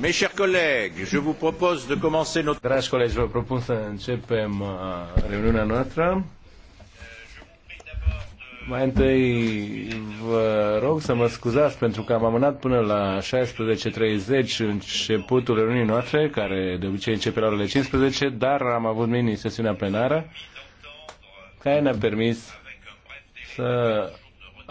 Mes chers collègues, je vous propose de commencer notre... Dragi colegi, vă propun să începem uh, reuniunea noastră. Mai întâi vă rog să mă scuzați pentru că am amânat până la 16.30 începutul reuniunii noastre, care de obicei începe la orele 15, dar am avut mini-sesiunea plenară care ne-a permis să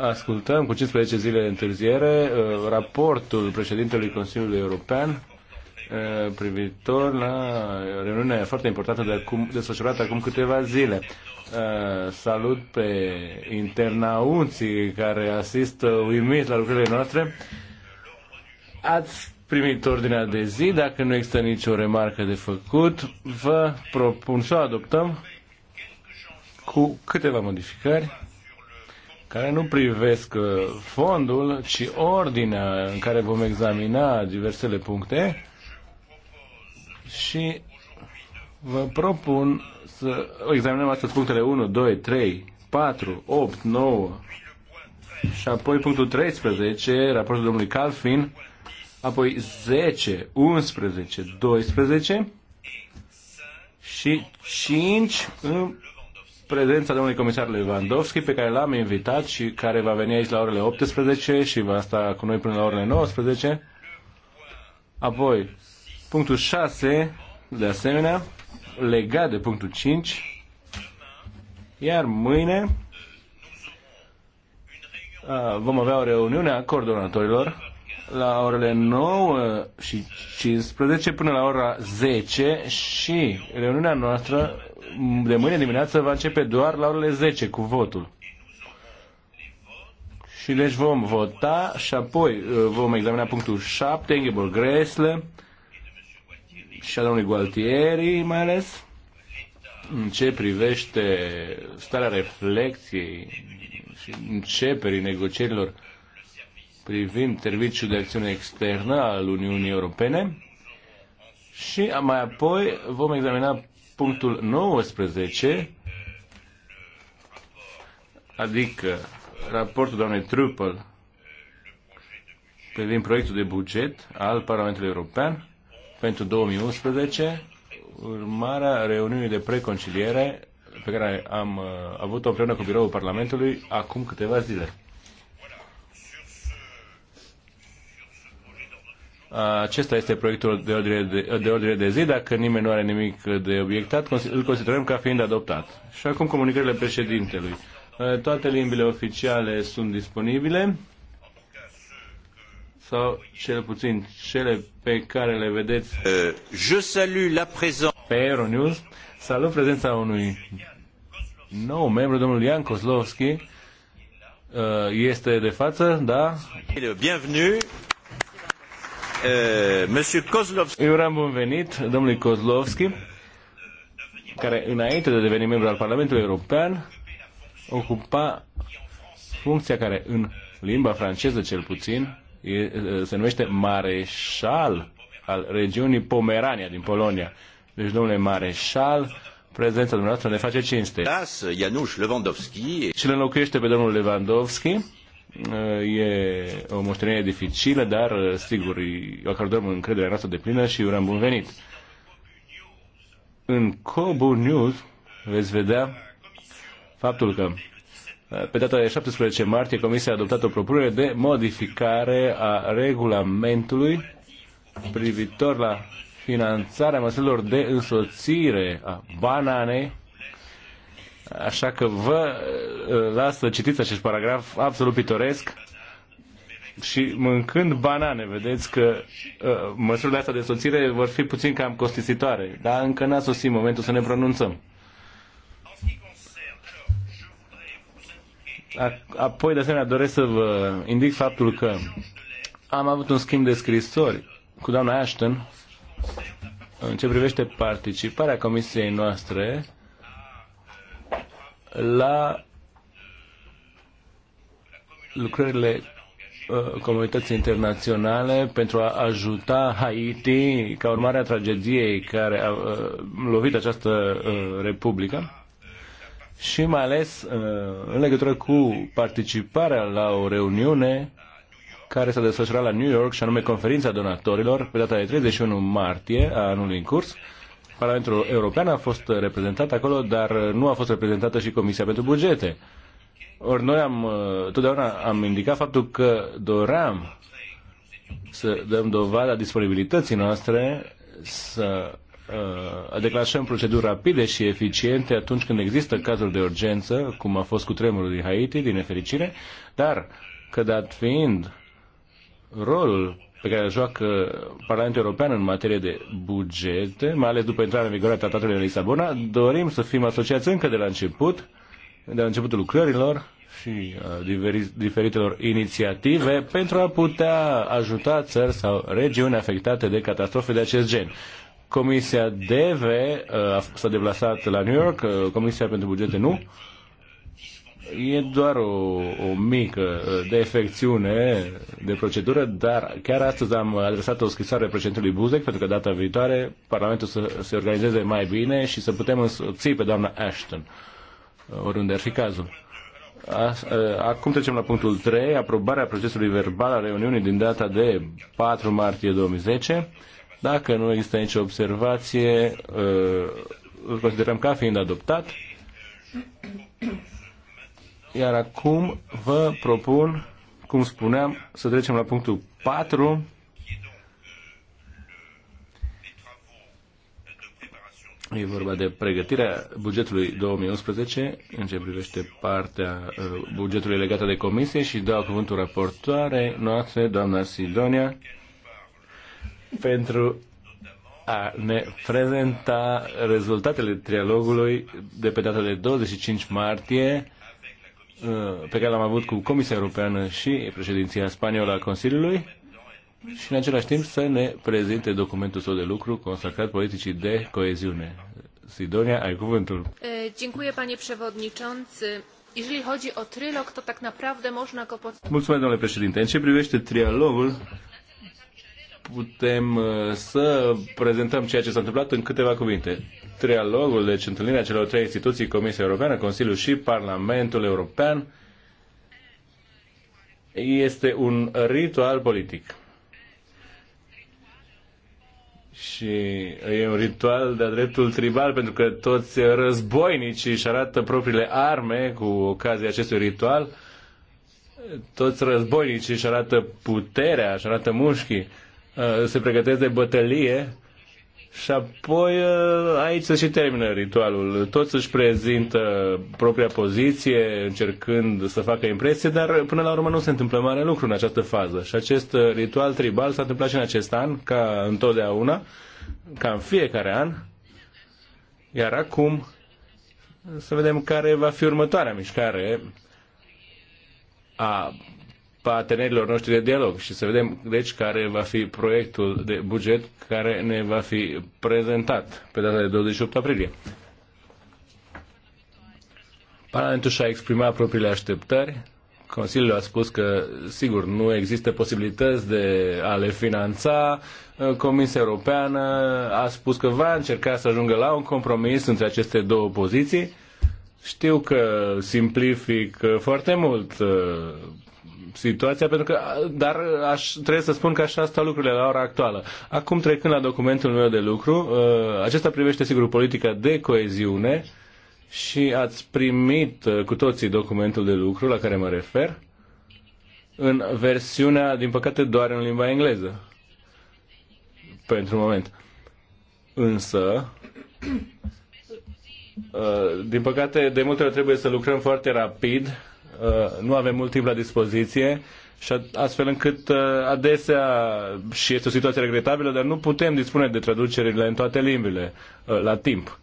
ascultăm cu 15 zile întârziere uh, raportul președintelui Consiliului European uh, privitor la reuniunea foarte importantă de acum, desfășurată acum câteva zile. Uh, salut pe internauții care asistă uimit la lucrurile noastre. Ați primit ordinea de zi, dacă nu există nicio remarcă de făcut, vă propun să o adoptăm cu câteva modificări care nu privesc uh, fondul, ci ordinea în care vom examina diversele puncte și vă propun să examinăm astăzi punctele 1, 2, 3, 4, 8, 9 și apoi punctul 13, raportul domnului Calfin, apoi 10, 11, 12 și 5 prezența domnului comisar Lewandowski, pe care l-am invitat și care va veni aici la orele 18 și va sta cu noi până la orele 19. Apoi, punctul 6, de asemenea, legat de punctul 5, iar mâine a, vom avea o reuniune a coordonatorilor la orele 9 și 15 până la ora 10 și reuniunea noastră de mâine dimineață va începe doar la orele 10 cu votul. Și deci vom vota și apoi uh, vom examina punctul 7, Ingeborg Gresle și a domnului Gualtieri mai ales în ce privește starea reflexiei și începerii negocierilor privind serviciul de acțiune externă al Uniunii Europene și mai apoi vom examina punctul 19, adică raportul doamnei Trupel privind proiectul de buget al Parlamentului European pentru 2011, urmarea reuniunii de preconciliere pe care am uh, avut-o împreună cu biroul Parlamentului acum câteva zile. Acesta este proiectul de ordine de, de ordine de zi. Dacă nimeni nu are nimic de obiectat, îl considerăm ca fiind adoptat. Și acum comunicările președintelui. Eh, toate limbile oficiale sunt disponibile sau cel puțin cele pe care le vedeți. Eh, je salue la prezent... Pe Euronews salut prezența unui nou membru, domnul Ian Kozlovski. Eh, este de față, da? Bienvenue Eh, monsieur Kozlovski. Eu am bun venit domnului Kozlovski, care înainte de a deveni membru al Parlamentului European ocupa funcția care în limba franceză cel puțin e, eh, se numește mareșal al regiunii Pomerania din Polonia. Deci, domnule mareșal, prezența dumneavoastră ne face cinste. Janusz Lewandowski. Și îl înlocuiește pe domnul Lewandowski E o moștenire dificilă, dar, sigur, eu acordăm încrederea noastră de plină și uram bun venit. În Cobu News veți vedea faptul că pe data de 17 martie Comisia a adoptat o propunere de modificare a regulamentului privitor la finanțarea măsurilor de însoțire a bananei Așa că vă eh, las să citiți acest paragraf absolut pitoresc și mâncând banane, vedeți că uh, măsurile astea de soțire vor fi puțin cam costisitoare, dar încă n-a sosit momentul să ne pronunțăm. A, apoi, de asemenea, doresc să vă indic faptul că am avut un schimb de scrisori cu doamna Ashton în ce privește participarea comisiei noastre la lucrările uh, comunității internaționale pentru a ajuta Haiti ca urmare a tragediei care a uh, lovit această uh, republică și mai ales în legătură cu participarea la o reuniune care s-a desfășurat la New York și anume conferința donatorilor pe data de 31 martie a anului în curs Parlamentul European a fost reprezentat acolo, dar nu a fost reprezentată și Comisia pentru Bugete. Ori noi am, uh, totdeauna am indicat faptul că doream să dăm dovada disponibilității noastre să uh, declanșăm proceduri rapide și eficiente atunci când există cazuri de urgență, cum a fost cu tremurul din Haiti, din nefericire, dar că dat fiind rolul pe care îl joacă Parlamentul European în materie de bugete, mai ales după intrarea în vigoare a tratatului de Lisabona, dorim să fim asociați încă de la început, de la începutul lucrărilor și uh, diferitelor inițiative pentru a putea ajuta țări sau regiuni afectate de catastrofe de acest gen. Comisia DV uh, s-a deplasat la New York, uh, Comisia pentru Bugete nu, e doar o, o mică uh, defecțiune de procedură, dar chiar astăzi am adresat o scrisoare președintelui Buzek pentru că data viitoare Parlamentul să se organizeze mai bine și să putem însoți pe doamna Ashton, uh, oriunde ar fi cazul. Uh, acum trecem la punctul 3, aprobarea procesului verbal a reuniunii din data de 4 martie 2010. Dacă nu există nicio observație, îl considerăm ca fiind adoptat. Iar acum vă propun, cum spuneam, să trecem la punctul 4, E vorba de pregătirea bugetului 2011 în ce privește partea uh, bugetului legată de comisie și dau cuvântul raportoare noastre, doamna Sidonia, pentru a ne prezenta rezultatele trialogului de pe data de 25 martie Uh, pe care l-am avut cu Comisia Europeană și președinția spaniolă a Consiliului și în același timp să ne prezinte documentul său de lucru consacrat politicii de coeziune. Sidonia, ai cuvântul. Dziękuję, panie przewodniczący. Jeżeli chodzi o trilog, to tak naprawdę można go... Mulțumesc, domnule președinte. În ce privește trialogul, putem uh, să prezentăm ceea ce s-a întâmplat în câteva cuvinte. Trialogul, deci întâlnirea celor trei instituții, Comisia Europeană, Consiliul și Parlamentul European, este un ritual politic. Și e un ritual de-a dreptul tribal, pentru că toți războinicii își arată propriile arme cu ocazia acestui ritual. Toți războinicii își arată puterea, își arată mușchii. Uh, se pregătesc de bătălie și apoi uh, aici se și termină ritualul. Toți își prezintă propria poziție, încercând să facă impresie, dar uh, până la urmă nu se întâmplă mare lucru în această fază. Și acest ritual tribal s-a întâmplat și în acest an, ca întotdeauna, ca în fiecare an. Iar acum să vedem care va fi următoarea mișcare a partenerilor noștri de dialog și să vedem, deci, care va fi proiectul de buget care ne va fi prezentat pe data de 28 aprilie. Parlamentul și-a exprimat propriile așteptări. Consiliul a spus că, sigur, nu există posibilități de a le finanța. Comisia Europeană a spus că va încerca să ajungă la un compromis între aceste două poziții. Știu că simplific foarte mult situația, pentru că, dar aș, trebuie să spun că așa stau lucrurile la ora actuală. Acum, trecând la documentul meu de lucru, uh, acesta privește, sigur, politica de coeziune și ați primit uh, cu toții documentul de lucru la care mă refer în versiunea, din păcate, doar în limba engleză. Pentru moment. Însă, uh, din păcate, de multe ori trebuie să lucrăm foarte rapid Uh, nu avem mult timp la dispoziție și astfel încât uh, adesea, și este o situație regretabilă, dar nu putem dispune de traducerile în toate limbile uh, la timp.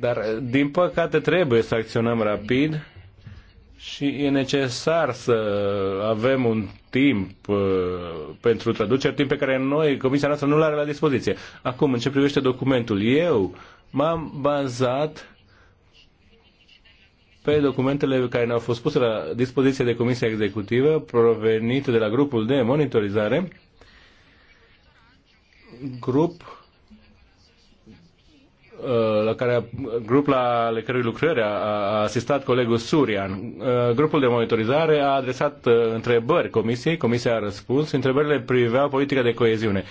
Dar, din păcate, trebuie să acționăm rapid și e necesar să avem un timp pentru traducere, timp pe care noi, Comisia noastră, nu l-are la dispoziție. Acum, în ce privește documentul, eu m-am bazat pe documentele care ne-au fost puse la dispoziție de Comisia Executivă, provenite de la grupul de monitorizare, grup uh, la care, grup la ale cărui lucrări a, a asistat colegul Surian. Uh, grupul de monitorizare a adresat uh, întrebări comisiei, comisia a răspuns, întrebările priveau politica de coeziune.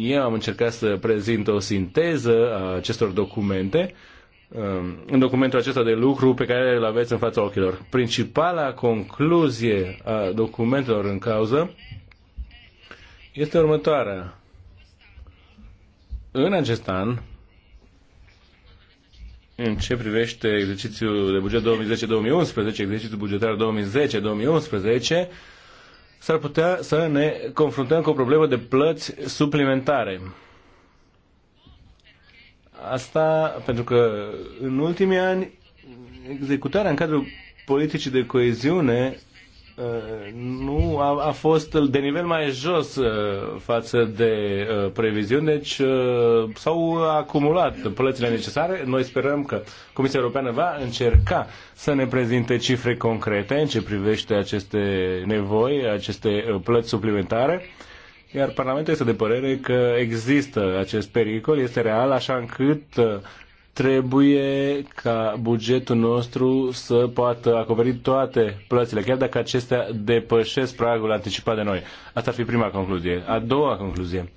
Eu am încercat să prezint o sinteză a acestor documente Um, în documentul acesta de lucru pe care îl aveți în fața ochilor. Principala concluzie a documentelor în cauză este următoarea. În acest an, în ce privește exercițiul de buget 2010-2011, exercițiul bugetar 2010-2011, s-ar putea să ne confruntăm cu o problemă de plăți suplimentare Asta pentru că în ultimii ani executarea în cadrul politicii de coeziune uh, nu a, a fost de nivel mai jos uh, față de uh, previziuni, deci s-au acumulat plățile necesare. Noi sperăm că Comisia Europeană va încerca să ne prezinte cifre concrete în ce privește aceste nevoi, aceste plăți suplimentare iar Parlamentul este de părere că există acest pericol, este real, așa încât uh, trebuie ca bugetul nostru să poată acoperi toate plățile, chiar dacă acestea depășesc pragul anticipat de noi. Asta ar fi prima concluzie. A doua concluzie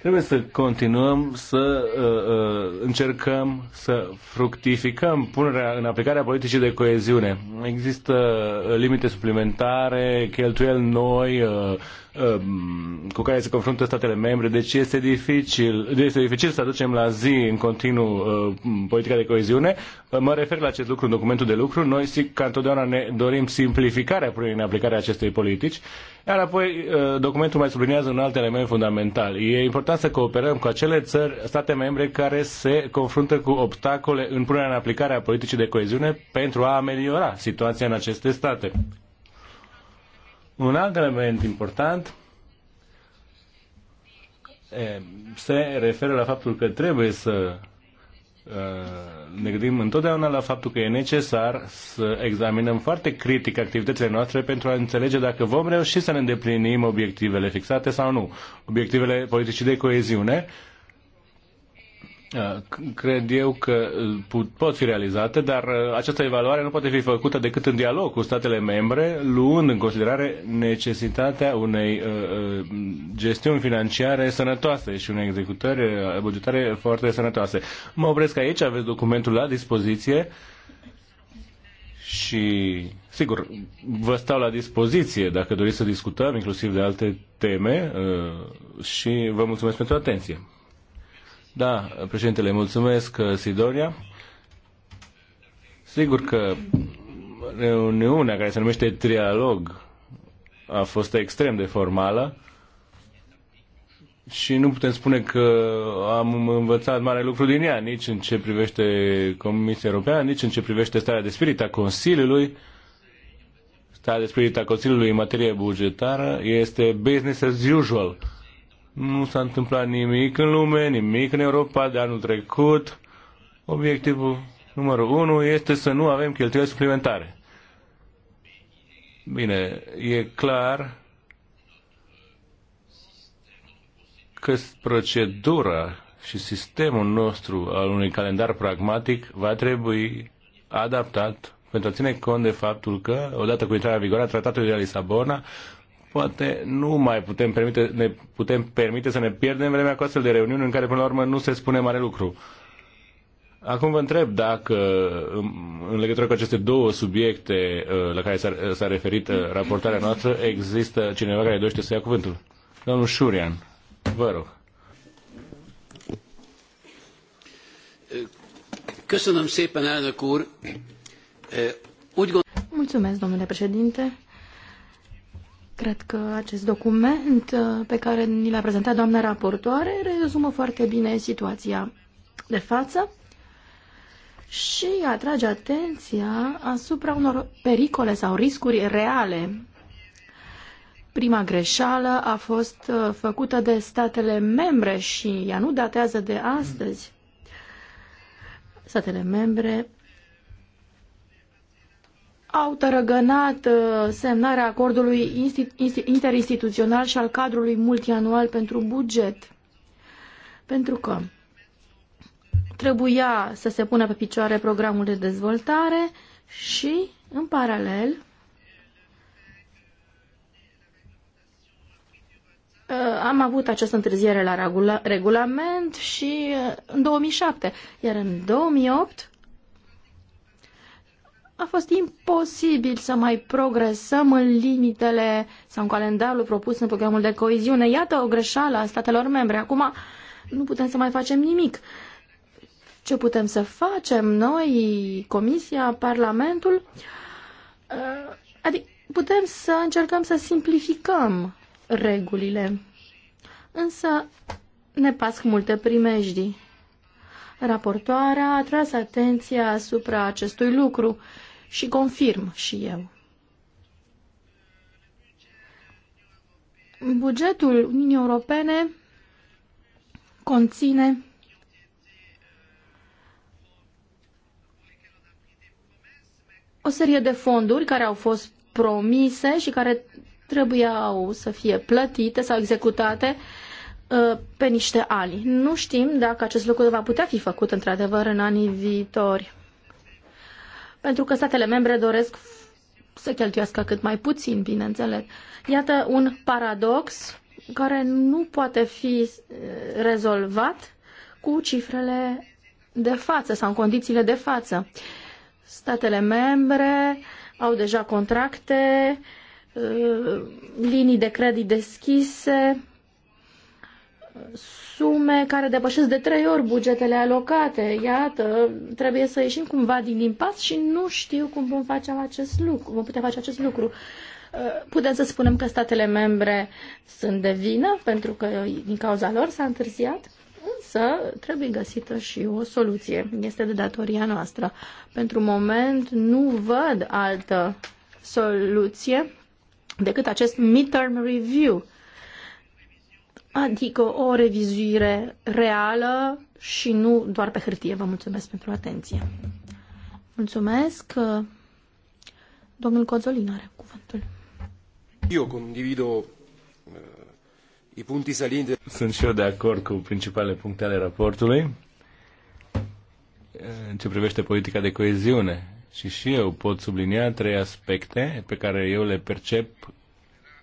Trebuie să continuăm să uh, uh, încercăm să fructificăm punerea în aplicarea politicii de coeziune. Există limite suplimentare, cheltuieli noi, uh, Um, cu care se confruntă statele membre, deci este dificil, deci este dificil să aducem la zi în continuu uh, politica de coeziune. Uh, mă refer la acest lucru în documentul de lucru. Noi, ca întotdeauna, ne dorim simplificarea punerii în aplicare a acestei politici, iar apoi uh, documentul mai sublinează un alt element fundamental. E important să cooperăm cu acele țări, state membre care se confruntă cu obstacole în punerea în aplicare a politicii de coeziune pentru a ameliora situația în aceste state. Un alt element important se referă la faptul că trebuie să ne gândim întotdeauna la faptul că e necesar să examinăm foarte critic activitățile noastre pentru a înțelege dacă vom reuși să ne îndeplinim obiectivele fixate sau nu, obiectivele politicii de coeziune Uh, cred eu că uh, pot fi realizate, dar uh, această evaluare nu poate fi făcută decât în dialog cu statele membre, luând în considerare necesitatea unei gestiuni financiare sănătoase și unei executări bugetare foarte sănătoase. Mă opresc aici, aveți documentul la dispoziție și, sigur, vă stau la dispoziție dacă doriți să discutăm, inclusiv de alte teme și vă mulțumesc pentru atenție. Da, președintele, mulțumesc, uh, Sidonia. Sigur că reuniunea care se numește trialog a fost extrem de formală și nu putem spune că am învățat mare lucru din ea, nici în ce privește Comisia Europeană, nici în ce privește starea de spirit a Consiliului. Starea de spirit a Consiliului în materie bugetară este business as usual nu s-a întâmplat nimic în lume, nimic în Europa de anul trecut. Obiectivul numărul 1 este să nu avem cheltuieli suplimentare. Bine, e clar că procedura și sistemul nostru al unui calendar pragmatic va trebui adaptat pentru a ține cont de faptul că, odată cu intrarea în vigoare a Tratatului de la Lisabona, poate nu mai putem permite, ne putem permite să ne pierdem vremea cu astfel de reuniuni în care până la urmă nu se spune mare lucru. Acum vă întreb dacă, în legătură cu aceste două subiecte uh, la care s-a referit uh, raportarea noastră, există cineva care dorește să ia cuvântul. Domnul Șurian, vă rog. Uh, Mulțumesc, domnule președinte. Cred că acest document uh, pe care ni l-a prezentat doamna raportoare rezumă foarte bine situația de față și atrage atenția asupra unor pericole sau riscuri reale. Prima greșeală a fost uh, făcută de statele membre și ea nu datează de astăzi. Statele membre au tărăgănat uh, semnarea acordului interinstituțional și al cadrului multianual pentru buget. Pentru că trebuia să se pună pe picioare programul de dezvoltare și, în paralel, uh, am avut această întârziere la regulament și uh, în 2007, iar în 2008 a fost imposibil să mai progresăm în limitele sau în calendarul propus în programul de coeziune. Iată o greșeală a statelor membre. Acum nu putem să mai facem nimic. Ce putem să facem noi, Comisia, Parlamentul? Adică putem să încercăm să simplificăm regulile. Însă ne pasc multe primejdii. Raportoarea a tras atenția asupra acestui lucru și confirm și eu. Bugetul Uniunii Europene conține o serie de fonduri care au fost promise și care trebuiau să fie plătite sau executate uh, pe niște ani. Nu știm dacă acest lucru va putea fi făcut într-adevăr în anii viitori pentru că statele membre doresc să cheltuiască cât mai puțin, bineînțeles. Iată un paradox care nu poate fi eh, rezolvat cu cifrele de față sau în condițiile de față. Statele membre au deja contracte, eh, linii de credit deschise, sume care depășesc de trei ori bugetele alocate. Iată, trebuie să ieșim cumva din impas și nu știu cum vom face acest lucru, vom putea face acest lucru. Uh, putem să spunem că statele membre sunt de vină pentru că din cauza lor s-a întârziat, însă trebuie găsită și o soluție. Este de datoria noastră. Pentru moment nu văd altă soluție decât acest midterm review adică o revizuire reală și nu doar pe hârtie. Vă mulțumesc pentru atenție. Mulțumesc. Domnul Cozolin are cuvântul. Eu condivido uh, i punti salienti. Sunt și eu de acord cu principalele puncte ale raportului uh, în ce privește politica de coeziune. Și și eu pot sublinia trei aspecte pe care eu le percep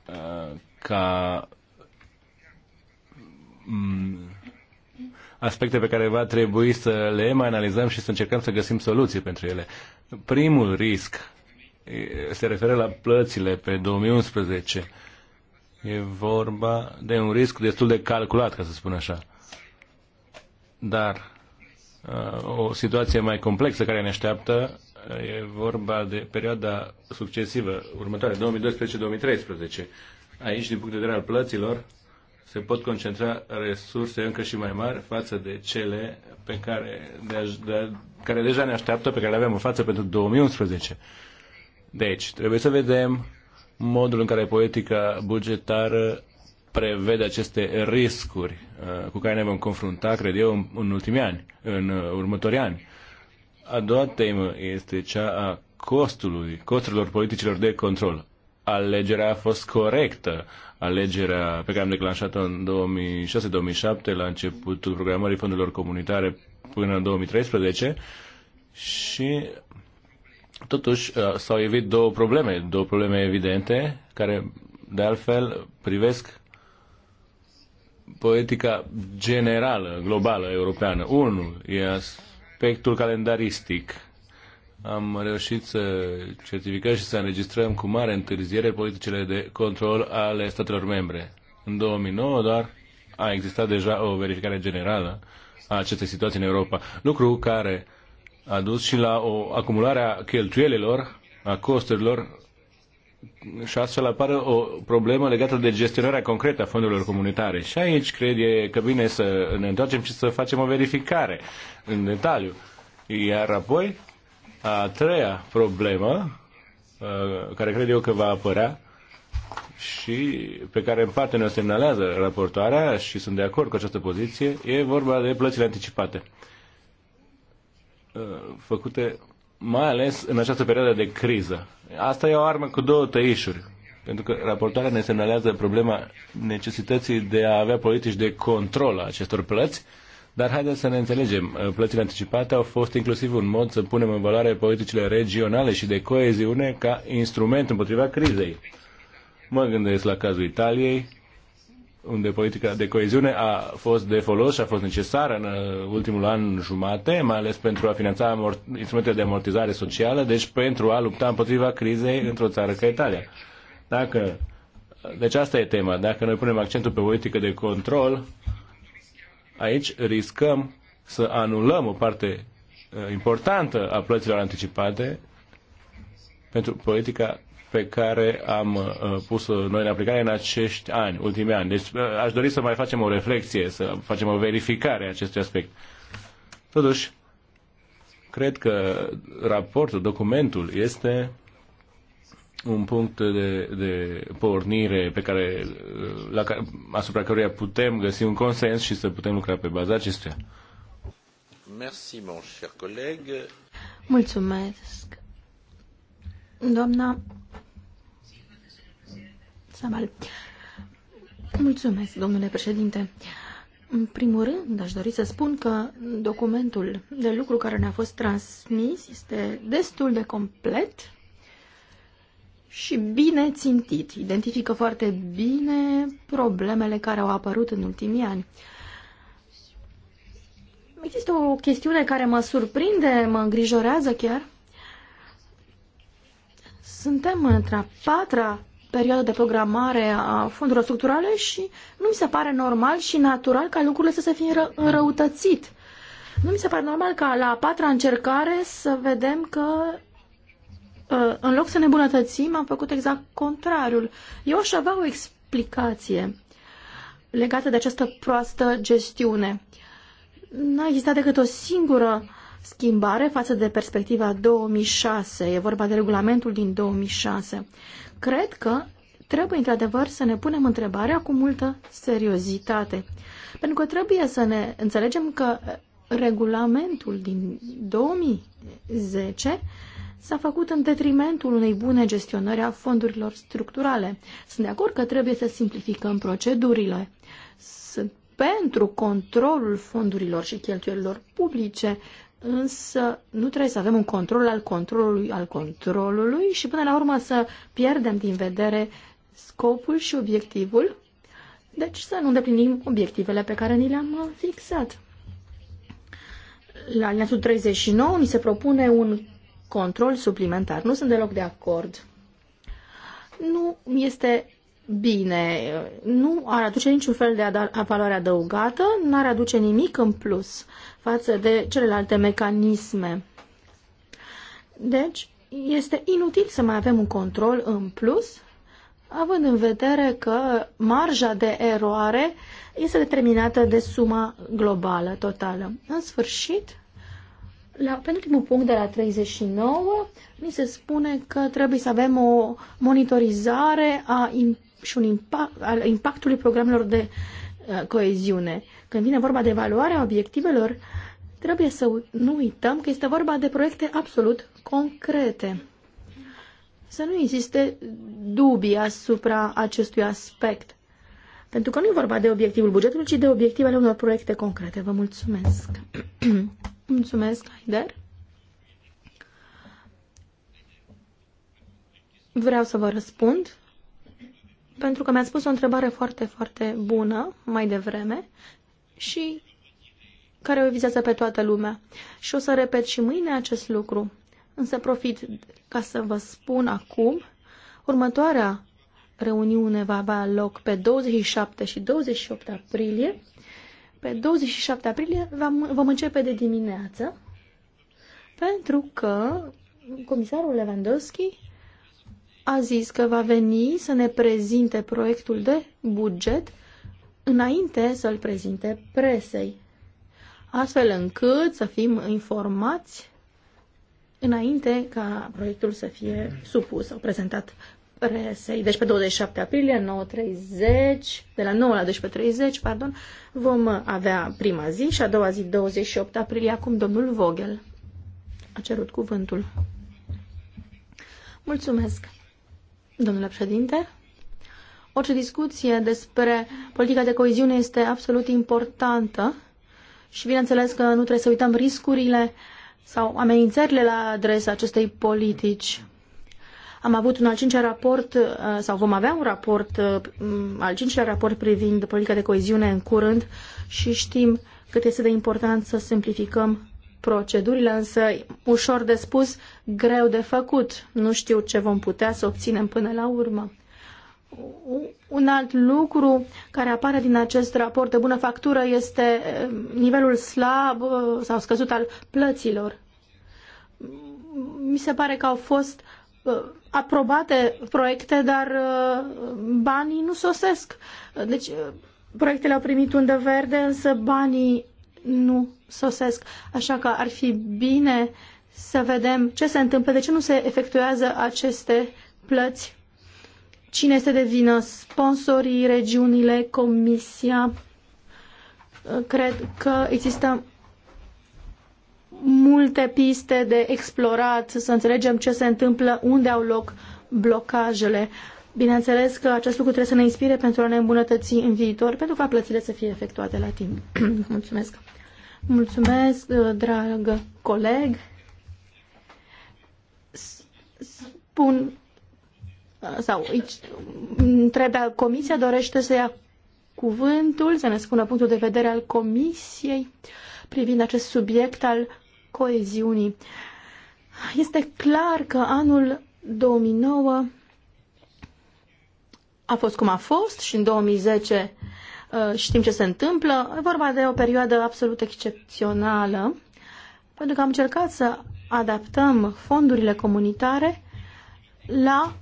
uh, ca Mm, aspecte pe care va trebui să le mai analizăm și să încercăm să găsim soluții pentru ele. Primul risc se referă la plățile pe 2011. E vorba de un risc destul de calculat, ca să spun așa. Dar uh, o situație mai complexă care ne așteaptă e vorba de perioada succesivă, următoare, 2012-2013. Aici, din punct de vedere al plăților, se pot concentra resurse încă și mai mari față de cele pe care, de, de, care deja ne așteaptă, pe care le avem în față pentru 2011. Deci, trebuie să vedem modul în care politica bugetară prevede aceste riscuri uh, cu care ne vom confrunta, cred eu, în, în ultimii ani, în uh, următorii ani. A doua temă este cea a costului, costurilor politicilor de control alegerea a fost corectă. Alegerea pe care am declanșat-o în 2006-2007 la începutul programării fondurilor comunitare până în 2013 și totuși uh, s-au evit două probleme, două probleme evidente care de altfel privesc politica generală, globală, europeană. Unul e aspectul calendaristic am reușit să certificăm și să înregistrăm cu mare întârziere politicile de control ale statelor membre. În 2009 doar a existat deja o verificare generală a acestei situații în Europa, lucru care a dus și la o acumulare a cheltuielilor, a costurilor și astfel apare o problemă legată de gestionarea concretă a fondurilor comunitare. Și aici cred e că bine să ne întoarcem și să facem o verificare în detaliu. Iar apoi a treia problemă care cred eu că va apărea și pe care în parte ne-o semnalează raportoarea și sunt de acord cu această poziție, e vorba de plățile anticipate. Făcute mai ales în această perioadă de criză. Asta e o armă cu două tăișuri. Pentru că raportarea ne semnalează problema necesității de a avea politici de control a acestor plăți, dar haideți să ne înțelegem, uh, plățile anticipate au fost inclusiv un mod să punem în valoare politicile regionale și de coeziune ca instrument împotriva crizei. Mă gândesc la cazul Italiei, unde politica de coeziune a fost de folos și a fost necesară în uh, ultimul an jumate, mai ales pentru a finanța instrumentele de amortizare socială, deci pentru a lupta împotriva crizei într-o țară ca Italia. Dacă, deci asta e tema. Dacă noi punem accentul pe politică de control, aici riscăm să anulăm o parte uh, importantă a plăților anticipate pentru politica pe care am uh, pus-o noi în aplicare în acești ani, ultimii ani. Deci uh, aș dori să mai facem o reflexie, să facem o verificare a acestui aspect. Totuși, cred că raportul, documentul este un punct de, de pornire pe care, la, asupra căruia putem găsi un consens și să putem lucra pe baza acestuia. Merci, mon cher coleg. Mulțumesc. Doamna Samal. Mulțumesc, domnule președinte. În primul rând, aș dori să spun că documentul de lucru care ne-a fost transmis este destul de complet și bine țintit. Identifică foarte bine problemele care au apărut în ultimii ani. Există o chestiune care mă surprinde, mă îngrijorează chiar. Suntem într-a patra perioadă de programare a fondurilor structurale și nu mi se pare normal și natural ca lucrurile să se fie ră- înrăutățit. Nu mi se pare normal ca la a patra încercare să vedem că Uh, în loc să ne bunătățim, am făcut exact contrariul. Eu aș avea o explicație legată de această proastă gestiune. N-a existat decât o singură schimbare față de perspectiva 2006. E vorba de regulamentul din 2006. Cred că trebuie într-adevăr să ne punem întrebarea cu multă seriozitate. Pentru că trebuie să ne înțelegem că regulamentul din 2010 s-a făcut în detrimentul unei bune gestionări a fondurilor structurale. Sunt de acord că trebuie să simplificăm procedurile. Sunt pentru controlul fondurilor și cheltuielilor publice, însă nu trebuie să avem un control al controlului al controlului și până la urmă să pierdem din vedere scopul și obiectivul, deci să nu îndeplinim obiectivele pe care ni le-am uh, fixat. La alineatul 39 ni se propune un control suplimentar. Nu sunt deloc de acord. Nu este bine, nu ar aduce niciun fel de valoare adăugată, nu ar aduce nimic în plus față de celelalte mecanisme. Deci, este inutil să mai avem un control în plus, având în vedere că marja de eroare este determinată de suma globală totală. În sfârșit, la penultimul punct de la 39 mi se spune că trebuie să avem o monitorizare a și un impact, al impactului programelor de uh, coeziune. Când vine vorba de evaluarea obiectivelor, trebuie să nu uităm că este vorba de proiecte absolut concrete. Să nu existe dubii asupra acestui aspect. Pentru că nu e vorba de obiectivul bugetului, ci de obiectivele unor proiecte concrete. Vă mulțumesc! Mulțumesc, Haider. Vreau să vă răspund, pentru că mi a spus o întrebare foarte, foarte bună mai devreme și care o vizează pe toată lumea. Și o să repet și mâine acest lucru, însă profit ca să vă spun acum, următoarea reuniune va avea loc pe 27 și 28 aprilie pe 27 aprilie vom, vom începe de dimineață, pentru că comisarul Lewandowski a zis că va veni să ne prezinte proiectul de buget înainte să-l prezinte presei, astfel încât să fim informați înainte ca proiectul să fie supus sau prezentat presei. Deci pe 27 aprilie, 9.30, de la 9 la 12.30, pardon, vom avea prima zi și a doua zi, 28 aprilie, acum domnul Vogel a cerut cuvântul. Mulțumesc, domnule președinte. Orice discuție despre politica de coeziune este absolut importantă și bineînțeles că nu trebuie să uităm riscurile sau amenințările la adresa acestei politici am avut un al cincilea raport, uh, sau vom avea un raport, uh, al cincilea raport privind politica de coeziune în curând și știm cât este de important să simplificăm procedurile, însă ușor de spus, greu de făcut. Nu știu ce vom putea să obținem până la urmă. Un alt lucru care apare din acest raport de bună factură este uh, nivelul slab sau scăzut al plăților. Mi se pare că au fost aprobate proiecte, dar uh, banii nu sosesc. Deci uh, proiectele au primit undă verde, însă banii nu sosesc. Așa că ar fi bine să vedem ce se întâmplă, de ce nu se efectuează aceste plăți, cine este de vină, sponsorii, regiunile, comisia. Uh, cred că există multe piste de explorat, să înțelegem ce se întâmplă, unde au loc blocajele. Bineînțeles că acest lucru trebuie să ne inspire pentru a ne îmbunătăți în viitor, pentru ca plățile să fie efectuate la timp. Mulțumesc! Mulțumesc, uh, dragă coleg! Spun uh, sau aici, întrebea uh, comisia dorește să ia cuvântul, să ne spună punctul de vedere al comisiei privind acest subiect al coeziunii. Este clar că anul 2009 a fost cum a fost și în 2010 uh, știm ce se întâmplă. E vorba de o perioadă absolut excepțională, pentru că am încercat să adaptăm fondurile comunitare la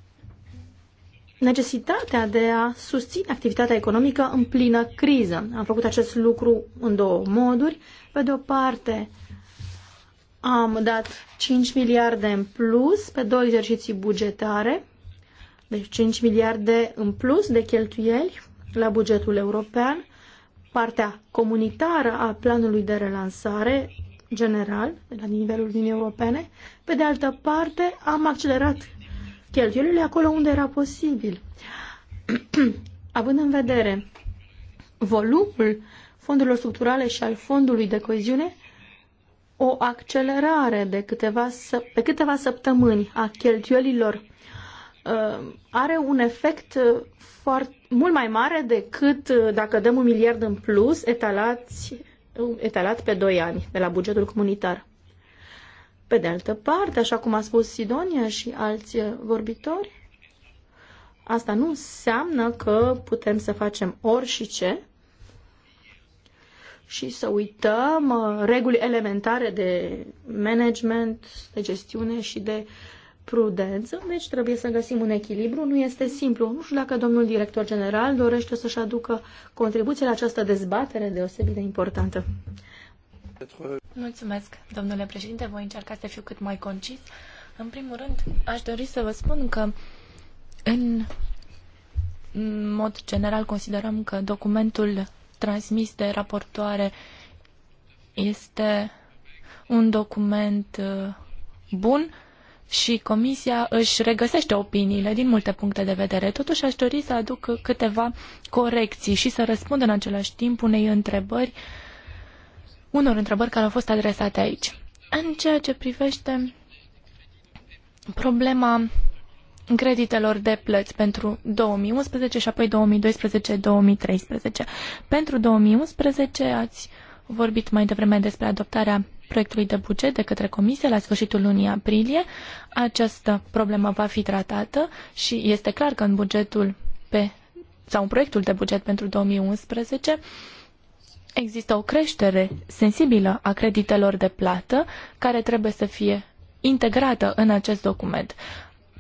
necesitatea de a susține activitatea economică în plină criză. Am făcut acest lucru în două moduri. Pe de o parte, am dat 5 miliarde în plus pe două exerciții bugetare, deci 5 miliarde în plus de cheltuieli la bugetul european, partea comunitară a planului de relansare general, de la nivelul Uniunii Europene. Pe de altă parte, am accelerat cheltuielile acolo unde era posibil. Având în vedere volumul fondurilor structurale și al fondului de coeziune, o accelerare de câteva, pe câteva săptămâni a cheltuielilor uh, are un efect uh, foarte, mult mai mare decât uh, dacă dăm un miliard în plus etalați, etalat pe 2 ani de la bugetul comunitar. Pe de altă parte, așa cum a spus Sidonia și alți vorbitori, asta nu înseamnă că putem să facem orice și să uităm uh, reguli elementare de management, de gestiune și de prudență. Deci trebuie să găsim un echilibru. Nu este simplu. Nu știu dacă domnul director general dorește să-și aducă contribuția la această dezbatere deosebit de importantă. Mulțumesc, domnule președinte. Voi încerca să fiu cât mai concis. În primul rând, aș dori să vă spun că în mod general considerăm că documentul transmis de raportoare este un document uh, bun și Comisia își regăsește opiniile din multe puncte de vedere. Totuși aș dori să aduc câteva corecții și să răspund în același timp unei întrebări, unor întrebări care au fost adresate aici. În ceea ce privește problema creditelor de plăți pentru 2011 și apoi 2012-2013. Pentru 2011 ați vorbit mai devreme despre adoptarea proiectului de buget de către Comisie la sfârșitul lunii aprilie. Această problemă va fi tratată și este clar că în bugetul pe sau în proiectul de buget pentru 2011 există o creștere sensibilă a creditelor de plată care trebuie să fie integrată în acest document.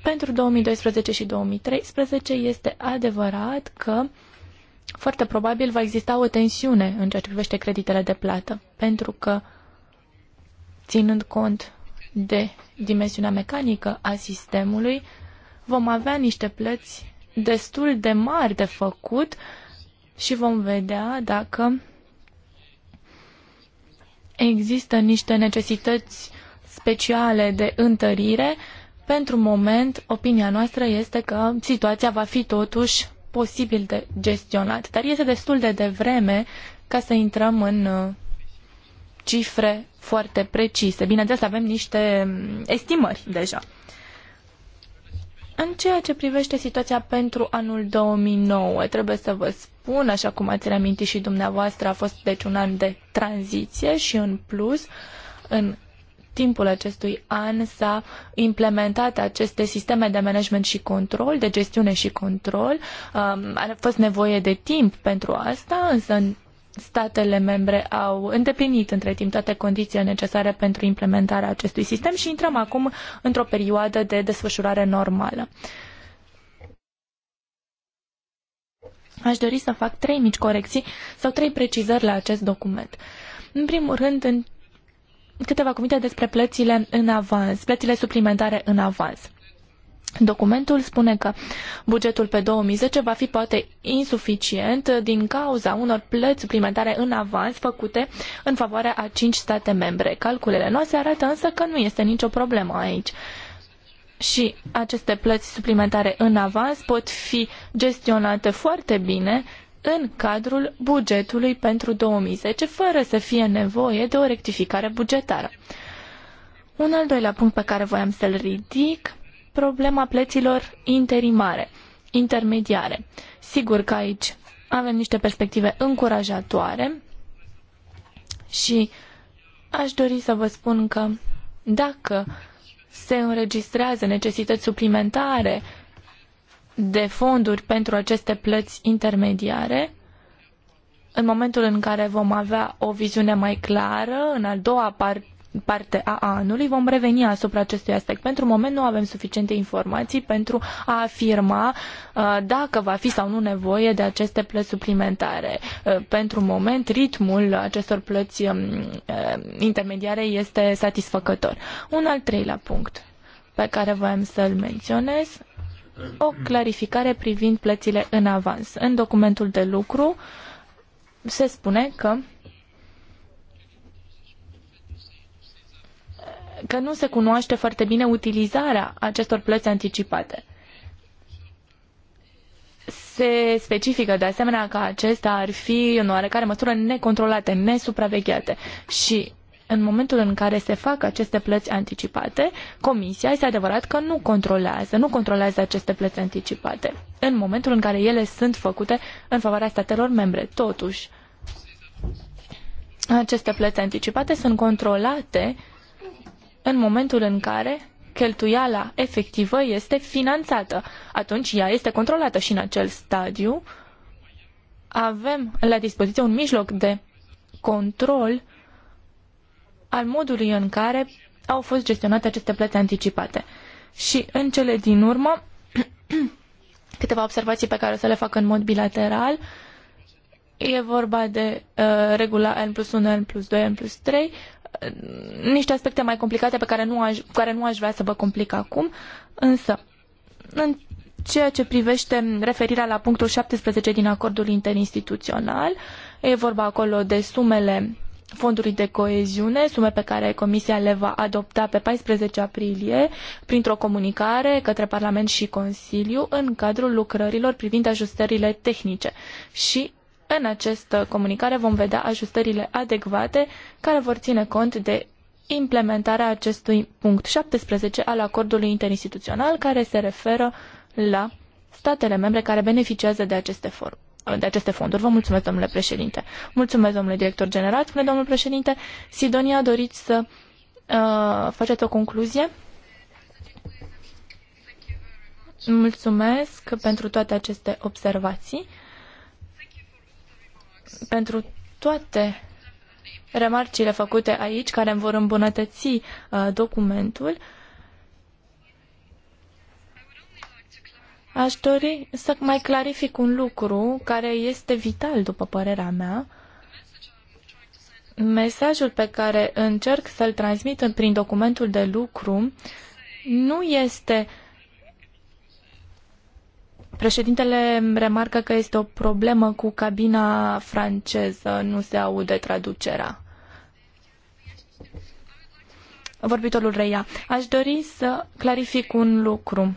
Pentru 2012 și 2013 este adevărat că foarte probabil va exista o tensiune în ceea ce privește creditele de plată, pentru că, ținând cont de dimensiunea mecanică a sistemului, vom avea niște plăți destul de mari de făcut și vom vedea dacă există niște necesități speciale de întărire pentru moment, opinia noastră este că situația va fi totuși posibil de gestionat, dar este destul de devreme ca să intrăm în uh, cifre foarte precise. Bineînțeles, avem niște mm, estimări deja. În ceea ce privește situația pentru anul 2009, trebuie să vă spun, așa cum ați reamintit și dumneavoastră, a fost deci un an de tranziție și în plus, în timpul acestui an s-a implementat aceste sisteme de management și control, de gestiune și control. Um, a fost nevoie de timp pentru asta, însă statele membre au îndeplinit între timp toate condițiile necesare pentru implementarea acestui sistem și intrăm acum într-o perioadă de desfășurare normală. Aș dori să fac trei mici corecții sau trei precizări la acest document. În primul rând, în câteva cuvinte despre plățile în avans, plățile suplimentare în avans. Documentul spune că bugetul pe 2010 va fi poate insuficient din cauza unor plăți suplimentare în avans făcute în favoarea a cinci state membre. Calculele noastre arată însă că nu este nicio problemă aici. Și aceste plăți suplimentare în avans pot fi gestionate foarte bine în cadrul bugetului pentru 2010, fără să fie nevoie de o rectificare bugetară. Un al doilea punct pe care voiam să-l ridic, problema plăților interimare, intermediare. Sigur că aici avem niște perspective încurajatoare și aș dori să vă spun că dacă se înregistrează necesități suplimentare de fonduri pentru aceste plăți intermediare. În momentul în care vom avea o viziune mai clară, în a doua parte, parte a anului, vom reveni asupra acestui aspect. Pentru moment nu avem suficiente informații pentru a afirma uh, dacă va fi sau nu nevoie de aceste plăți suplimentare. Uh, pentru moment, ritmul acestor plăți um, uh, intermediare este satisfăcător. Un al treilea punct pe care voiam să-l menționez o clarificare privind plățile în avans. În documentul de lucru se spune că că nu se cunoaște foarte bine utilizarea acestor plăți anticipate. Se specifică de asemenea că acestea ar fi în oarecare măsură necontrolate, nesupravegheate și în momentul în care se fac aceste plăți anticipate, comisia este adevărat că nu controlează, nu controlează aceste plăți anticipate în momentul în care ele sunt făcute în favoarea statelor membre. Totuși, aceste plăți anticipate sunt controlate în momentul în care cheltuiala efectivă este finanțată. Atunci ea este controlată și în acel stadiu avem la dispoziție un mijloc de control al modului în care au fost gestionate aceste plăți anticipate. Și în cele din urmă, câteva observații pe care o să le fac în mod bilateral. E vorba de uh, regula N plus 1, N plus 2, N plus 3, uh, niște aspecte mai complicate pe care nu, aș, care nu aș vrea să vă complic acum, însă în ceea ce privește referirea la punctul 17 din acordul interinstituțional, e vorba acolo de sumele fondului de coeziune, sume pe care Comisia le va adopta pe 14 aprilie printr-o comunicare către Parlament și Consiliu în cadrul lucrărilor privind ajustările tehnice. Și în această comunicare vom vedea ajustările adecvate care vor ține cont de implementarea acestui punct 17 al acordului interinstituțional care se referă la statele membre care beneficiază de aceste fonduri de aceste fonduri. Vă mulțumesc, domnule președinte. Mulțumesc, domnule director general. Spune, domnule președinte, Sidonia, doriți să uh, faceți o concluzie? Mulțumesc pentru toate aceste observații, pentru toate remarcile făcute aici, care îmi vor îmbunătăți uh, documentul. Uh, Aș dori să mai clarific un lucru care este vital, după părerea mea. Mesajul pe care încerc să-l transmit prin documentul de lucru nu este. Președintele remarcă că este o problemă cu cabina franceză, nu se aude traducerea. Vorbitorul reia. Aș dori să clarific un lucru.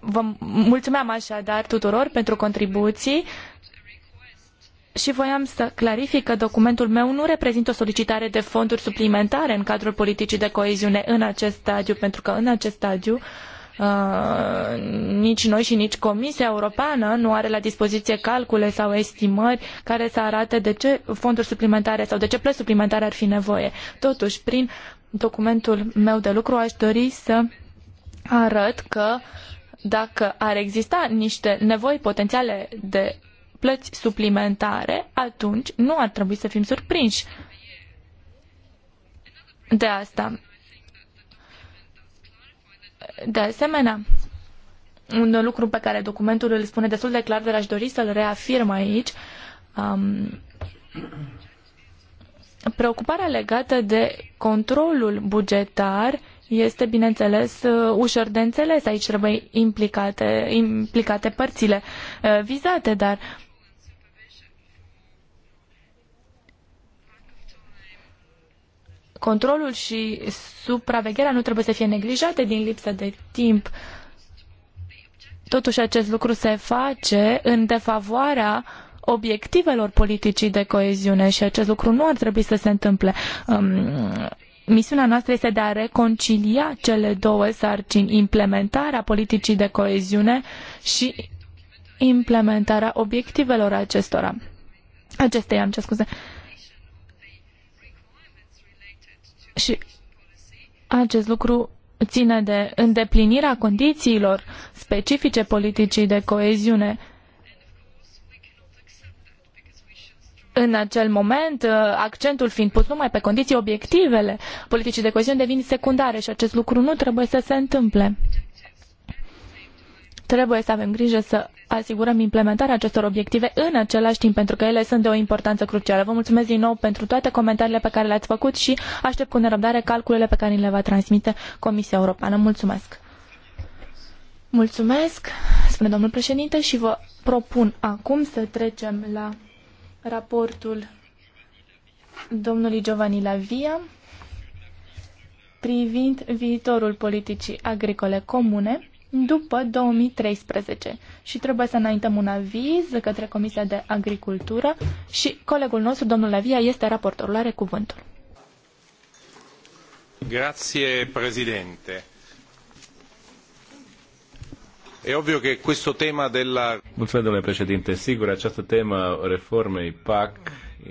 Vă mulțumeam așadar tuturor pentru contribuții și voiam să clarific că documentul meu nu reprezintă o solicitare de fonduri suplimentare în cadrul politicii de coeziune în acest stadiu, pentru că în acest stadiu Uh, nici noi și nici Comisia Europeană nu are la dispoziție calcule sau estimări care să arate de ce fonduri suplimentare sau de ce plăți suplimentare ar fi nevoie. Totuși, prin documentul meu de lucru aș dori să arăt că uh, dacă ar exista niște nevoi potențiale de plăți suplimentare, atunci nu ar trebui să fim surprinși de asta. De asemenea, un lucru pe care documentul îl spune destul de clar, dar aș dori să-l reafirm aici, um, preocuparea legată de controlul bugetar este, bineînțeles, uh, ușor de înțeles. Aici trebuie implicate, implicate părțile uh, vizate, dar controlul și supravegherea nu trebuie să fie neglijate din lipsă de timp. Totuși, acest lucru se face în defavoarea obiectivelor politicii de coeziune și acest lucru nu ar trebui să se întâmple. Um, misiunea noastră este de a reconcilia cele două sarcini, implementarea politicii de coeziune și implementarea obiectivelor acestora. Acesteia, am ce scuze. Și acest lucru ține de îndeplinirea condițiilor specifice politicii de coeziune în acel moment, uh, accentul fiind pus numai pe condiții obiectivele politicii de coeziune devin secundare și acest lucru nu trebuie să se întâmple. Trebuie să avem grijă să asigurăm implementarea acestor obiective în același timp, pentru că ele sunt de o importanță crucială. Vă mulțumesc din nou pentru toate comentariile pe care le-ați făcut și aștept cu nerăbdare calculele pe care ni le va transmite Comisia Europeană. Mulțumesc! Mulțumesc, spune domnul președinte, și vă propun acum să trecem la raportul domnului Giovanni Lavia privind viitorul politicii agricole comune după 2013 și trebuie să înaintăm un aviz către Comisia de Agricultură și colegul nostru, domnul Lavia, este raportorul, are cuvântul. Grazie, președinte. È ovvio che questo tema della... Mulțumesc, domnule președinte. Sigur, această temă reformei PAC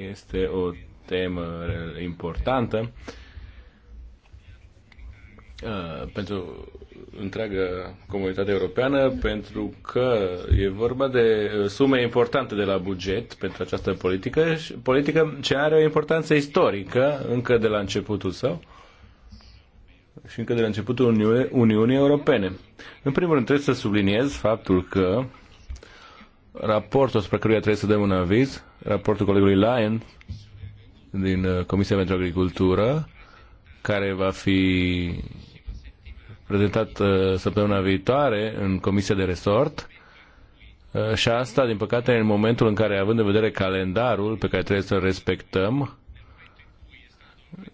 este o temă importantă uh, pentru întreaga comunitate europeană, pentru că e vorba de uh, sume importante de la buget pentru această politică, politică ce are o importanță istorică încă de la începutul său și încă de la începutul Uniunii, Europene. În primul rând trebuie să subliniez faptul că raportul spre căruia trebuie să dăm un aviz, raportul colegului Lyon din uh, Comisia pentru Agricultură, care va fi prezentat uh, săptămâna viitoare în Comisia de Resort, uh, și asta, din păcate, în momentul în care, având în vedere calendarul pe care trebuie să-l respectăm,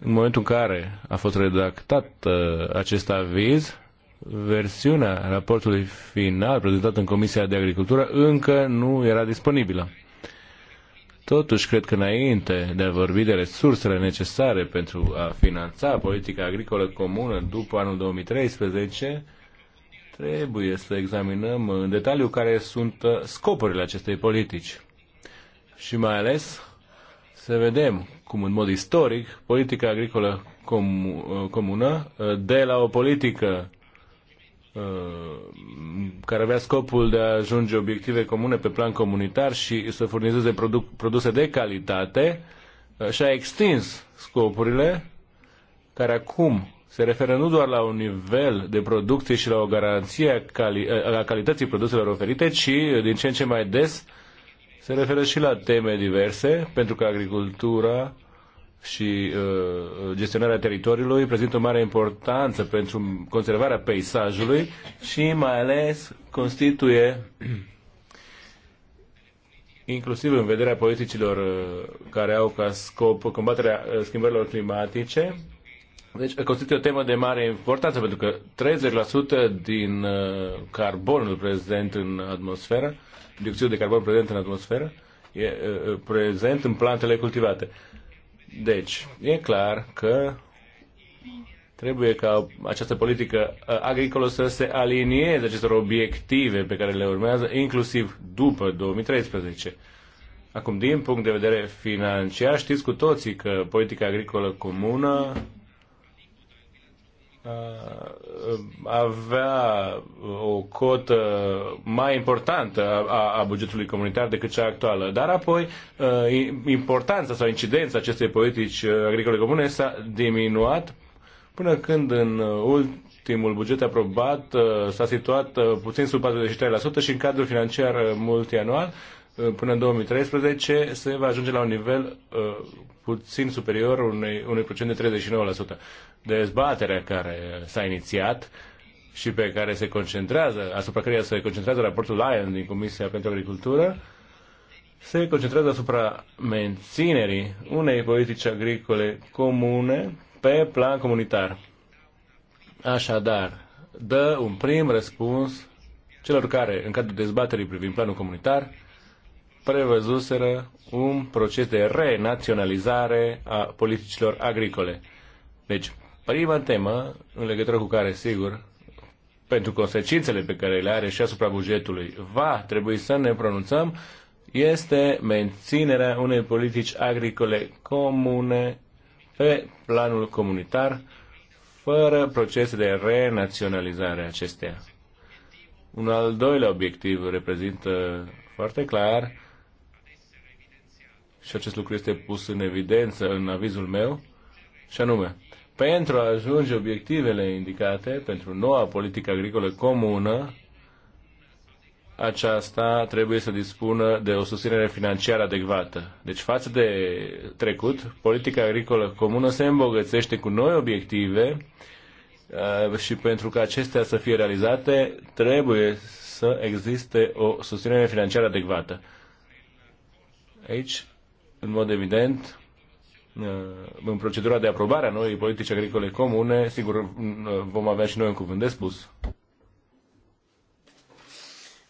în momentul în care a fost redactat uh, acest aviz, versiunea raportului final prezentat în Comisia de Agricultură încă nu era disponibilă. Totuși, cred că înainte de a vorbi de resursele necesare pentru a finanța politica agricolă comună după anul 2013, trebuie să examinăm în detaliu care sunt uh, scopurile acestei politici și mai ales să vedem cum în mod istoric politica agricolă uh, comună uh, de la o politică uh, care avea scopul de a ajunge obiective comune pe plan comunitar și să furnizeze produ- produse de calitate și-a extins scopurile care acum se referă nu doar la un nivel de producție și la o garanție a, cali- a calității produselor oferite, ci din ce în ce mai des uh, se referă și la teme diverse, pentru că agricultura și uh, gestionarea teritoriului prezintă o mare importanță pentru conservarea peisajului și mai ales constituie inclusiv în vederea politicilor uh, care au ca scop combaterea uh, schimbărilor climatice. Deci constituie o temă de mare importanță pentru că 30% din uh, carbonul prezent în atmosferă dioxidul de carbon prezent în atmosferă e prezent în plantele cultivate. Deci, e clar că trebuie ca această politică agricolă să se alinieze acestor obiective pe care le urmează, inclusiv după 2013. Acum, din punct de vedere financiar, știți cu toții că politica agricolă comună Uh, avea o cotă mai importantă a, a bugetului comunitar decât cea actuală. Dar apoi uh, importanța sau incidența acestei politici uh, agricole comune s-a diminuat până când în ultimul buget aprobat s-a situat puțin sub 43% și în cadrul financiar multianual până în 2013 se va ajunge la un nivel puțin superior unui, unui procent de 39%. Dezbaterea care s-a inițiat și pe care se concentrează, asupra căreia se concentrează raportul Lion din Comisia pentru Agricultură, se concentrează asupra menținerii unei politici agricole comune pe plan comunitar. Așadar, dă un prim răspuns celor care, în cadrul dezbaterii privind planul comunitar, prevăzuseră un proces de renaționalizare a politicilor agricole. Deci, prima temă, în legătură cu care, sigur, pentru consecințele pe care le are și asupra bugetului, va trebui să ne pronunțăm, este menținerea unei politici agricole comune pe planul comunitar, fără procese de renaționalizare acestea. Un al doilea obiectiv reprezintă foarte clar și acest lucru este pus în evidență în avizul meu, și anume, pentru a ajunge obiectivele indicate pentru noua politică agricolă comună, aceasta trebuie să dispună de o susținere financiară adecvată. Deci față de trecut, politica agricolă comună se îmbogățește cu noi obiective uh, și pentru că acestea să fie realizate, trebuie să existe o susținere financiară adecvată. Aici în mod evident, uh, în procedura de aprobare a noii politici agricole comune, sigur, uh, vom avea și noi un cuvânt de spus.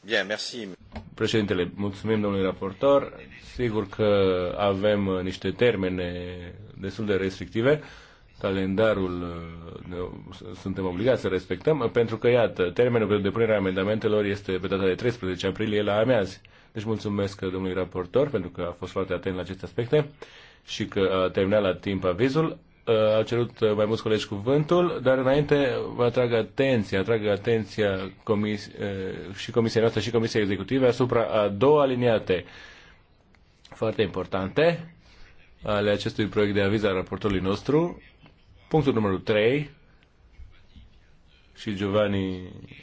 Bien, merci. Președintele, mulțumim domnului raportor. Sigur că avem uh, niște termene destul de restrictive. Calendarul suntem obligați să respectăm, pentru că, iată, termenul pentru de depunerea amendamentelor este pe data de 13 aprilie la amiază. Deci mulțumesc uh, domnului raportor pentru că a fost foarte atent la aceste aspecte și că a terminat la timp avizul. Uh, a cerut uh, mai mulți colegi cuvântul, dar înainte vă atrag atenția, atrag atenția comis- și Comisia noastră și Comisia executivă, asupra a două aliniate foarte importante ale acestui proiect de aviz al raportorului nostru. Punctul numărul 3 și Giovanni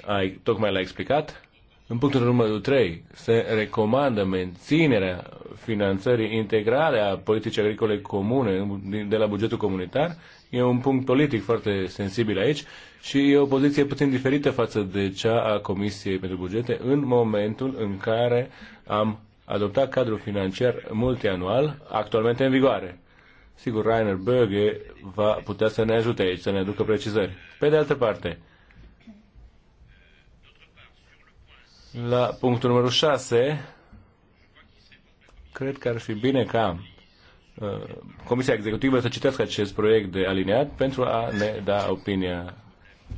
ai, tocmai l-a explicat în punctul numărul 3 se recomandă menținerea finanțării integrale a politicii agricole comune de la bugetul comunitar. E un punct politic foarte sensibil aici și e o poziție puțin diferită față de cea a Comisiei pentru Bugete în momentul în care am adoptat cadrul financiar multianual actualmente în vigoare. Sigur, Rainer Böge va putea să ne ajute aici, să ne aducă precizări. Pe de altă parte, La punctul numărul 6, cred că ar fi bine ca uh, Comisia Executivă să citească acest proiect de aliniat pentru a ne da opinia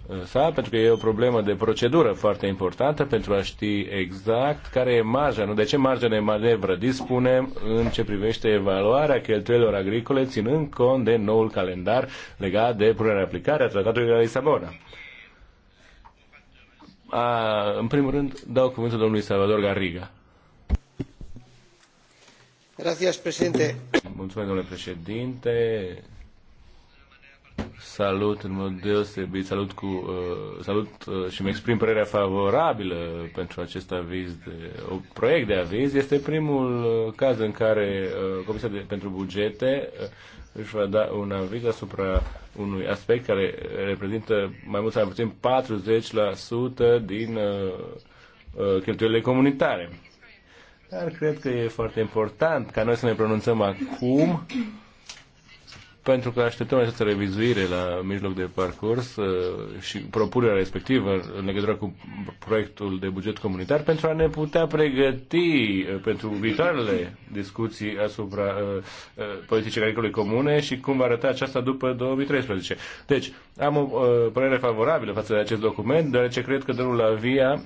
uh, sa, pentru că e o problemă de procedură foarte importantă pentru a ști exact care e marja, nu de ce marja de manevră dispunem în ce privește evaluarea cheltuielor agricole, ținând cont de noul calendar legat de punerea aplicare a Tratatului de la Lisabona. A, în primul rând, dau cuvântul domnului Salvador Garriga. Gracias, președinte. Mulțumesc, domnule președinte. Salut în mod deosebit, salut, cu, uh, salut uh, și îmi exprim părerea favorabilă pentru acest aviz, de, o proiect de aviz. Este primul uh, caz în care uh, Comisia de, pentru Bugete uh, își va da un aviz asupra unui aspect care reprezintă mai mult sau mai puțin 40% din uh, uh, cheltuielile comunitare. Dar cred că e foarte important ca noi să ne pronunțăm acum pentru că așteptăm această revizuire la mijloc de parcurs uh, și propunerea respectivă în legătură cu proiectul de buget comunitar pentru a ne putea pregăti uh, pentru viitoarele discuții asupra uh, politicii agricole comune și cum va arăta aceasta după 2013. Deci, am o părere favorabilă față de acest document, deoarece cred că domnul Lavia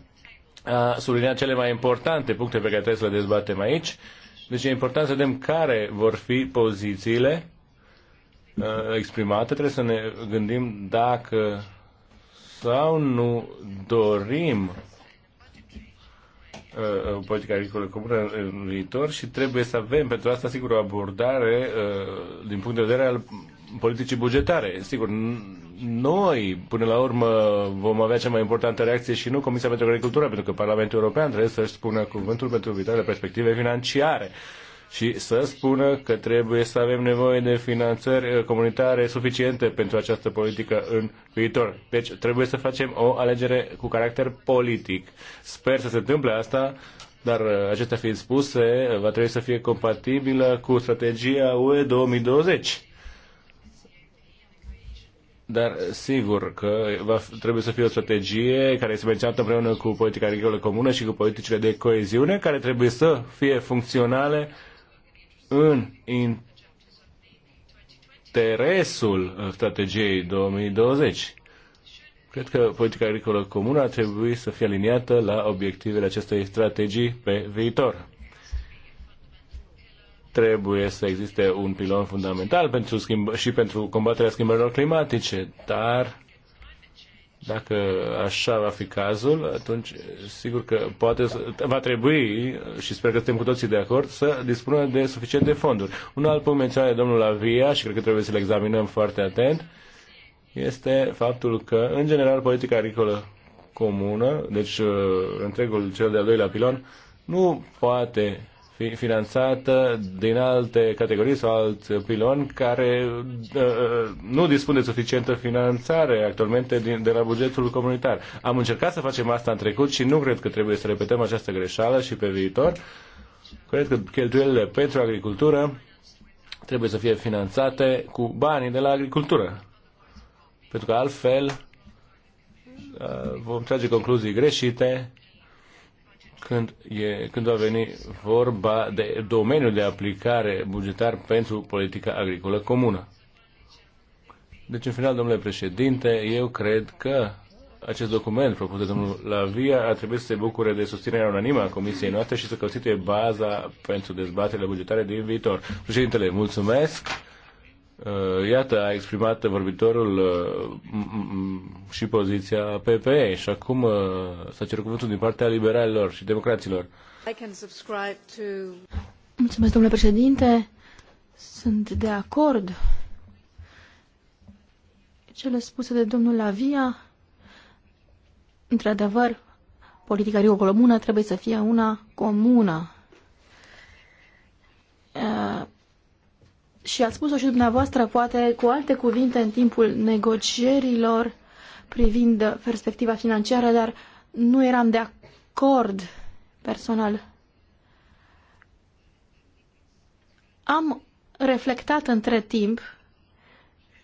a subliniat cele mai importante puncte pe care trebuie să le dezbatem aici. Deci e important să vedem care vor fi pozițiile Uh, exprimate, trebuie să ne gândim dacă sau nu dorim uh, politica agricolă comună în viitor și trebuie să avem pentru asta, sigur, o abordare uh, din punct de vedere al politicii bugetare. Sigur, noi, până la urmă, vom avea cea mai importantă reacție și nu Comisia pentru Agricultură, pentru că Parlamentul European trebuie să-și spună cuvântul pentru viitoarele perspective financiare. Uh, și să spună că trebuie să avem nevoie de finanțări uh, comunitare suficiente pentru această politică în viitor. Deci trebuie să facem o alegere cu caracter politic. Sper să se întâmple asta, dar uh, acestea fiind spuse, uh, va trebui să fie compatibilă cu strategia UE 2020. Dar sigur că va, trebuie să fie o strategie care este menționată împreună cu politica agricolă comună și cu politicile de coeziune, care trebuie să fie funcționale în interesul uh, strategiei 2020. Cred că politica agricolă comună ar trebui să fie aliniată la obiectivele acestei strategii pe viitor. Trebuie să existe un pilon fundamental pentru schimb- și pentru combaterea schimbărilor climatice, dar dacă așa va fi cazul, atunci sigur că poate va trebui, și sper că suntem cu toții de acord, să dispună de suficiente fonduri. Un alt punct menționat de domnul Avia, și cred că trebuie să-l examinăm foarte atent, este faptul că, în general, politica agricolă comună, deci uh, întregul cel de-al doilea pilon, nu poate fi finanțată din alte categorii sau alți piloni care uh, uh, nu dispun de suficientă finanțare actualmente din, de la bugetul comunitar. Am încercat să facem asta în trecut și nu cred că trebuie să repetăm această greșeală și pe viitor. Cred că cheltuielile pentru agricultură trebuie să fie finanțate cu banii de la agricultură. Pentru că altfel uh, vom trage concluzii greșite când, e, când va veni vorba de domeniul de aplicare bugetar pentru politica agricolă comună. Deci, în final, domnule președinte, eu cred că acest document propus de domnul Lavia ar trebui să se bucure de susținerea unanimă a Comisiei noastre și să constituie baza pentru dezbaterile bugetare din viitor. Președintele, mulțumesc! Uh, iată, a exprimat vorbitorul uh, și poziția PPE și acum uh, s-a cerut cuvântul din partea liberalilor și democraților. Mulțumesc, domnule președinte. Sunt de acord. Cele spuse de domnul Lavia, într-adevăr, politica rio comună trebuie să fie una comună și ați spus-o și dumneavoastră, poate cu alte cuvinte, în timpul negocierilor privind perspectiva financiară, dar nu eram de acord personal. Am reflectat între timp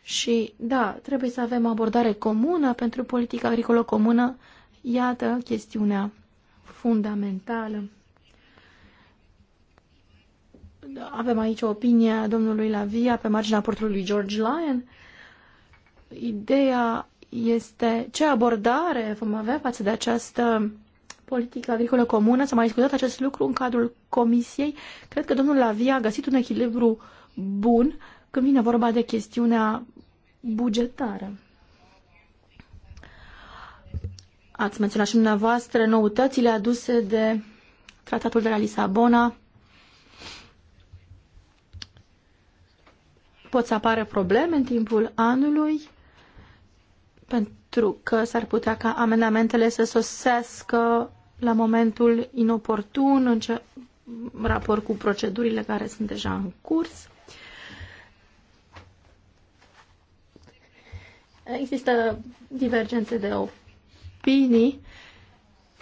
și, da, trebuie să avem abordare comună pentru politica agricolă comună. Iată chestiunea fundamentală avem aici o a domnului Lavia pe marginea portului George Lyon. Ideea este ce abordare vom avea față de această politică agricolă comună. S-a mai discutat acest lucru în cadrul comisiei. Cred că domnul Lavia a găsit un echilibru bun când vine vorba de chestiunea bugetară. Ați menționat și dumneavoastră noutățile aduse de Tratatul de la Lisabona pot să apară probleme în timpul anului pentru că s-ar putea ca amendamentele să sosească la momentul inoportun în ce, raport cu procedurile care sunt deja în curs. Există divergențe de opinii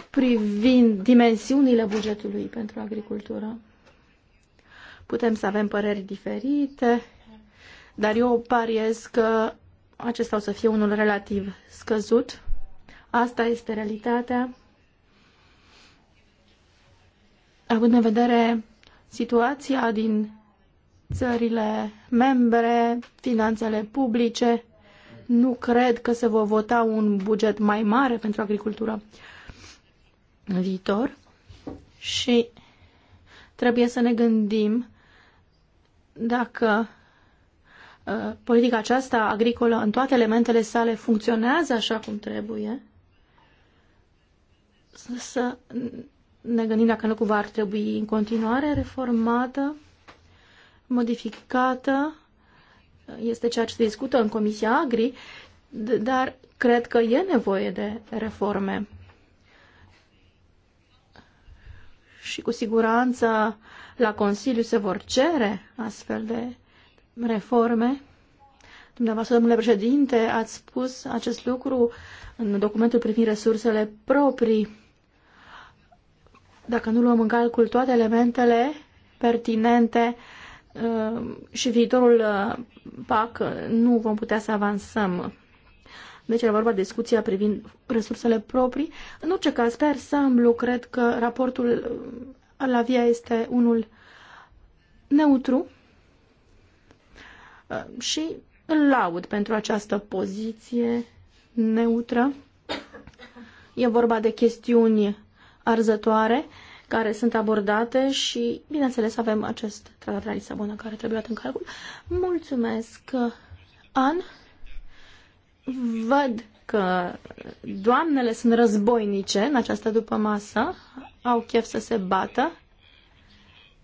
privind dimensiunile bugetului pentru agricultură. Putem să avem păreri diferite dar eu pariez că acesta o să fie unul relativ scăzut. Asta este realitatea. Având în vedere situația din țările membre, finanțele publice, nu cred că se va vota un buget mai mare pentru agricultură în viitor și trebuie să ne gândim dacă Uh, politica aceasta agricolă în toate elementele sale funcționează așa cum trebuie, să ne gândim dacă nu cumva ar trebui în continuare reformată, modificată, este ceea ce se discută în Comisia Agri, dar cred că e nevoie de reforme. Și cu siguranță la Consiliu se vor cere astfel de reforme. Dumneavoastră, domnule președinte, ați spus acest lucru în documentul privind resursele proprii. Dacă nu luăm în calcul toate elementele pertinente uh, și viitorul uh, PAC, uh, nu vom putea să avansăm. Deci era vorba de discuția privind resursele proprii. În orice caz, pe să cred că raportul la via este unul neutru Uh, și îl laud pentru această poziție neutră. E vorba de chestiuni arzătoare care sunt abordate și, bineînțeles, avem acest tratat la Lisabona care trebuie luat în calcul. Mulțumesc, An. Văd că doamnele sunt războinice în această după masă, au chef să se bată.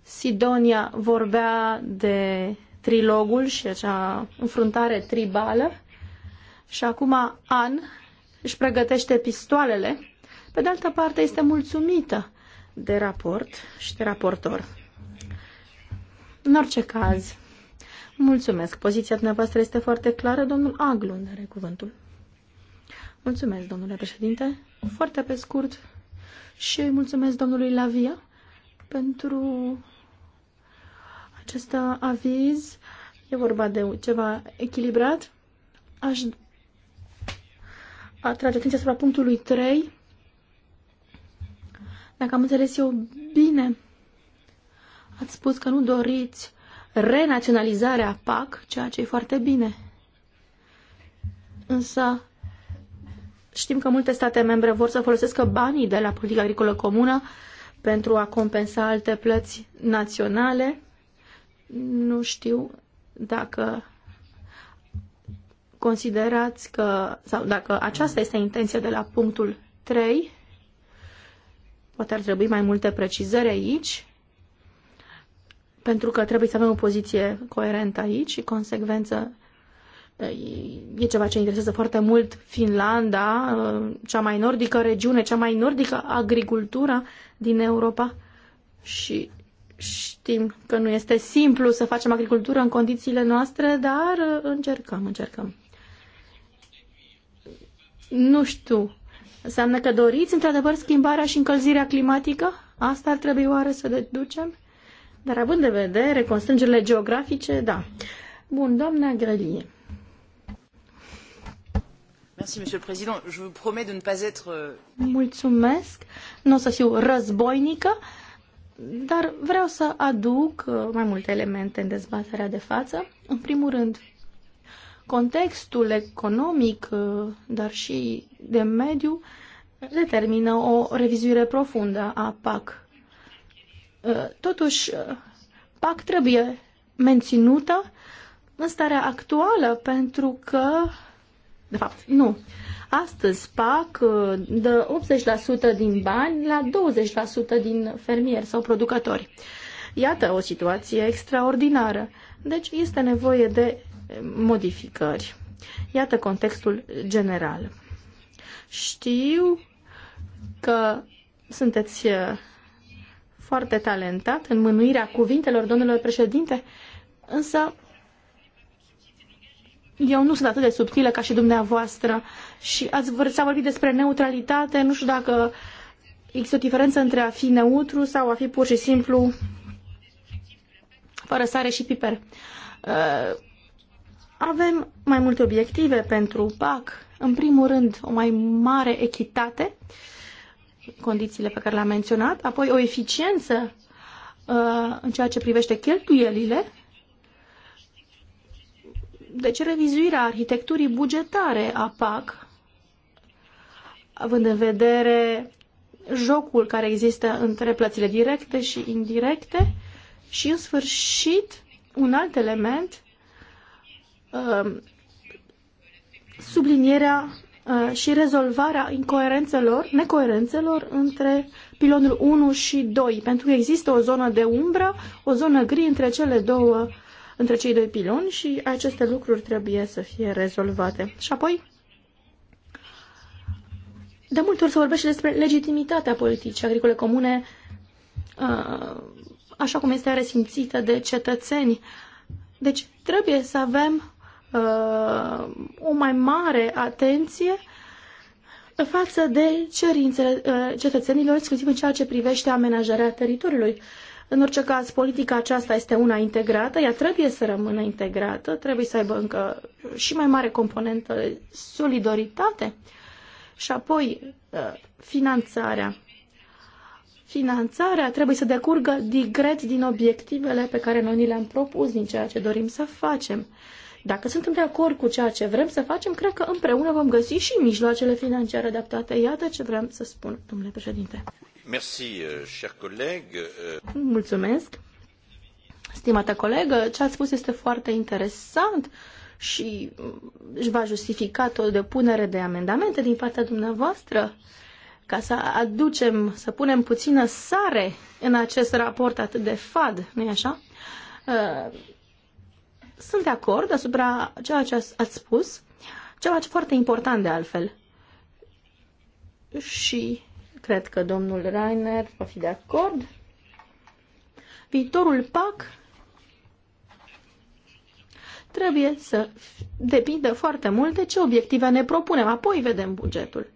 Sidonia vorbea de trilogul și acea înfruntare tribală și acum An își pregătește pistoalele. Pe de altă parte, este mulțumită de raport și de raportor. În orice caz, mulțumesc. Poziția dumneavoastră este foarte clară. Domnul Aglund are cuvântul. Mulțumesc, domnule președinte. Foarte pe scurt și mulțumesc domnului Lavia pentru acest aviz. E vorba de ceva echilibrat. Aș atrage atenția asupra punctului 3. Dacă am înțeles eu bine, ați spus că nu doriți renaționalizarea PAC, ceea ce e foarte bine. Însă știm că multe state membre vor să folosească banii de la politica agricolă comună pentru a compensa alte plăți naționale nu știu dacă considerați că, sau dacă aceasta este intenția de la punctul 3, poate ar trebui mai multe precizări aici, pentru că trebuie să avem o poziție coerentă aici și consecvență e ceva ce interesează foarte mult Finlanda, cea mai nordică regiune, cea mai nordică agricultură din Europa și Știm că nu este simplu să facem agricultură în condițiile noastre, dar uh, încercăm, încercăm. Nu știu. Înseamnă că doriți într-adevăr schimbarea și încălzirea climatică? Asta ar trebui oare să deducem? Dar având de vedere constrângerile geografice, da. Bun, doamna Grelie. Euh, Mulțumesc. Nu o să fiu războinică, dar vreau să aduc uh, mai multe elemente în dezbaterea de față. În primul rând, contextul economic, uh, dar și de mediu, determină o revizuire profundă a PAC. Uh, totuși, PAC trebuie menținută în starea actuală pentru că, de fapt, nu, Astăzi PAC uh, dă 80% din bani la 20% din fermieri sau producători. Iată o situație extraordinară. Deci este nevoie de eh, modificări. Iată contextul general. Știu că sunteți eh, foarte talentat în mânuirea cuvintelor, domnilor președinte, însă eu nu sunt atât de subtilă ca și dumneavoastră și ați s-a vorbit despre neutralitate, nu știu dacă există o diferență între a fi neutru sau a fi pur și simplu fără sare și piper. Uh, avem mai multe obiective pentru PAC. În primul rând, o mai mare echitate, condițiile pe care le-am menționat, apoi o eficiență uh, în ceea ce privește cheltuielile deci revizuirea arhitecturii bugetare a PAC, având în vedere jocul care există între plățile directe și indirecte și, în sfârșit, un alt element, um, sublinierea uh, și rezolvarea incoerențelor, necoerențelor între pilonul 1 și 2, pentru că există o zonă de umbră, o zonă gri între cele două uh, între cei doi piloni și aceste lucruri trebuie să fie rezolvate. Și apoi, de multe ori se vorbește despre legitimitatea politicii agricole comune, uh, așa cum este resimțită de cetățeni. Deci trebuie să avem uh, o mai mare atenție față de cerințele uh, cetățenilor, exclusiv în ceea ce privește amenajarea teritoriului. În orice caz, politica aceasta este una integrată, ea trebuie să rămână integrată, trebuie să aibă încă și mai mare componentă solidaritate și apoi uh, finanțarea. Finanțarea trebuie să decurgă digret din obiectivele pe care noi ni le-am propus, din ceea ce dorim să facem. Dacă suntem de acord cu ceea ce vrem să facem, cred că împreună vom găsi și mijloacele financiare adaptate. Iată ce vrem să spun, domnule președinte. Merci, euh, cher euh, Mulțumesc. Stimată colegă, ce ați spus este foarte interesant și își va justifica o depunere de amendamente din partea dumneavoastră ca să aducem, să punem puțină sare în acest raport atât de fad, nu-i așa? Uh, sunt de acord asupra ceea ce ați spus, ceva ce foarte important de altfel. Și Cred că domnul Rainer va fi de acord. Viitorul PAC trebuie să depindă foarte mult de ce obiective ne propunem. Apoi vedem bugetul.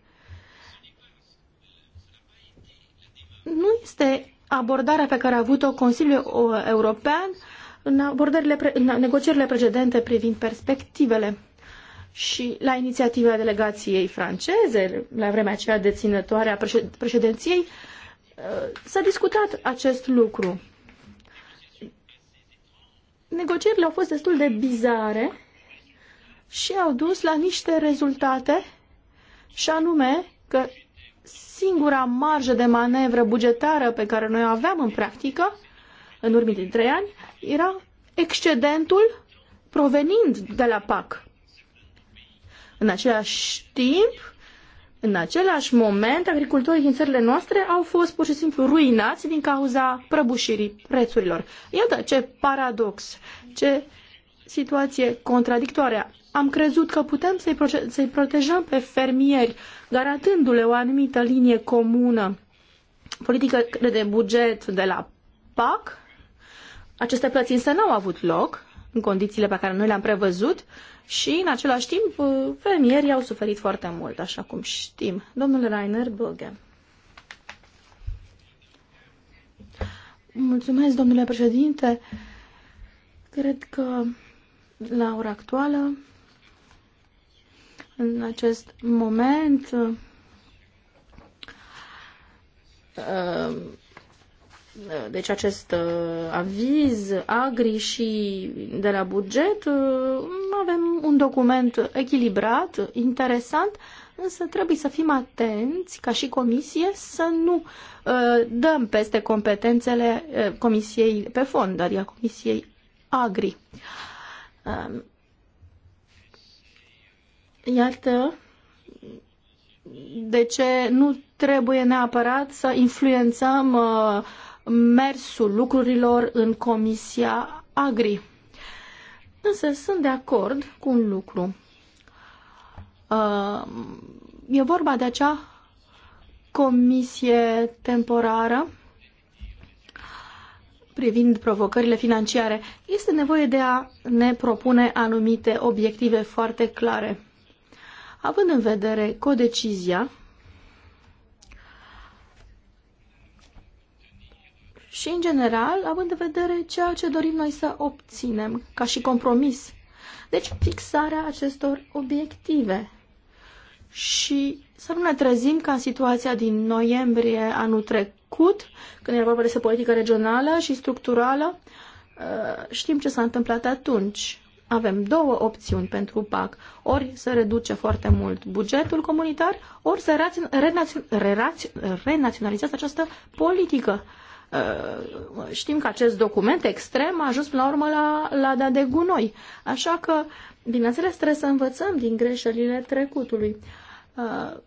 Nu este abordarea pe care a avut-o Consiliul European în, abordările, în negocierile precedente privind perspectivele și la inițiativa delegației franceze, la vremea aceea deținătoare a președinției, uh, s-a discutat acest lucru. Negocierile au fost destul de bizare și au dus la niște rezultate și anume că singura marjă de manevră bugetară pe care noi o aveam în practică în de trei ani era excedentul provenind de la PAC. În același timp, în același moment, agricultorii din țările noastre au fost pur și simplu ruinați din cauza prăbușirii prețurilor. Iată ce paradox, ce situație contradictoare. Am crezut că putem să-i, să protejăm pe fermieri, garantându-le o anumită linie comună, politică de buget de la PAC. Aceste plăți însă n-au avut loc în condițiile pe care noi le-am prevăzut și, în același timp, uh, fermierii au suferit foarte mult, așa cum știm. Domnul Rainer Böge. Mulțumesc, domnule președinte. Cred că la ora actuală, în acest moment, uh, deci acest uh, aviz agri și de la buget, uh, avem un document echilibrat, interesant, însă trebuie să fim atenți ca și comisie să nu uh, dăm peste competențele comisiei pe fond, a comisiei agri. Um, iată de ce nu trebuie neapărat să influențăm mersul lucrurilor în Comisia Agri. Însă sunt de acord cu un lucru. Uh, e vorba de acea comisie temporară privind provocările financiare. Este nevoie de a ne propune anumite obiective foarte clare. Având în vedere codecizia, și, în general, având în vedere ceea ce dorim noi să obținem ca și compromis. Deci, fixarea acestor obiective. Și să nu ne trezim ca în situația din noiembrie anul trecut, când era vorba despre politică regională și structurală, uh, știm ce s-a întâmplat atunci. Avem două opțiuni pentru PAC. Ori să reduce foarte mult bugetul comunitar, ori să renaționalizează această politică Uh, știm că acest document extrem a ajuns până la urmă la da de gunoi. Așa că, bineînțeles, trebuie să învățăm din greșelile trecutului. Uh,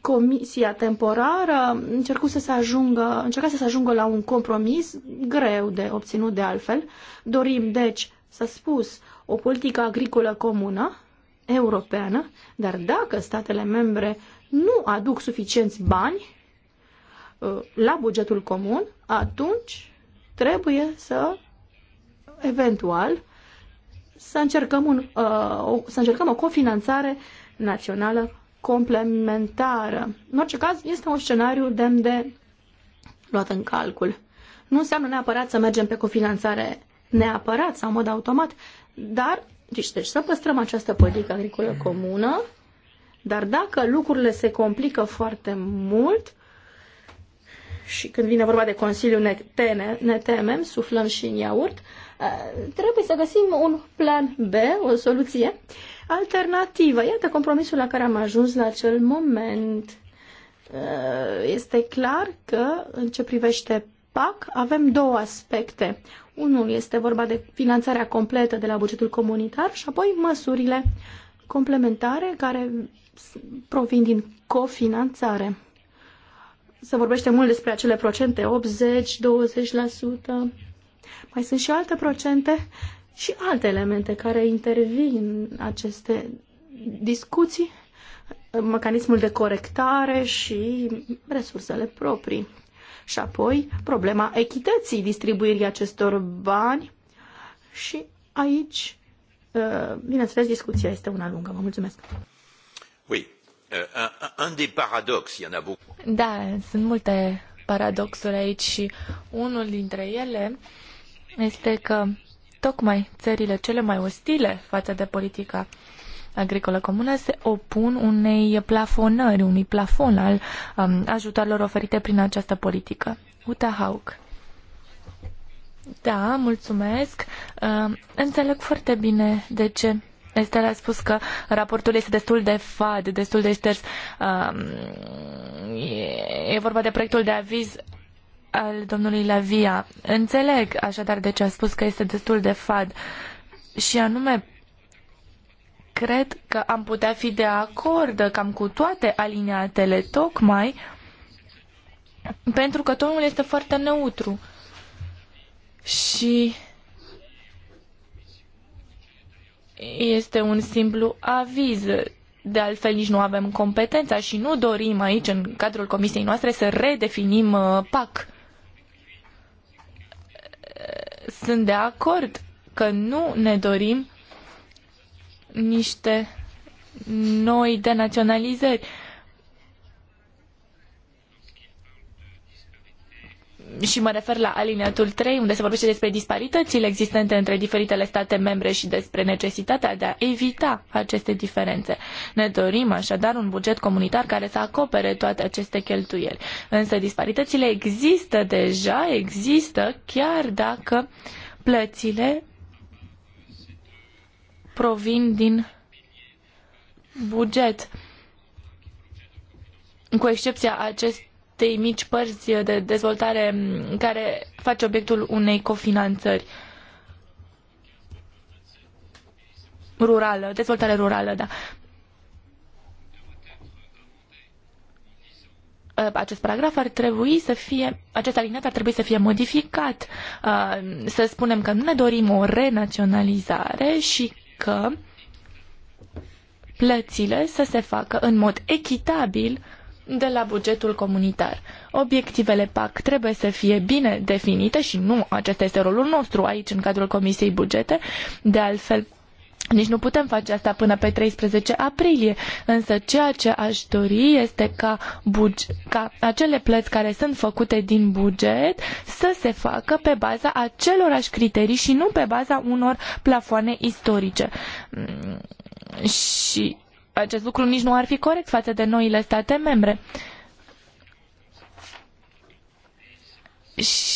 comisia temporară încercuse să se ajungă, încerca să se ajungă la un compromis greu de obținut de altfel. Dorim, deci, s-a spus, o politică agricolă comună, europeană, dar dacă statele membre nu aduc suficienți bani, Uh, la bugetul comun, atunci trebuie să, eventual, să încercăm, un, uh, o, să încercăm o cofinanțare națională complementară. În orice caz, este un scenariu demn de luat în calcul. Nu înseamnă neapărat să mergem pe cofinanțare neapărat sau în mod automat, dar deci, deci să păstrăm această politică agricolă comună, dar dacă lucrurile se complică foarte mult, și când vine vorba de Consiliu ne, teme, ne temem, suflăm și în iaurt, eh, trebuie să găsim un plan B, o soluție alternativă. Iată compromisul la care am ajuns la acel moment. Eh, este clar că în ce privește PAC avem două aspecte. Unul este vorba de finanțarea completă de la bugetul comunitar și apoi măsurile complementare care provin din cofinanțare se vorbește mult despre acele procente, 80, 20%. Mai sunt și alte procente și alte elemente care intervin în aceste discuții, mecanismul de corectare și resursele proprii. Și apoi problema echității distribuirii acestor bani și aici, uh, bineînțeles, discuția este una lungă. Vă mulțumesc! Euh, un, un des paradoxes, il y en a beaucoup. Da, sunt multe paradoxuri aici și unul dintre ele este că tocmai țările cele mai ostile față de politica agricolă comună se opun unei plafonări, unui plafon al um, ajutoarelor oferite prin această politică. Uta Hauk. Da, mulțumesc. Uh, înțeleg foarte bine de ce Estela a spus că raportul este destul de fad, destul de șters. Um, e, vorba de proiectul de aviz al domnului Lavia. Înțeleg așadar de ce a spus că este destul de fad. Și anume, cred că am putea fi de acord cam cu toate aliniatele, tocmai pentru că tonul este foarte neutru. Și este un simplu aviz. De altfel, nici nu avem competența și nu dorim aici, în cadrul comisiei noastre, să redefinim uh, PAC. Sunt de acord că nu ne dorim niște noi denaționalizări. și mă refer la alineatul 3, unde se vorbește despre disparitățile existente între diferitele state membre și despre necesitatea de a evita aceste diferențe. Ne dorim așadar un buget comunitar care să acopere toate aceste cheltuieli. Însă disparitățile există deja, există chiar dacă plățile provin din buget. Cu excepția acestui acestei mici părți de dezvoltare care face obiectul unei cofinanțări rurală, dezvoltare rurală, da. Uh, acest paragraf ar trebui să fie, acest alineat ar trebui să fie modificat. Uh, să spunem că nu ne dorim o renaționalizare și că plățile să se facă în mod echitabil de la bugetul comunitar. Obiectivele PAC trebuie să fie bine definite și nu acesta este rolul nostru aici în cadrul Comisiei Bugete. De altfel, nici nu putem face asta până pe 13 aprilie, însă ceea ce aș dori este ca, buge- ca acele plăți care sunt făcute din buget să se facă pe baza acelorași criterii și nu pe baza unor plafoane istorice. Mm, și acest lucru nici nu ar fi corect față de noile state membre.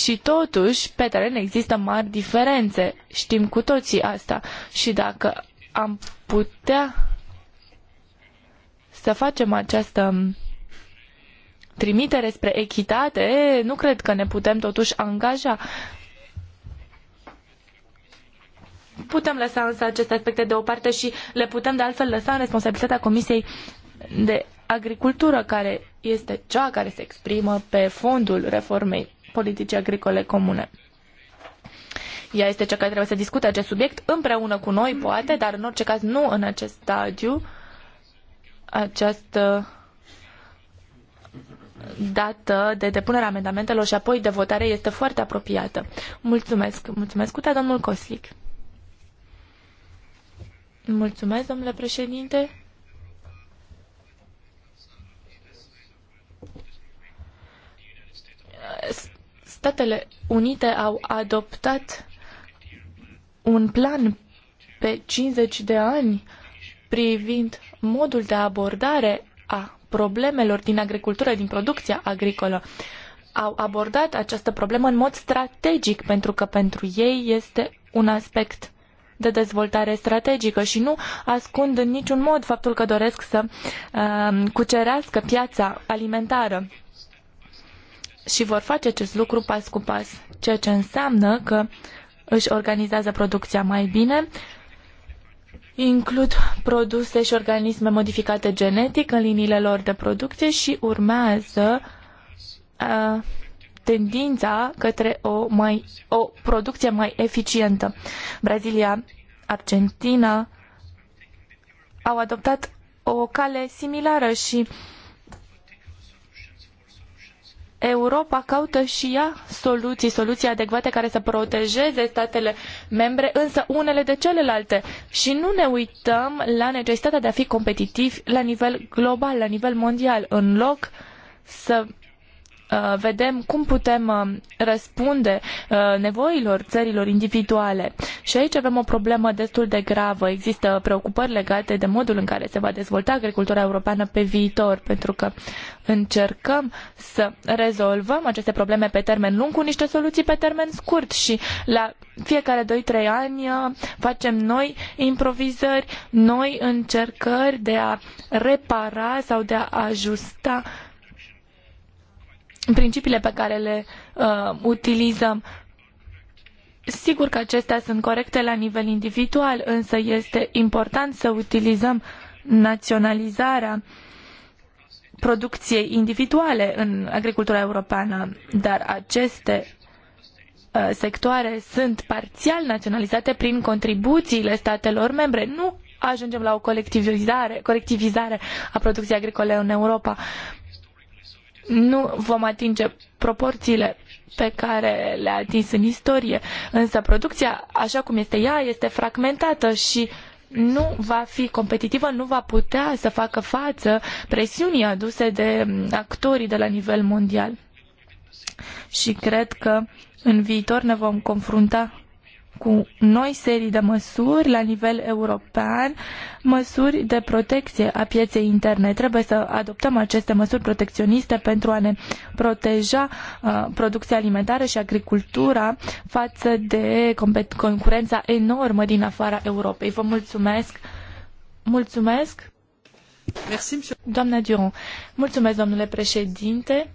Și totuși, pe teren există mari diferențe. Știm cu toții asta. Și dacă am putea să facem această trimitere spre echitate, nu cred că ne putem totuși angaja Putem lăsa însă aceste aspecte deoparte și le putem de altfel lăsa în responsabilitatea Comisiei de Agricultură, care este cea care se exprimă pe fondul reformei politicii agricole comune. Ea este cea care trebuie să discute acest subiect împreună cu noi, poate, dar în orice caz nu în acest stadiu. Această dată de depunerea amendamentelor și apoi de votare este foarte apropiată. Mulțumesc. Mulțumesc, cu domnul Coslic. Mulțumesc, domnule președinte. Statele Unite au adoptat un plan pe 50 de ani privind modul de abordare a problemelor din agricultură, din producția agricolă. Au abordat această problemă în mod strategic pentru că pentru ei este un aspect de dezvoltare strategică și nu ascund în niciun mod faptul că doresc să uh, cucerească piața alimentară. Și vor face acest lucru pas cu pas, ceea ce înseamnă că își organizează producția mai bine, includ produse și organisme modificate genetic în liniile lor de producție și urmează uh, tendința către o, mai, o producție mai eficientă. Brazilia, Argentina au adoptat o cale similară și Europa caută și ea soluții, soluții adecvate care să protejeze statele membre, însă unele de celelalte. Și nu ne uităm la necesitatea de a fi competitivi la nivel global, la nivel mondial, în loc să Uh, vedem cum putem uh, răspunde uh, nevoilor țărilor individuale. Și aici avem o problemă destul de gravă. Există preocupări legate de modul în care se va dezvolta agricultura europeană pe viitor, pentru că încercăm să rezolvăm aceste probleme pe termen lung cu niște soluții pe termen scurt și la fiecare doi-trei ani facem noi improvizări, noi încercări de a repara sau de a ajusta uh, principiile pe care le uh, utilizăm. Sigur că acestea sunt corecte la nivel individual, însă este important să utilizăm naționalizarea producției individuale în agricultura europeană, dar aceste uh, sectoare sunt parțial naționalizate prin contribuțiile statelor membre. Nu ajungem la o colectivizare, colectivizare a producției agricole în Europa. Uh, nu vom atinge proporțiile pe care le-a atins în istorie, însă producția, așa cum este ea, este fragmentată și nu va fi competitivă, nu va putea să facă față presiunii aduse de actorii de la nivel mondial. Și cred că în viitor ne vom confrunta cu noi serii de măsuri la nivel european, măsuri de protecție a pieței interne. Trebuie să adoptăm aceste măsuri protecționiste pentru a ne proteja uh, producția alimentară și agricultura față de concurența enormă din afara Europei. Vă mulțumesc! Mulțumesc! Doamna Dion, mulțumesc, domnule președinte!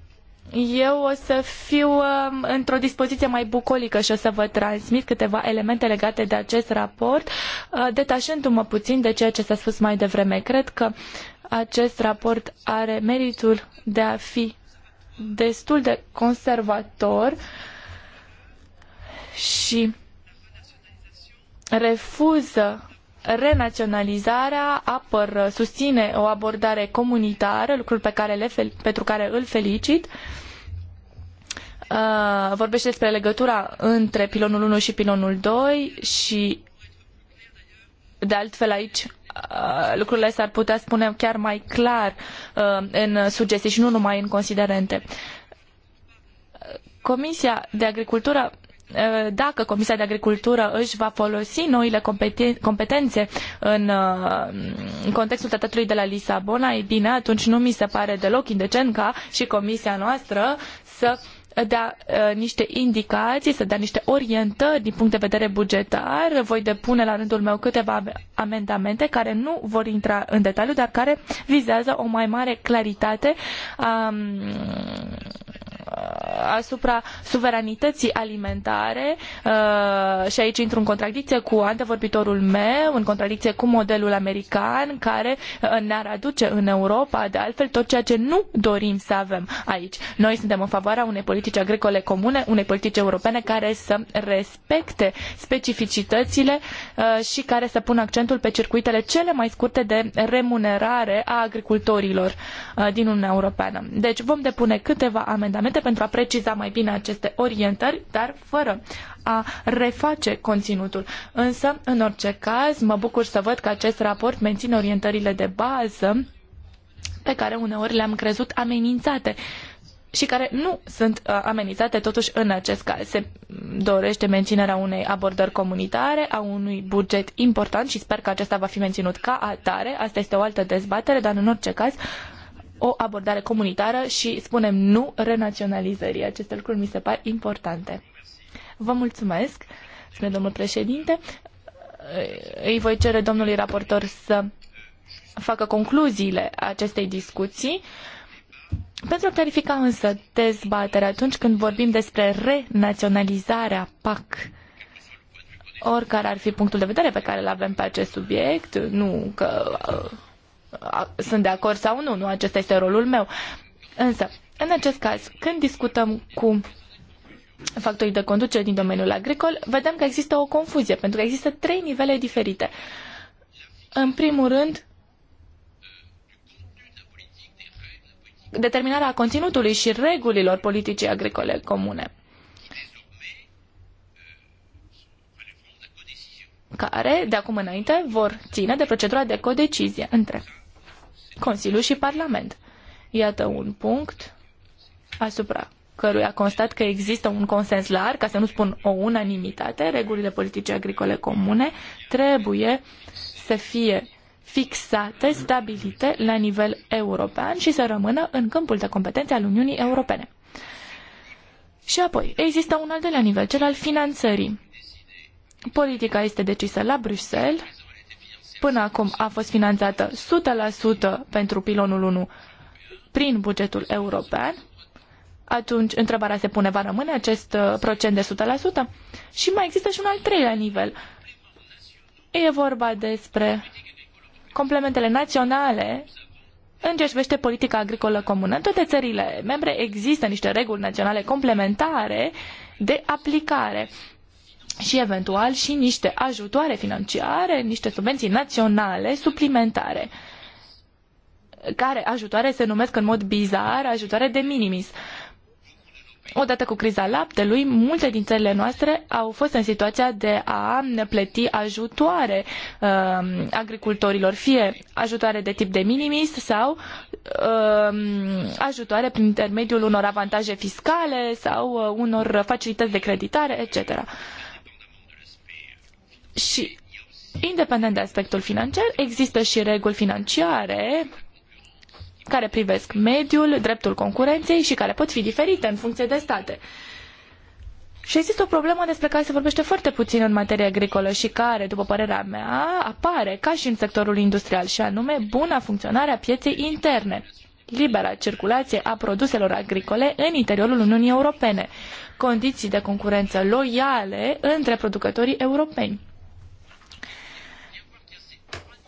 eu o să fiu um, într-o dispoziție mai bucolică și o să vă transmit câteva elemente legate de acest raport, uh, detașându-mă puțin de ceea ce s-a spus mai devreme. Cred că acest raport are meritul de a fi destul de conservator și refuză renaționalizarea apăr, susține o abordare comunitară, lucrul pe care le fel, pentru care îl felicit. Uh, vorbește despre legătura între pilonul 1 și pilonul 2 și de altfel aici uh, lucrurile s-ar putea spune chiar mai clar uh, în sugestii și nu numai în considerente. Comisia de Agricultură Eh, dacă Comisia de Agricultură își va folosi noile competențe eh, în contextul tratatului de la Lisabona, e bine, atunci nu mi se pare deloc indecent ca și Comisia noastră să dea eh, niște indicații, să dea niște orientări din punct de vedere bugetar. Voi depune la rândul meu câteva amendamente care nu vor intra în detaliu, dar care vizează o mai mare claritate a mm, Uh, asupra suveranității alimentare uh, și aici intru în contradicție cu antevorbitorul meu, în contradicție cu modelul american care uh, ne-ar aduce în Europa, de altfel, tot ceea ce nu dorim să avem aici. Noi suntem în favoarea unei politici agricole comune, unei politici europene care să respecte specificitățile și care să pună accentul pe circuitele cele mai scurte de remunerare a agricultorilor din Uniunea Europeană. Deci vom depune câteva amendamente amendamente pentru a preciza mai bine aceste orientări, dar fără a reface conținutul. Însă, în orice caz, mă bucur să văd că acest raport menține orientările de bază pe care uneori le-am crezut amenințate și care nu sunt uh, amenințate totuși în acest caz. Se dorește menținerea unei abordări comunitare, a unui buget important și sper că acesta va fi menținut ca atare. Asta este o altă dezbatere, dar în orice caz o abordare comunitară și spunem nu renaționalizării. Aceste lucruri mi se par importante. Vă mulțumesc, spune domnul președinte. Îi voi cere domnului raportor să facă concluziile acestei discuții. Pentru a clarifica însă dezbaterea, atunci când vorbim despre renaționalizarea PAC, oricare ar fi punctul de vedere pe care îl avem pe acest subiect, nu că sunt de acord sau nu, nu acesta este rolul meu. Însă, în acest caz, când discutăm cu factorii de conducere din domeniul agricol, vedem că există o confuzie, pentru că există trei nivele diferite. În primul rând, determinarea conținutului și regulilor politicii agricole comune. care, de acum înainte, vor ține de procedura de codecizie. Între Consiliu și Parlament. Iată un punct asupra căruia constat că există un consens larg, ca să nu spun o unanimitate, regulile politice agricole comune trebuie să fie fixate, stabilite la nivel european și să rămână în câmpul de competențe al Uniunii Europene. Și apoi, există un al doilea nivel, cel al finanțării. Politica este decisă la Bruxelles, până acum a fost finanțată 100% pentru pilonul 1 prin bugetul european, atunci întrebarea se pune, va rămâne acest uh, procent de 100%? Și mai există și un al treilea nivel. E vorba despre complementele naționale în ce privește politica agricolă comună. În toate țările membre există niște reguli naționale complementare de aplicare și eventual și niște ajutoare financiare, niște subvenții naționale suplimentare care ajutoare se numesc în mod bizar ajutoare de minimis. Odată cu criza laptelui, multe din țările noastre au fost în situația de a plăti ajutoare uh, agricultorilor, fie ajutoare de tip de minimis sau uh, ajutoare prin intermediul unor avantaje fiscale sau uh, unor facilități de creditare, etc. Uh, și independent de aspectul financiar, există și reguli financiare care privesc mediul, dreptul concurenței și care pot fi diferite în funcție de state. Și există o problemă despre care se vorbește foarte puțin în materie agricolă și care, după părerea mea, apare ca și în sectorul industrial, și anume buna funcționare a pieței interne, libera circulație a produselor agricole în interiorul Uniunii Europene, condiții de concurență loiale între producătorii europeni.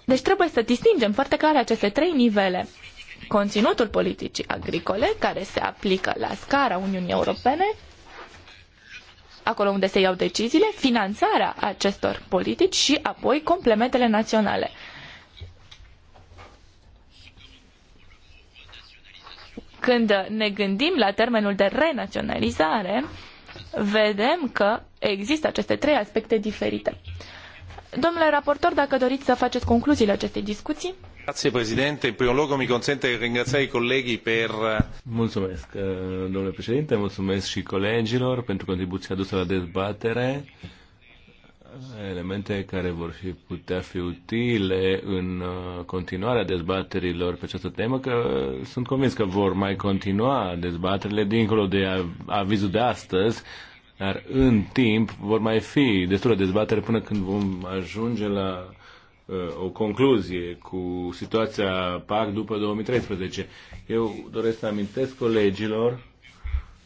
Deci trebuie să distingem foarte clar aceste trei nivele. Conținutul politicii agricole, care se aplică la scara Uniunii Europene, acolo unde se iau deciziile, finanțarea acestor politici și apoi complementele naționale. Când ne gândim la termenul de renaționalizare, vedem că există aceste trei aspecte diferite. Domnule raportor, dacă doriți să faceți concluziile acestei discuții. Grazie Presidente. In primo luogo mi consente di ringraziare i colleghi per... Eh, mulțumesc, eh, domnule președinte, mulțumesc și colegilor pentru contribuția adusă la dezbatere elemente care vor fi putea fi utile în eh, continuarea dezbaterilor pe această temă, că sunt convins că vor mai continua dezbaterile dincolo de avizul de astăzi, dar în timp vor mai fi destule dezbatere până când vom ajunge la uh, o concluzie cu situația PAC după 2013. Eu doresc să amintesc colegilor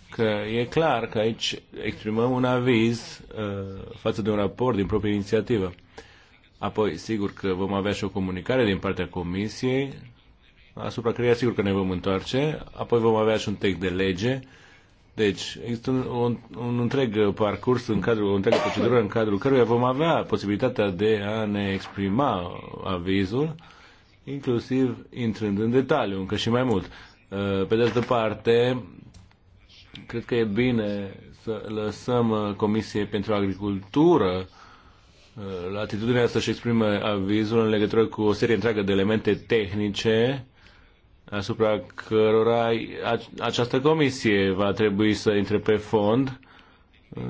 că e clar că aici exprimăm un aviz uh, față de un raport din proprie inițiativă. Apoi, sigur că vom avea și o comunicare din partea Comisiei, asupra căreia sigur că ne vom întoarce, apoi vom avea și un text de lege deci, există un, un, un întreg parcurs, în cadrul, o întreagă procedură în cadrul căruia vom avea posibilitatea de a ne exprima avizul, inclusiv intrând în detaliu, încă și mai mult. Uh, pe de altă parte, cred că e bine să lăsăm uh, Comisiei pentru Agricultură uh, la atitudinea să-și exprime avizul în legătură cu o serie întreagă de elemente tehnice asupra cărora această comisie va trebui să intre pe fond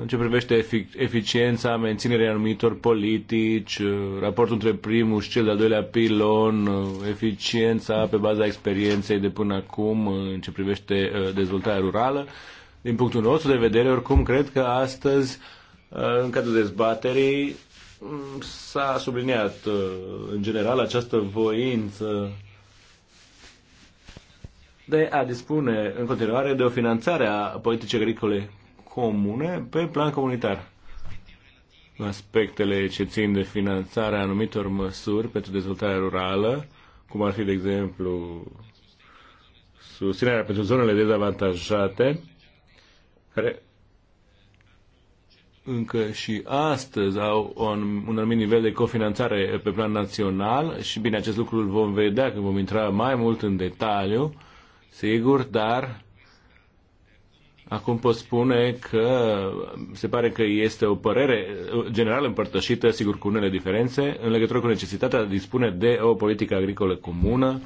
în ce privește eficiența, menținerea anumitor politici, uh, raportul între primul și cel de-al doilea pilon, uh, eficiența pe baza experienței de până acum uh, în ce privește dezvoltarea rurală. Din punctul nostru de vedere, oricum, cred că astăzi, în cadrul dezbaterii, mm, s-a subliniat în general această voință de a dispune în continuare de o finanțare a politicii agricole comune pe plan comunitar. Aspectele ce țin de finanțarea anumitor măsuri pentru dezvoltarea rurală, cum ar fi, de exemplu, susținerea pentru zonele dezavantajate, care încă și astăzi au un, un anumit nivel de cofinanțare pe plan național și bine, acest lucru îl vom vedea când vom intra mai mult în detaliu sigur, dar Acum pot spune că se pare că este o părere generală împărtășită, sigur cu unele diferențe, în legătură cu necesitatea de a dispune de o politică agricolă comună,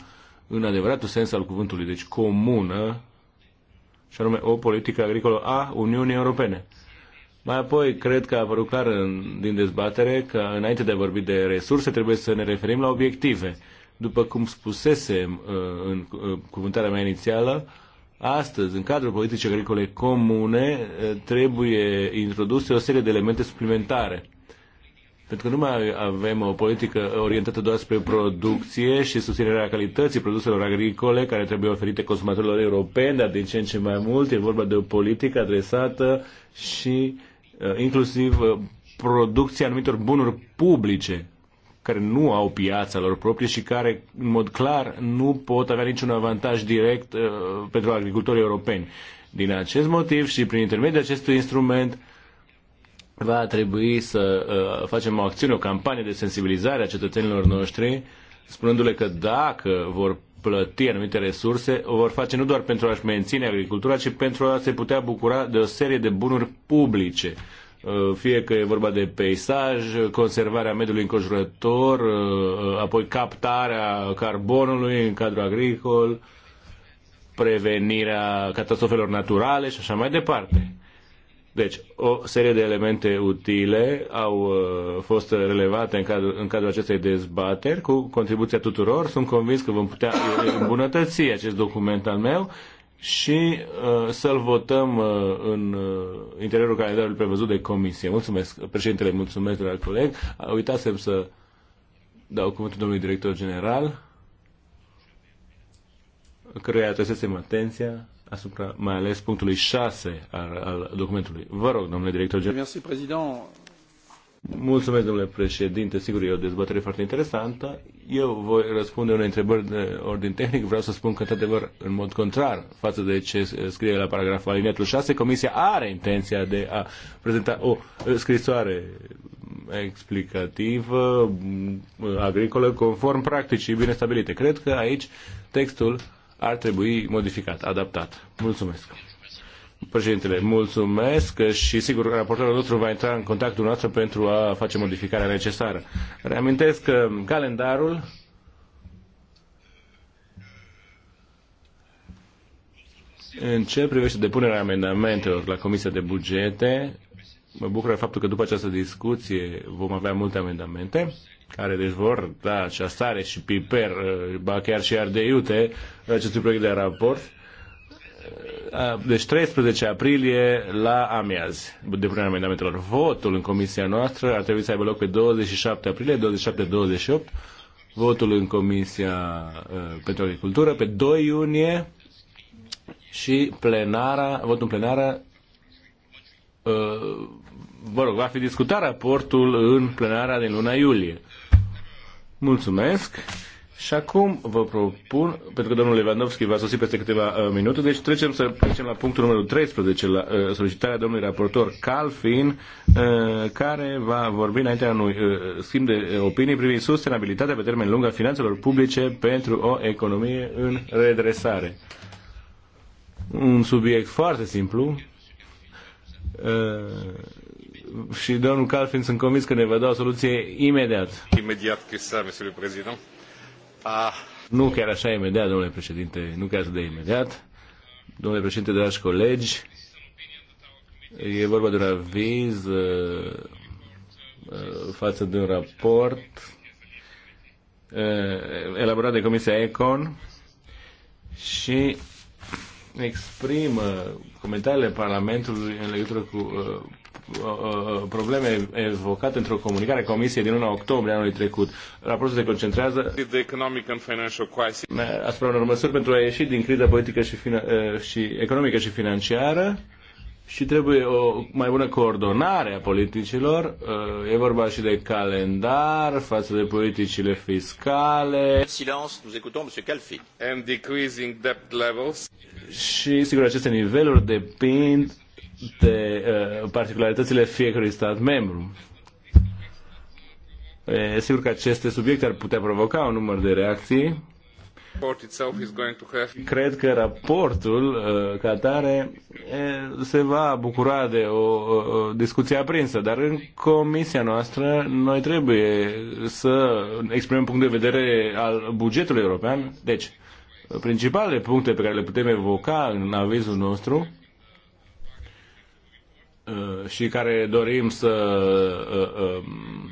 în adevăratul sens al cuvântului, deci comună, și anume o politică agricolă a Uniunii Europene. Mai apoi, cred că a apărut clar în, din dezbatere că înainte de a vorbi de resurse, trebuie să ne referim la obiective. După cum spusesem uh, în uh, cuvântarea mea inițială, astăzi, în cadrul politicii agricole comune, uh, trebuie introduse o serie de elemente suplimentare. Pentru că nu mai avem o politică orientată doar spre producție și susținerea calității produselor agricole care trebuie oferite consumatorilor europeni, dar din ce în ce mai mult e vorba de o politică adresată și inclusiv producția anumitor bunuri publice care nu au piața lor proprie și care, în mod clar, nu pot avea niciun avantaj direct uh, pentru agricultorii europeni. Din acest motiv și prin intermediul acestui instrument va trebui să uh, facem o acțiune, o campanie de sensibilizare a cetățenilor noștri, spunându-le că dacă vor plăti anumite resurse, o vor face nu doar pentru a-și menține agricultura, ci pentru a se putea bucura de o serie de bunuri publice Uh, fie că e vorba de peisaj, conservarea mediului înconjurător, uh, uh, apoi captarea carbonului în cadrul agricol, prevenirea catastrofelor naturale și așa mai departe. Deci, o serie de elemente utile au fost relevate în cadrul, în cadrul acestei dezbateri cu contribuția tuturor. Sunt convins că vom putea îmbunătăți acest document al meu și uh, să-l votăm uh, în uh, interiorul calendarului prevăzut de comisie. Mulțumesc, președintele, mulțumesc, dragi coleg. Uh, uitasem să dau cuvântul domnului director general, căruia atresesem atenția asupra mai ales punctului 6 al, al documentului. Vă rog, domnule director general. Mulțumesc, președinte. Mulțumesc, domnule președinte. Sigur, e o dezbatere foarte interesantă. Eu voi răspunde unei întrebări de ordin tehnic. Vreau să spun că, într-adevăr, în mod contrar față de ce scrie la paragraful aliniatul 6, Comisia are intenția de a prezenta o scrisoare explicativă, agricolă, conform practicii bine stabilite. Cred că aici textul ar trebui modificat, adaptat. Mulțumesc. Președintele, mulțumesc și sigur raportorul nostru va intra în contactul nostru pentru a face modificarea necesară. Reamintesc că calendarul În ce privește depunerea amendamentelor la Comisia de Bugete, mă de faptul că după această discuție vom avea multe amendamente, care deci vor da aceastare și piper, ba chiar și ardeiute acestui proiect de raport. Uh, deci 13 aprilie la amiaz, depunerea amendamentelor. Votul în comisia noastră ar trebui să aibă loc pe 27 aprilie, 27-28, votul în comisia uh, pentru agricultură pe 2 iunie și plenara, votul în plenară uh, vă rog, va fi discutat raportul în plenara din luna iulie. Mulțumesc! Și acum vă propun, pentru că domnul Lewandowski va sosi peste câteva uh, minute, deci trecem să trecem la punctul numărul 13, la uh, solicitarea domnului raportor Calfin, uh, care va vorbi înaintea unui uh, schimb de opinii privind sustenabilitatea pe termen lung a finanțelor publice pentru o economie în redresare. Un subiect foarte simplu. Uh, și domnul Calfin sunt convins că ne va da o soluție imediat. Imediat, că sa, domnule președinte. Ah. Nu chiar așa imediat, domnule președinte, nu chiar de imediat. Domnule președinte, dragi colegi, e vorba de un aviz uh, uh, față de un raport uh, elaborat de Comisia Econ și exprimă comentariile Parlamentului în legătură cu uh, Uh, uh, probleme evocate într-o comunicare a Comisiei din 1 octombrie anului trecut. Raportul se concentrează asupra unor măsuri pentru a ieși din criza politică și, uh, și economică și financiară și trebuie o mai bună coordonare a politicilor. E vorba și de calendar față de politicile fiscale. Silence, nous écoutons monsieur Calfi. And decreasing debt levels. Și sigur aceste niveluri depind de uh, particularitățile fiecărui stat membru. E, sigur că aceste subiecte ar putea provoca un număr de reacții. Cred că raportul uh, ca tare se va bucura de o, o discuție aprinsă, dar în comisia noastră noi trebuie să exprimăm punct de vedere al bugetului european. Deci, principalele puncte pe care le putem evoca în avizul nostru Uh, și care dorim să uh, um,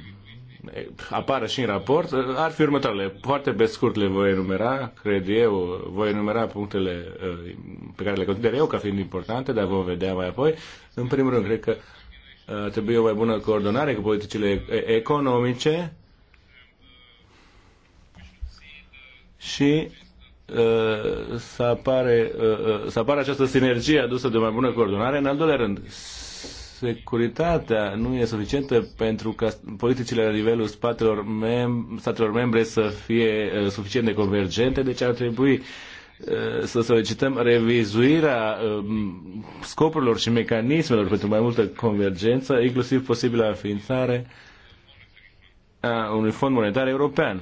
apară și în raport, uh, ar fi următoarele. Foarte pe scurt le voi enumera, cred eu, voi enumera punctele pe care le consider eu ca fiind importante, dar vom vedea mai apoi. În primul rând, cred că trebuie o mai bună coordonare cu politicile economice și să apare, să apare această sinergie adusă de o mai bună coordonare. În al doilea rând, securitatea nu e suficientă pentru ca politicile la nivelul statelor, mem- statelor membre să fie uh, suficient de convergente, deci ar trebui uh, să solicităm revizuirea uh, scopurilor și mecanismelor pentru mai multă convergență, inclusiv posibilă înființare a unui fond monetar european.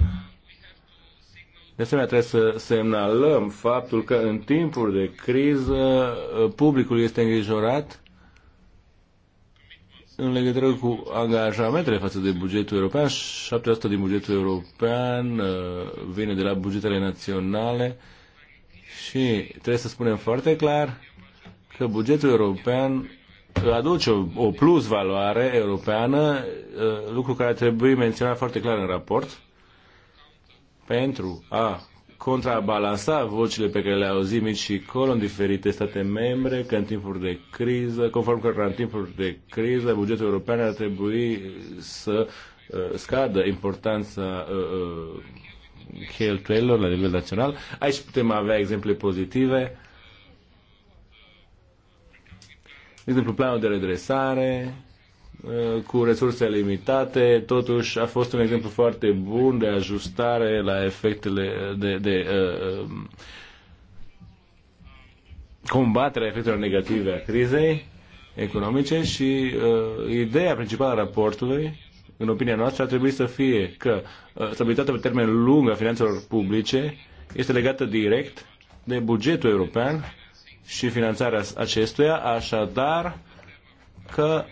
De asemenea, trebuie să semnalăm faptul că în timpuri de criză uh, publicul este îngrijorat în legătură cu angajamentele față de bugetul european, 7% din bugetul european uh, vine de la bugetele naționale și trebuie să spunem foarte clar că bugetul european aduce o, o plus valoare europeană, uh, lucru care trebuie menționat foarte clar în raport, pentru a contrabalansa vocile pe care le auzim aici și acolo în diferite state membre, că în timpuri de criză, conform că în timpuri de criză, bugetul european ar trebui să uh, scadă importanța uh, uh, cheltuielor la nivel național. Aici putem avea exemple pozitive. De exemplu, planul de redresare, Eh, cu resurse limitate, totuși a fost un exemplu foarte bun de ajustare la efectele de, de uh, combaterea efectelor negative a crizei economice și uh, ideea principală a raportului, în opinia noastră, ar trebui să fie că uh, stabilitatea pe termen lung a finanțelor publice este legată direct de bugetul european și finanțarea acestuia, așadar că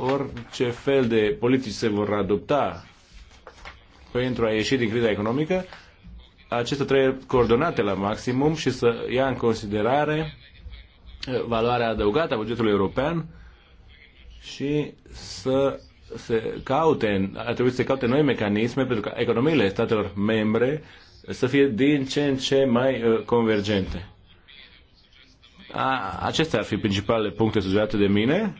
orice fel de politici se vor adopta pentru a ieși din criza economică, acestea trebuie coordonate la maximum și să ia în considerare uh, valoarea adăugată a bugetului european și să se caute, a trebuit să se caute noi mecanisme pentru ca economiile statelor membre să fie din ce în ce mai uh, convergente. A, acestea ar fi principalele puncte sugerate de mine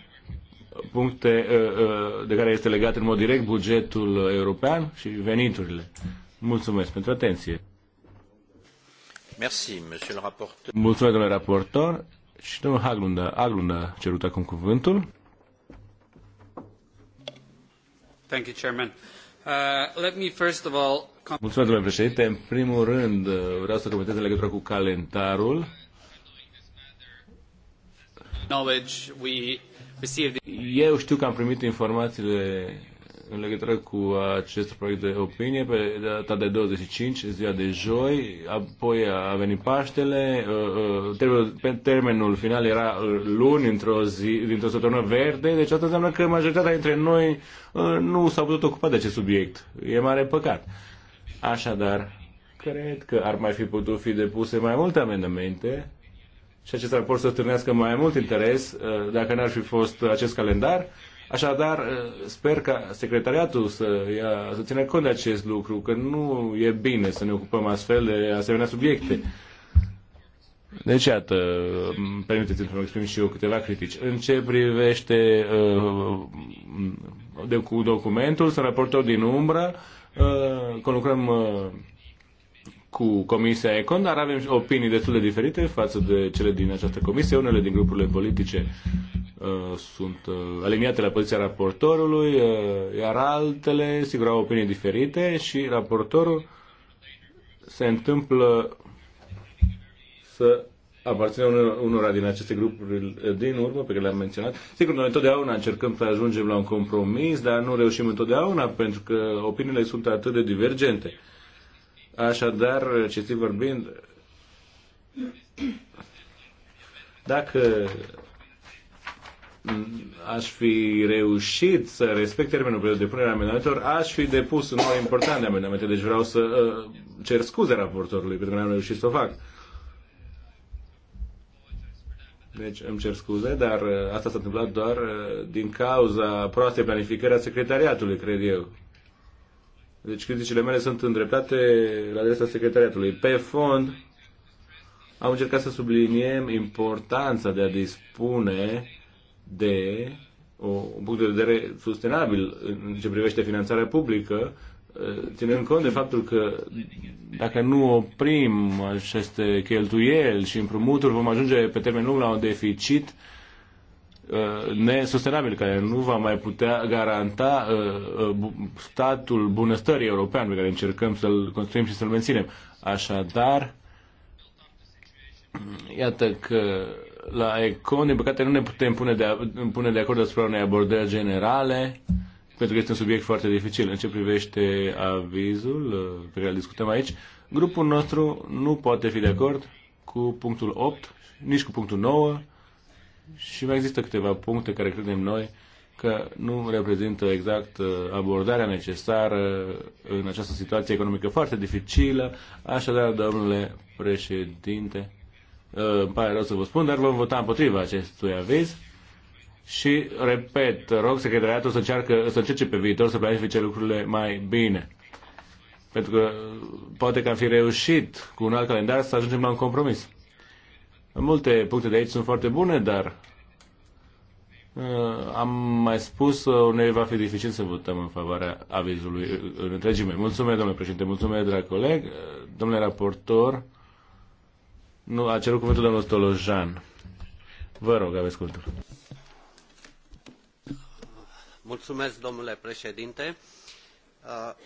puncte uh, uh, de care este legat în mod direct bugetul european și veniturile. Mulțumesc pentru atenție. Merci, monsieur le rapporteur. Mulțumesc, domnule raportor. Și domnul Haglund, Haglund a cerut acum cuvântul. Thank you, Chairman. Uh, let me first of all... Mulțumesc, domnule președinte. În primul rând, uh, vreau să comentez în legătură cu calendarul. Knowledge, we eu știu că am primit informațiile în legătură cu acest proiect de opinie pe data de 25, ziua de joi, apoi a venit Paștele, uh, uh, termenul final era uh, luni într-o zi, dintr-o săptămână verde, deci asta înseamnă că majoritatea dintre noi nu s-au putut ocupa de acest subiect. E mare păcat. Așadar, cred că ar mai fi putut fi depuse mai multe amendamente și acest raport să târnească mai mult interes uh, dacă n-ar fi fost acest calendar. Așadar, uh, sper ca secretariatul să, ia, să țină cont de acest lucru, că nu e bine să ne ocupăm astfel de asemenea subiecte. Deci, iată, permiteți să mi exprim și eu câteva critici. În ce privește uh, de, cu documentul, sunt raportor din umbră, uh, conlucrăm uh, cu Comisia Econ, dar avem opinii destul de diferite față de cele din această comisie. Unele din grupurile politice uh, sunt uh, aliniate la poziția raportorului, uh, iar altele, sigur, au opinii diferite și raportorul se întâmplă să aparține unora din aceste grupuri uh, din urmă pe care le-am menționat. Sigur, noi întotdeauna încercăm să ajungem la un compromis, dar nu reușim întotdeauna pentru că opiniile sunt atât de divergente. Uh, Așadar, ce cinstit vorbind, dacă aș fi reușit să respect termenul pentru depunerea amendamentelor, aș fi depus în mai important de amendamente. Deci vreau să uh, cer scuze raportorului pentru că n-am reușit să o fac. Deci îmi cer scuze, dar uh, asta s-a întâmplat doar uh, din cauza proastei planificări a secretariatului, cred eu. Deci criticile mele sunt îndreptate la adresa secretariatului. Pe fond, am încercat să subliniem importanța de a dispune de o, un punct de vedere sustenabil în ce privește finanțarea publică, ținând cont de faptul că dacă nu oprim aceste cheltuieli și împrumuturi, vom ajunge pe termen lung la un deficit uh, Uh, nesustenabil, care nu va mai putea garanta uh, uh, statul bunăstării european pe care încercăm să-l construim și să-l menținem. Așadar, iată că la Econ, din păcate, nu ne putem pune de, pune de acord asupra unei abordări generale, pentru că este un subiect foarte dificil. În ce privește avizul pe care îl discutăm aici, grupul nostru nu poate fi de acord cu punctul 8, nici cu punctul 9, și mai există câteva puncte care credem noi că nu reprezintă exact uh, abordarea necesară în această situație economică foarte dificilă. Așadar, domnule președinte, uh, îmi pare rău să vă spun, dar vom vota împotriva acestui aviz. Și, repet, rog secretariatul să, încearcă, să încerce pe viitor să planifice lucrurile mai bine. Pentru că poate că am fi reușit cu un alt calendar să ajungem la un compromis. Multe puncte de aici sunt foarte bune, dar uh, am mai spus, uh, ne va fi dificil să votăm în favoarea avizului uh, în întregime. Mulțumesc, domnule președinte, mulțumesc, drag coleg. Domnule raportor, nu, a cerut cuvântul domnul Stolojan. Vă rog, aveți cuvântul. Mulțumesc, domnule președinte.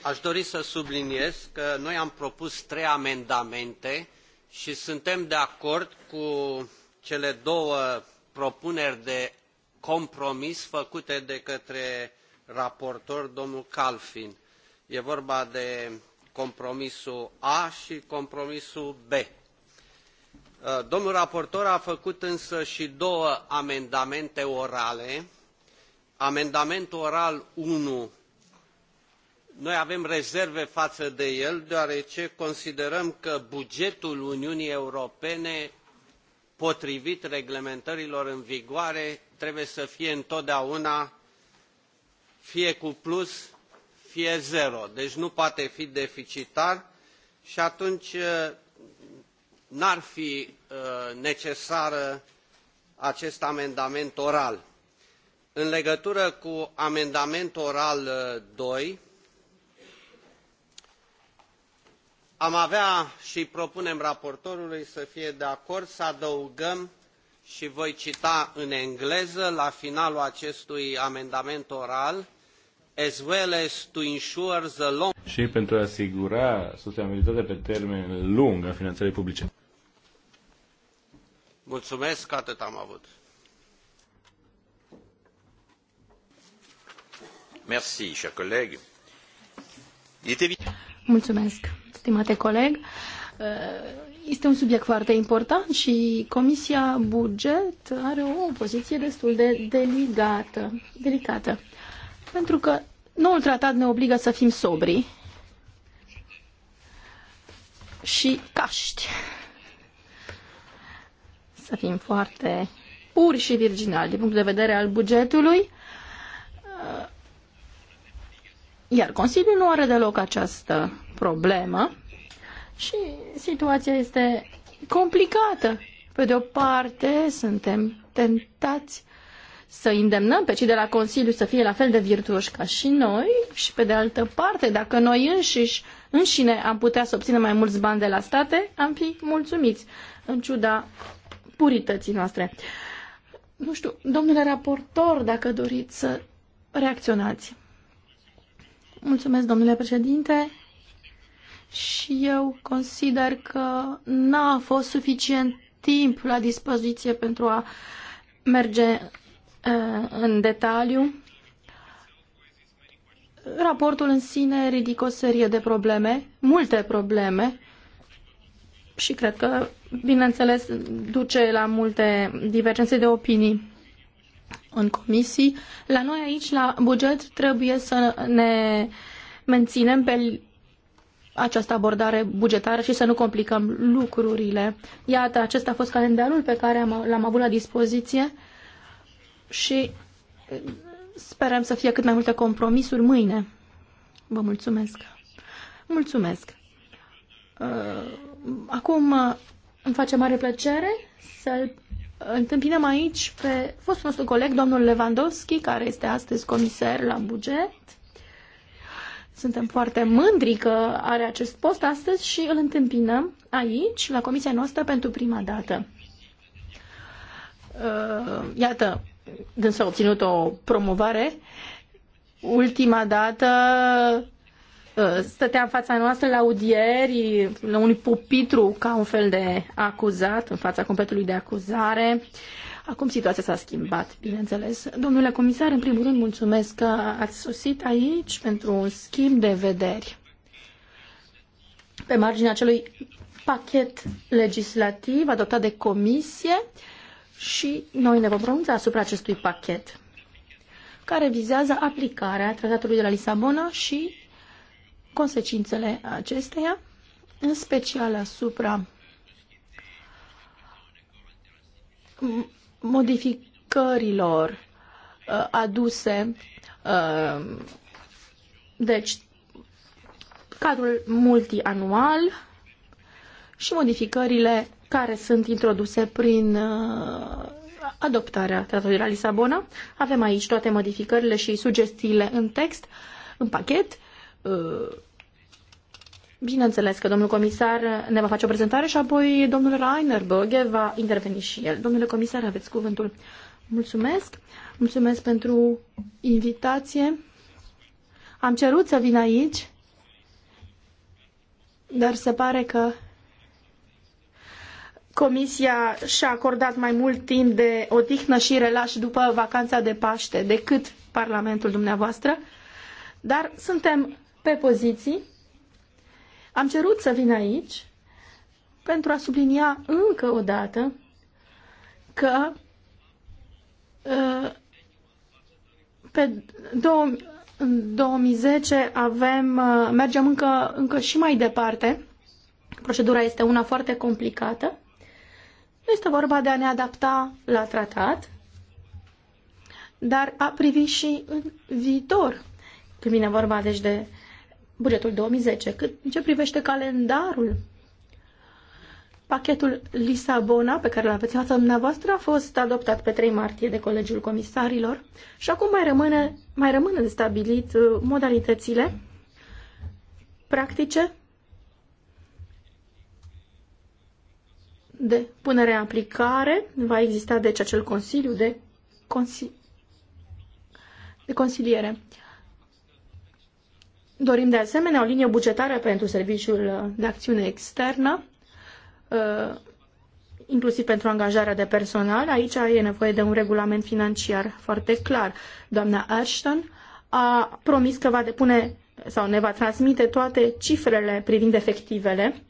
Aș dori să subliniez că noi am propus trei amendamente uh, și suntem de acord cu cele două propuneri de compromis făcute de către raportor, domnul Calfin. E vorba de compromisul A și compromisul B. Uh, domnul raportor a făcut însă și două amendamente orale. Amendamentul oral 1 noi avem rezerve față de el deoarece considerăm că bugetul uniunii europene potrivit reglementărilor în vigoare trebuie să fie întotdeauna fie cu plus fie zero deci nu poate fi deficitar și atunci uh, nu ar fi uh, necesar acest amendament oral. în legătură cu amendamentul oral uh, doi am avea și propunem raportorului să fie de acord să adăugăm și voi cita în engleză la finalul acestui amendament oral as well as to ensure the long și pentru a asigura sustenabilitatea pe termen lung a finanțării publice. Mulțumesc, atât am avut. Merci, cher coleg. Mulțumesc stimate coleg. Uh, este un subiect foarte important și Comisia Buget are o poziție destul de delicată, delicată. Pentru că noul tratat ne obligă să fim sobri și caști. Să fim foarte puri și virginali din punct de vedere al bugetului Iar Consiliul nu are deloc această problemă și situația este complicată. Pe de o parte, suntem tentați să îndemnăm pe cei de la Consiliu să fie la fel de virtuoși ca și noi și pe de altă parte, dacă noi înșiși, înșine am putea să obținem mai mulți bani de la state, am fi mulțumiți, în ciuda purității noastre. Nu știu, domnule raportor, dacă doriți să reacționați. Mulțumesc, domnule președinte. Și eu consider că n-a fost suficient timp la dispoziție pentru a merge uh, în detaliu. Raportul în sine ridică o serie de probleme, multe probleme, și cred că, bineînțeles, duce la multe divergențe de opinii în comisii. La noi aici, la buget, trebuie să ne menținem pe această abordare bugetară și să nu complicăm lucrurile. Iată, acesta a fost calendarul pe care l-am avut la dispoziție și sperăm să fie cât mai multe compromisuri mâine. Vă mulțumesc. Mulțumesc. Uh, acum uh, îmi face mare plăcere să-l întâmpinăm aici pe fostul nostru coleg, domnul Lewandowski, care este astăzi comisar la buget. Suntem foarte mândri că are acest post astăzi și îl întâmpinăm aici, la comisia noastră, pentru prima dată. Uh, iată, dânsul a obținut o promovare. Ultima dată Uh, stătea în fața noastră la audieri, la un pupitru ca un fel de acuzat, în fața completului de acuzare. Acum situația s-a schimbat, bineînțeles. Domnule comisar, în primul rând mulțumesc că ați sosit aici pentru un schimb de vederi pe marginea acelui pachet legislativ adoptat de comisie și noi ne vom pronunța asupra acestui pachet care vizează aplicarea Tratatului de la Lisabona și consecințele acesteia, în special asupra modificărilor uh, aduse uh, deci cadrul multianual și modificările care sunt introduse prin uh, adoptarea Tratatului de la Lisabona. Avem aici toate modificările și sugestiile în text, în pachet Uh, bineînțeles că domnul comisar ne va face o prezentare și apoi domnul Rainer Böge va interveni și el. Domnule comisar, aveți cuvântul. Mulțumesc. Mulțumesc pentru invitație. Am cerut să vin aici, dar se pare că Comisia și-a acordat mai mult timp de odihnă și relaș după vacanța de Paște decât Parlamentul dumneavoastră, dar suntem pe poziții. Am cerut să vin aici pentru a sublinia încă o dată că uh, pe două, în 2010 avem, uh, mergem încă, încă și mai departe. Procedura este una foarte complicată. Nu este vorba de a ne adapta la tratat, dar a privi și în viitor. Când vine vorba deci de bugetul 2010. Cât în ce privește calendarul, pachetul Lisabona, pe care l în fața dumneavoastră, a fost adoptat pe 3 martie de Colegiul Comisarilor și acum mai rămâne, mai rămâne de stabilit uh, modalitățile practice de punere în aplicare. Va exista deci acel Consiliu de, consi- de Consiliere. Dorim de asemenea o linie bugetară pentru serviciul de acțiune externă, uh, inclusiv pentru angajarea de personal. Aici e nevoie de un regulament financiar foarte clar. Doamna Ashton a promis că va depune sau ne va transmite toate cifrele privind efectivele,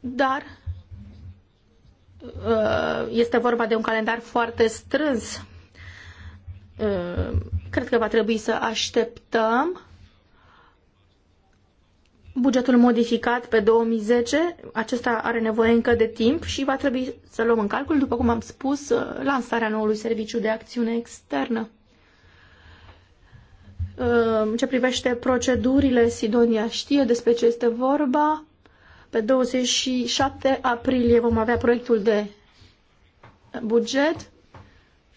dar uh, este vorba de un calendar foarte strâns uh, Cred că va trebui să așteptăm bugetul modificat pe 2010. Acesta are nevoie încă de timp și va trebui să luăm în calcul, după cum am spus, uh, lansarea noului serviciu de acțiune externă. Uh, în ce privește procedurile, Sidonia știe despre ce este vorba. Pe 27 aprilie vom avea proiectul de buget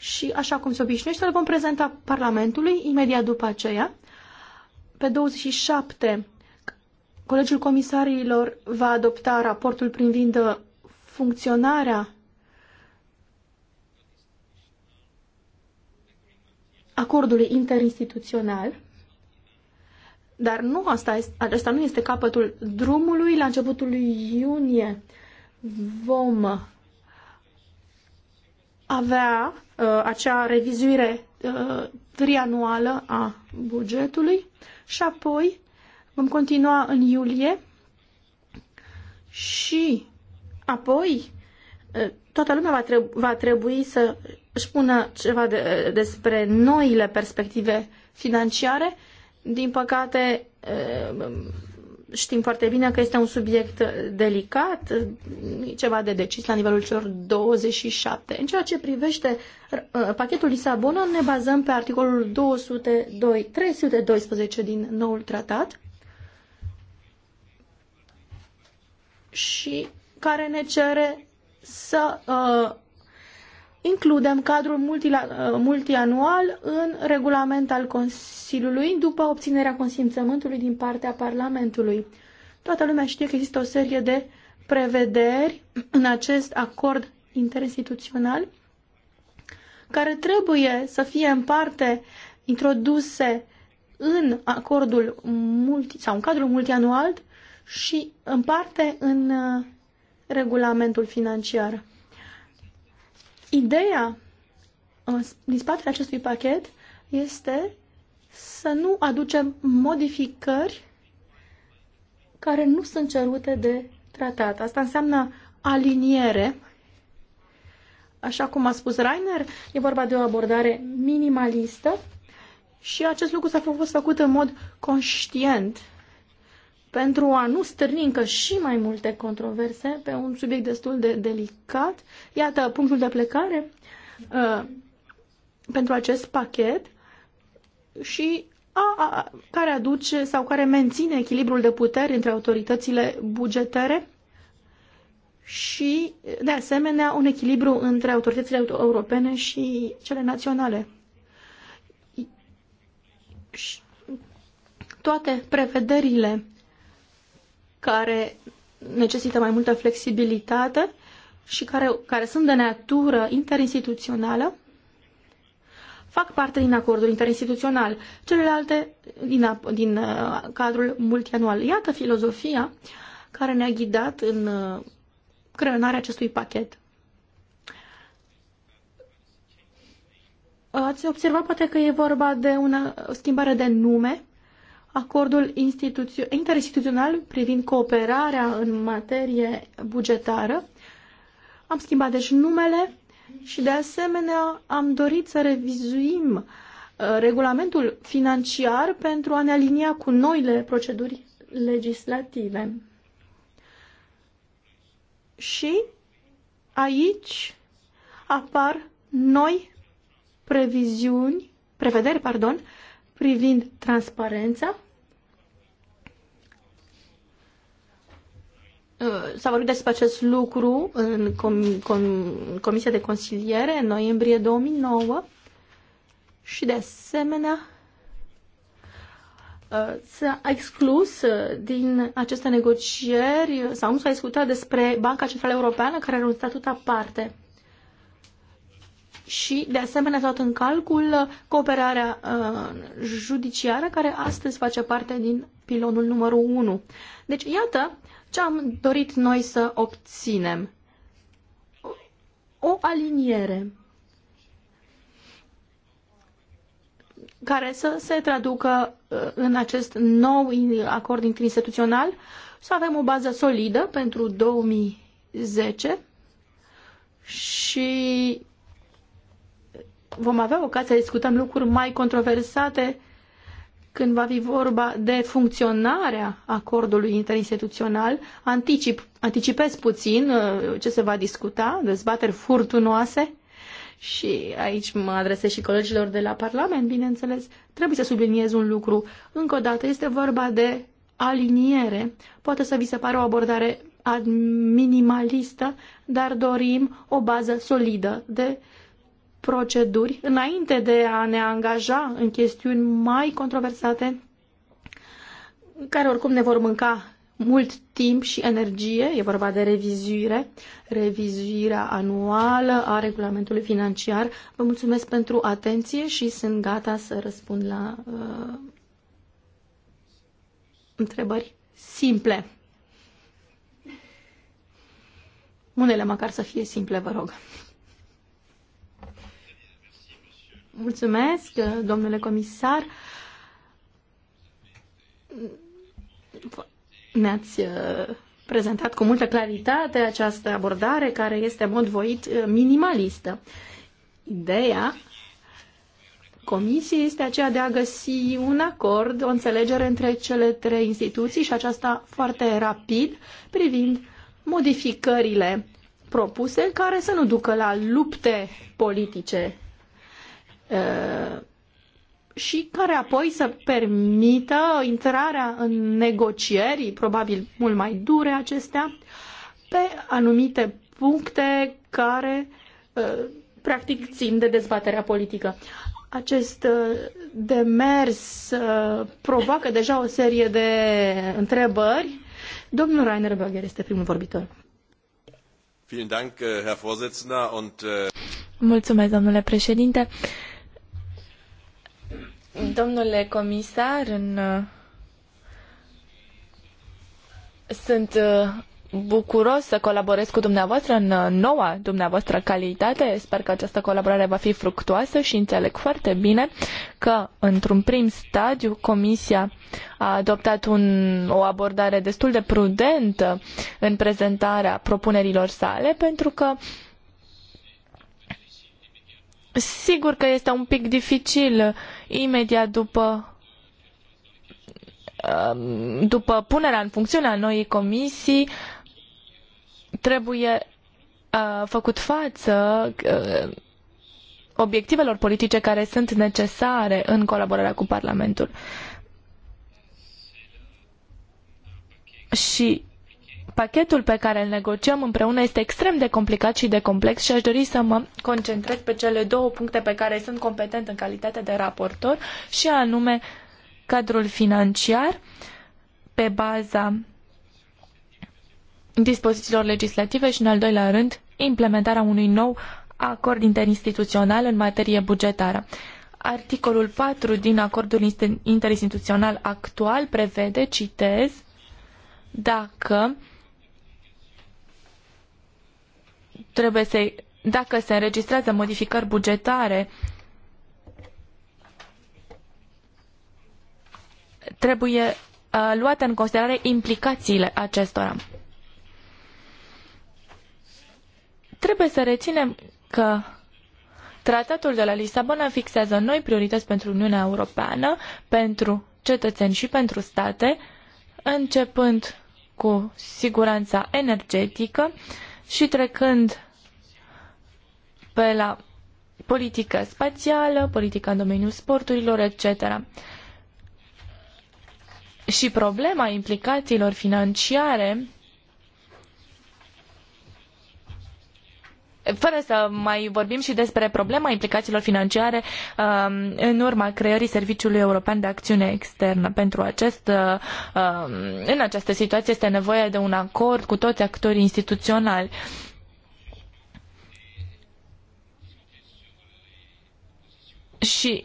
și, așa cum se obișnuiește, îl vom prezenta Parlamentului imediat după aceea. Pe 27, Colegiul Comisarilor va adopta raportul privind funcționarea acordului interinstituțional, dar nu asta este, acesta nu este capătul drumului. La începutul lui iunie vom avea uh, acea revizuire uh, trianuală a bugetului și apoi vom continua în iulie și apoi uh, toată lumea va, treb- va trebui să își pună ceva de, uh, despre noile perspective financiare. Din păcate, uh, Știm foarte bine că este un subiect delicat, ceva de decis la nivelul celor 27. În ceea ce privește uh, pachetul Lisabona, ne bazăm pe articolul 202, 312 din noul tratat și care ne cere să uh, includem cadrul uh, multianual în regulament al Consiliului după obținerea consimțământului din partea Parlamentului. Toată lumea știe că există o serie de prevederi în acest acord interinstituțional care trebuie să fie în parte introduse în acordul multi, sau în cadrul multianual și în parte în uh, regulamentul financiar. Ideea uh, din spatele acestui pachet este să nu aducem modificări care nu sunt cerute de tratat. Asta înseamnă aliniere. Așa cum a spus Rainer, e vorba de o abordare minimalistă și acest lucru s-a fost făcut în mod conștient pentru a nu stârni încă și mai multe controverse pe un subiect destul de delicat. Iată punctul de plecare uh, pentru acest pachet și a, a, care aduce sau care menține echilibrul de puteri între autoritățile bugetare și, de asemenea, un echilibru între autoritățile europene și cele naționale. Și toate prevederile care necesită mai multă flexibilitate și care, care sunt de natură interinstituțională, fac parte din acordul interinstituțional, celelalte din, din uh, cadrul multianual. Iată filozofia care ne-a ghidat în uh, creionarea acestui pachet. Ați observat poate că e vorba de o schimbare de nume acordul interinstituțional privind cooperarea în materie bugetară. Am schimbat deci numele și de asemenea am dorit să revizuim uh, regulamentul financiar pentru a ne alinia cu noile proceduri legislative. Și aici apar noi previziuni, prevederi, pardon, privind transparența. Uh, s-a vorbit despre acest lucru în com- com- Comisia de Consiliere în noiembrie 2009 și, de asemenea, uh, s-a exclus uh, din aceste negocieri sau nu s-a discutat despre Banca Centrală Europeană, care are un statut aparte și, de asemenea, s-a luat în calcul uh, cooperarea uh, judiciară, care astăzi face parte din pilonul numărul 1. Deci, iată ce am dorit noi să obținem. O, aliniere care să se traducă uh, în acest nou acord interinstituțional, să avem o bază solidă pentru 2010 și vom avea ocazia să discutăm lucruri mai controversate când va fi vorba de funcționarea acordului interinstituțional. Anticip, anticipez puțin uh, ce se va discuta, dezbateri furtunoase și aici mă adresez și colegilor de la Parlament, bineînțeles. Trebuie să subliniez un lucru. Încă o dată, este vorba de aliniere. Poate să vi se pare o abordare minimalistă, dar dorim o bază solidă de uh, proceduri înainte de a ne angaja în chestiuni mai controversate, care oricum ne vor mânca mult timp și energie, e vorba de revizuire, revizuirea anuală a regulamentului financiar. Vă mulțumesc pentru atenție și sunt gata să răspund la uh, întrebări simple. Unele măcar să fie simple, vă rog. Mulțumesc, domnule comisar. Ne-ați uh, prezentat cu multă claritate această abordare care este, în mod voit, uh, minimalistă. Ideea Comisiei este aceea de a găsi un acord, o înțelegere între cele trei instituții și aceasta foarte rapid privind modificările propuse care să nu ducă la lupte politice Uh, și care apoi să permită intrarea în negocieri, probabil mult mai dure acestea, pe anumite puncte care uh, practic țin de dezbaterea politică. Acest uh, demers provoacă deja o serie de întrebări. Domnul Rainer Böger este primul vorbitor. Mulțumesc, domnule președinte. Domnule comisar, în... Uh, sunt uh, bucuros să colaborez cu dumneavoastră în uh, noua dumneavoastră calitate. Sper că această colaborare va fi fructuoasă și înțeleg foarte bine că, într-un prim stadiu, Comisia a adoptat un, o abordare destul de prudentă în prezentarea propunerilor sale, pentru că uh, Sigur că este un pic dificil uh, imediat după um, după punerea în funcțiune a noii comisii trebuie uh, făcut față uh, obiectivelor politice care sunt necesare în colaborarea cu Parlamentul. Și pachetul pe care îl negociem împreună este extrem de complicat și de complex și aș dori să mă concentrez pe cele două puncte pe care sunt competent în calitate de raportor și anume cadrul financiar pe baza dispozițiilor legislative și, în al doilea rând, implementarea unui nou acord interinstituțional în materie bugetară. Articolul 4 din acordul interinstituțional actual prevede, citez, dacă trebuie să dacă se înregistrează modificări bugetare, trebuie uh, luate în considerare implicațiile acestora. Trebuie să reținem că Tratatul de la Lisabona fixează noi priorități pentru Uniunea Europeană, pentru cetățeni și pentru state, începând cu siguranța energetică, uh, și trecând pe la politică spațială, politica în domeniul sporturilor, etc. Și problema implicațiilor financiare fără să mai vorbim și despre problema implicațiilor financiare um, în urma creării Serviciului European de Acțiune Externă. Pentru acest, uh, um, în această situație este nevoie de un acord cu toți actorii instituționali. Și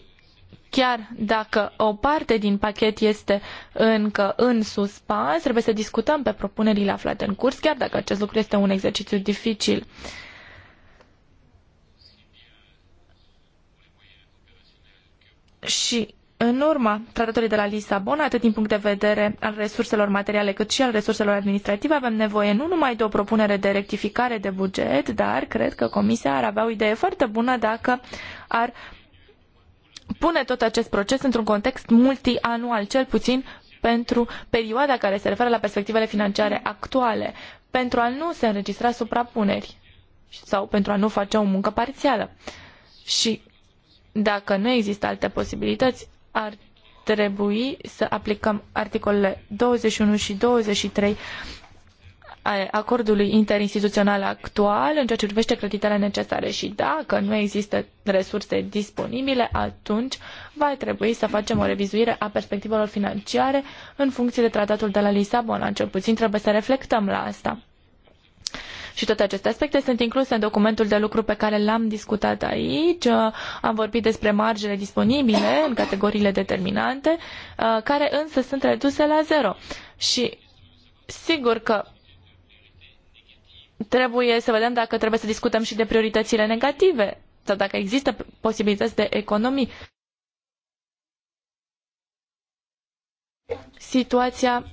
chiar dacă o parte din pachet este încă în suspans, trebuie să discutăm pe propunerile aflate în curs, chiar dacă acest lucru este un exercițiu dificil. Uh, Și în urma tratatului de la Lisabona, atât din punct de vedere al resurselor materiale cât și al resurselor administrative, avem nevoie nu numai de o propunere de rectificare de buget, dar cred că Comisia ar avea o idee foarte bună dacă ar pune tot acest proces într-un context multianual, cel puțin pentru perioada care se referă la perspectivele financiare actuale, pentru a nu se înregistra suprapuneri sau pentru a nu face o muncă parțială. Și dacă nu există alte posibilități, ar trebui să aplicăm articolele 21 și 23 ale acordului interinstituțional actual în ceea ce privește creditele necesare și dacă nu există resurse disponibile, atunci va trebui să facem o revizuire a perspectivelor financiare în funcție de tratatul de la Lisabona. Cel puțin trebuie să reflectăm la asta. Și toate aceste aspecte sunt incluse în documentul de lucru pe care l-am discutat aici. Am vorbit despre marjele disponibile în categoriile determinante, uh, care însă sunt reduse la zero. Și sigur că trebuie să vedem dacă trebuie să discutăm și de prioritățile negative sau dacă există posibilități de economii. Situația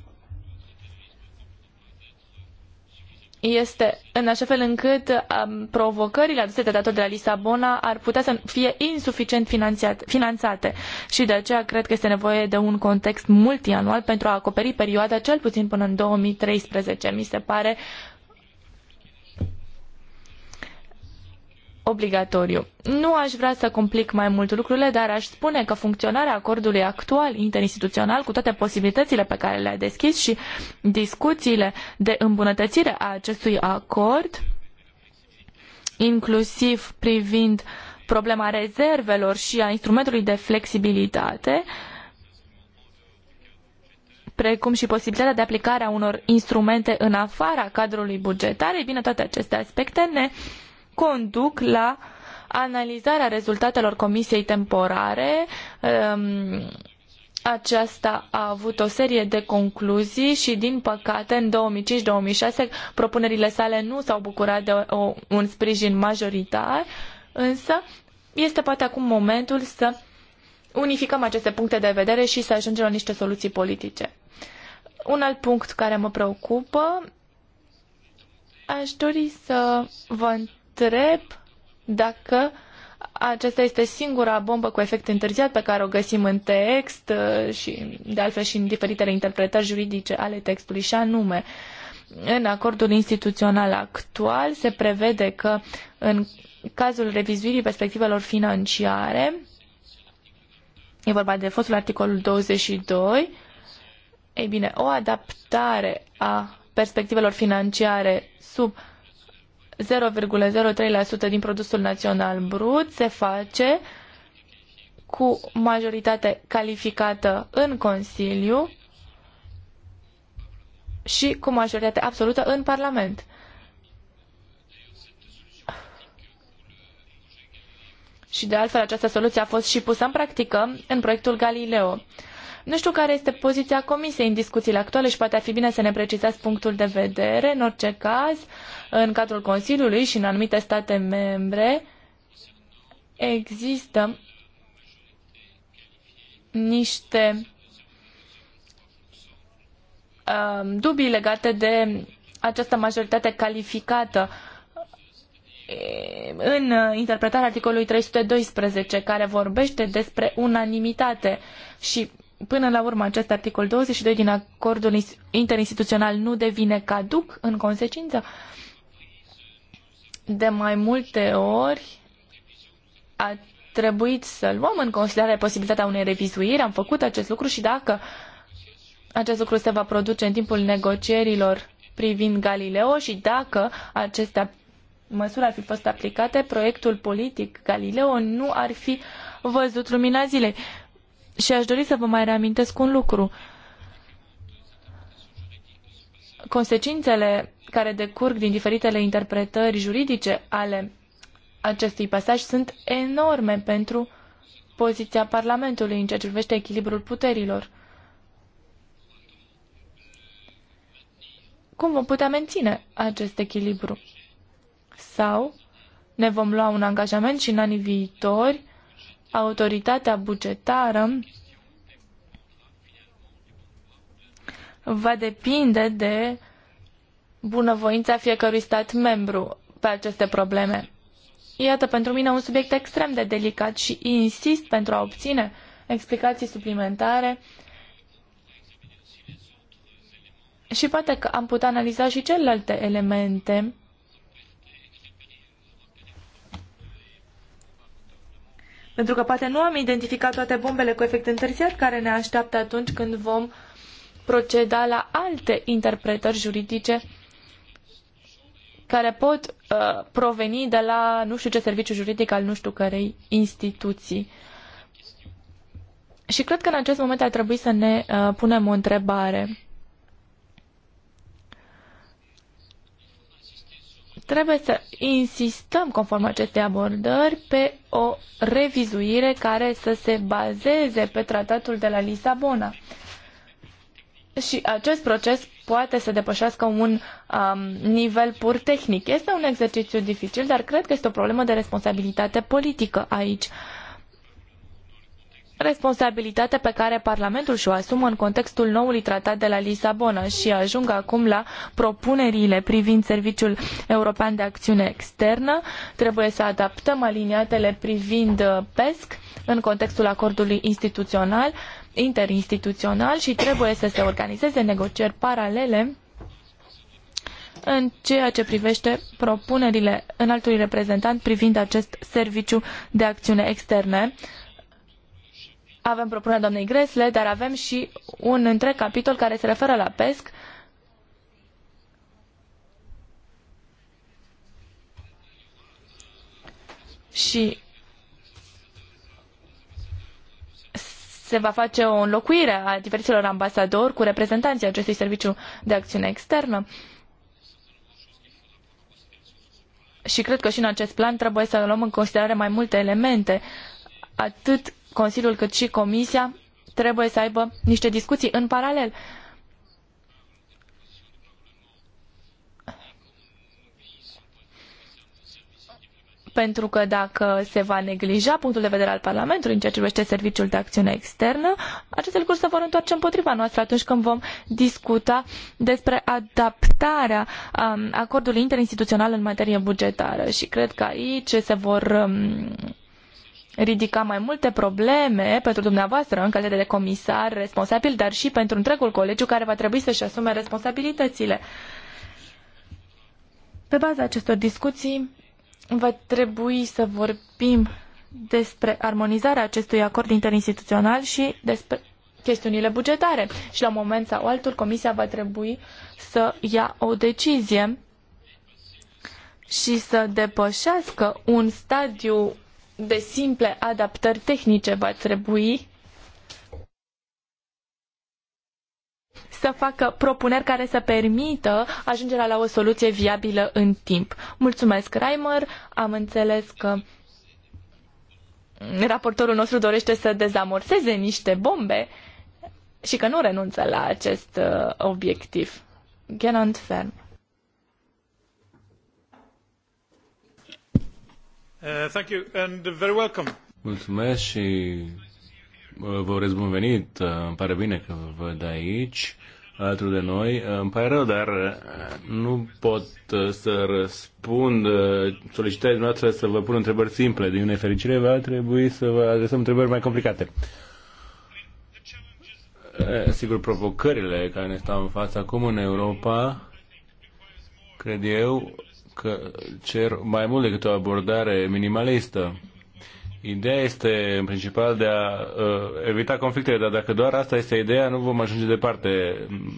este în așa fel încât um, provocările aduse de dator de la Lisabona ar putea să fie insuficient finanțate și de aceea cred că este nevoie de un context multianual pentru a acoperi perioada cel puțin până în 2013. Mi se pare obligatoriu. Nu aș vrea să complic mai mult lucrurile, dar aș spune că funcționarea acordului actual interinstituțional, cu toate posibilitățile pe care le-a deschis și discuțiile de îmbunătățire a acestui acord, inclusiv privind problema rezervelor și a instrumentului de flexibilitate, precum și posibilitatea de aplicare a unor instrumente în afara cadrului bugetar, e bine, toate aceste aspecte ne conduc la analizarea rezultatelor comisiei temporare. Ehm, aceasta a avut o serie de concluzii și, din păcate, în 2005-2006 propunerile sale nu s-au bucurat de o, un sprijin majoritar, însă este poate acum momentul să unificăm aceste puncte de vedere și să ajungem la niște soluții politice. Un alt punct care mă preocupă, aș dori să vă întreb dacă aceasta este singura bombă cu efect întârziat pe care o găsim în text uh, și de altfel și în diferitele interpretări juridice ale textului și anume în acordul instituțional actual se prevede că în cazul revizuirii perspectivelor financiare e vorba de fostul articolul 22 ei bine, o adaptare a perspectivelor financiare sub 0,03% din produsul național brut se face cu majoritate calificată în Consiliu și cu majoritate absolută în Parlament. Și de altfel această soluție a fost și pusă în practică în proiectul Galileo. Nu știu care este poziția Comisiei în discuțiile actuale și poate ar fi bine să ne precizați punctul de vedere. În orice caz, în cadrul Consiliului și în anumite state membre există niște um, dubii legate de această majoritate calificată în interpretarea articolului 312 care vorbește despre unanimitate și până la urmă acest articol 22 din acordul interinstituțional nu devine caduc în consecință? De mai multe ori a trebuit să luăm în considerare posibilitatea unei revizuiri, am făcut acest lucru și dacă acest lucru se va produce în timpul negocierilor privind Galileo și dacă aceste măsuri ar fi fost aplicate, proiectul politic Galileo nu ar fi văzut lumina zilei. Și aș dori să vă mai reamintesc un lucru. Consecințele care decurg din diferitele interpretări juridice ale acestui pasaj sunt enorme pentru poziția Parlamentului în ceea ce privește echilibrul puterilor. Cum vom putea menține acest echilibru? Sau ne vom lua un angajament și în anii viitori autoritatea bugetară va depinde de bunăvoința fiecărui stat membru pe aceste probleme. Iată pentru mine un subiect extrem de delicat și insist pentru a obține explicații suplimentare și poate că am putea analiza și celelalte elemente Pentru că poate nu am identificat toate bombele cu efect întârziat care ne așteaptă atunci când vom proceda la alte interpretări juridice care pot uh, proveni de la nu știu ce serviciu juridic al nu știu cărei instituții. Și cred că în acest moment ar trebui să ne uh, punem o întrebare. trebuie să insistăm, conform acestei abordări, pe o revizuire care să se bazeze pe tratatul de la Lisabona. Și acest proces poate să depășească un um, nivel pur tehnic. Este un exercițiu dificil, dar cred că este o problemă de responsabilitate politică aici. Uh, responsabilitate pe care Parlamentul și-o asumă în contextul noului tratat de la Lisabona și ajung acum la propunerile privind Serviciul European de Acțiune Externă. Trebuie să adaptăm aliniatele privind uh, PESC în contextul acordului instituțional, interinstituțional și trebuie să se organizeze negocieri paralele în ceea ce privește propunerile înaltului reprezentant privind acest serviciu de acțiune externă. Avem propunerea doamnei Gresle, dar avem și un întreg capitol care se referă la PESC, și se va face o înlocuire a diferiților ambasadori cu reprezentanții acestui serviciu de acțiune externă. Și cred că și în acest plan trebuie să luăm în considerare mai multe elemente, atât Consiliul cât și Comisia trebuie să aibă niște discuții în paralel. Pentru că dacă se va neglija punctul de vedere al Parlamentului în ceea ce privește serviciul de acțiune externă, aceste lucruri se vor întoarce împotriva noastră atunci când vom discuta despre adaptarea um, acordului interinstituțional în materie bugetară. Și cred că aici se vor um, ridica mai multe probleme pentru dumneavoastră în calitate de comisar responsabil, dar și pentru întregul colegiu care va trebui să-și asume responsabilitățile. Pe baza acestor discuții va trebui să vorbim despre armonizarea acestui acord interinstituțional și despre chestiunile bugetare. Și la un moment sau altul, Comisia va trebui să ia o decizie și să depășească un stadiu de simple adaptări tehnice va trebui să facă propuneri care să permită ajungerea la o soluție viabilă în timp. Mulțumesc, Reimer. Am înțeles că raportorul nostru dorește să dezamorseze niște bombe și că nu renunță la acest uh, obiectiv. Genant Ferm. Uh, thank you and very welcome. Mulțumesc și uh, vă urez bun venit. Uh, îmi pare bine că vă văd aici alături de noi. Îmi pare rău, dar nu pot să răspund solicitării noastre să vă pun întrebări simple. Din nefericire, va trebui să vă adresăm întrebări mai complicate. Sigur, provocările care ne stau în față acum în Europa, cred eu, că cer mai mult decât o abordare minimalistă. Ideea este, în principal, de a uh, evita conflictele, dar dacă doar asta este ideea, nu vom ajunge departe,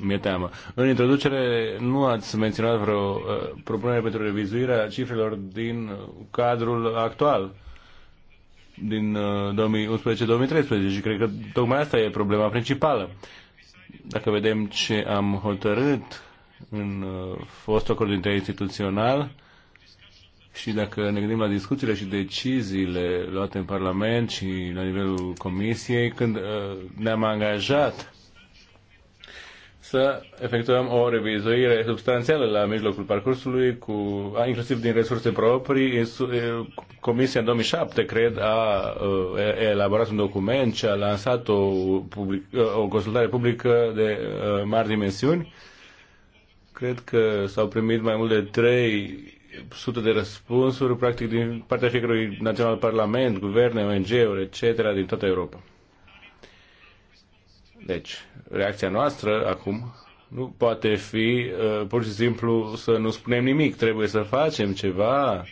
mi-e teamă. În introducere nu ați menționat vreo uh, propunere pentru revizuirea cifrelor din cadrul actual, din uh, 2011-2013 și cred că tocmai asta e problema principală. Dacă vedem ce am hotărât în uh, fost acord interinstituțional și dacă ne gândim la discuțiile și deciziile luate în Parlament și la nivelul Comisiei, când uh, ne-am angajat să efectuăm o revizuire substanțială la mijlocul parcursului, cu, inclusiv din resurse proprii. Comisia în 2007, cred, a uh, elaborat un document și a lansat o, public, o consultare publică de mari dimensiuni Cred că s-au primit mai mult de 300 de răspunsuri, practic, din partea fiecărui național parlament, guverne, ONG-uri, etc., din toată Europa. Deci, reacția noastră acum nu poate fi uh, pur și simplu să nu spunem nimic. Trebuie să facem ceva,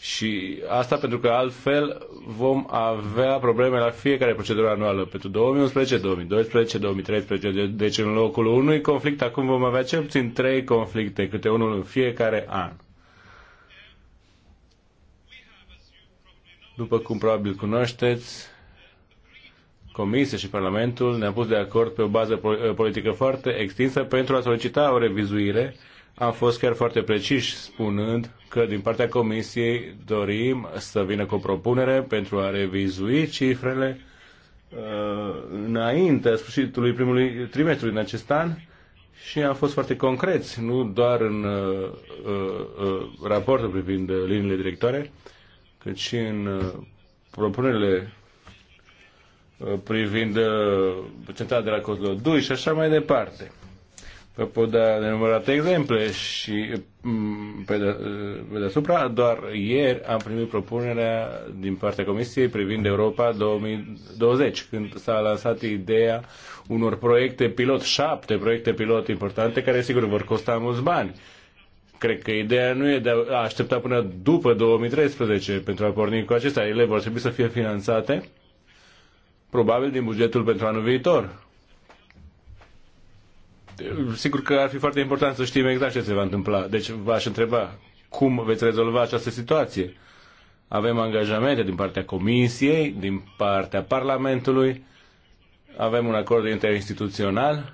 și asta pentru că altfel vom avea probleme la fiecare procedură anuală pentru 2011, 2012, 2013. Deci în locul unui conflict acum vom avea cel puțin trei conflicte, câte unul în fiecare an. După cum probabil cunoașteți, Comisia și Parlamentul ne-au pus de acord pe o bază politică foarte extinsă pentru a solicita o revizuire a fost chiar foarte preciși spunând că din partea Comisiei dorim să vină cu o propunere pentru a revizui cifrele uh, înainte sfârșitului primului trimestru din acest an și am fost foarte concreți, nu doar în uh, uh, uh raportul privind liniile directoare, cât și în uh, propunerile uh, privind uh, centrala de la Cozlodui și așa mai departe. Vă pot da nenumărate exemple și mm, pe, de, pe deasupra, doar ieri am primit propunerea din partea Comisiei privind Europa 2020, când s-a lansat ideea unor proiecte pilot, șapte proiecte pilot importante, care sigur vor costa mulți bani. Cred că ideea nu e de a aștepta până după 2013 pentru a porni cu acestea. Ele vor trebui să fie finanțate probabil din bugetul pentru anul viitor sigur că ar fi foarte important să știm exact ce se va întâmpla. Deci v-aș întreba cum veți rezolva această situație. Avem angajamente din partea Comisiei, din partea Parlamentului, avem un acord interinstituțional,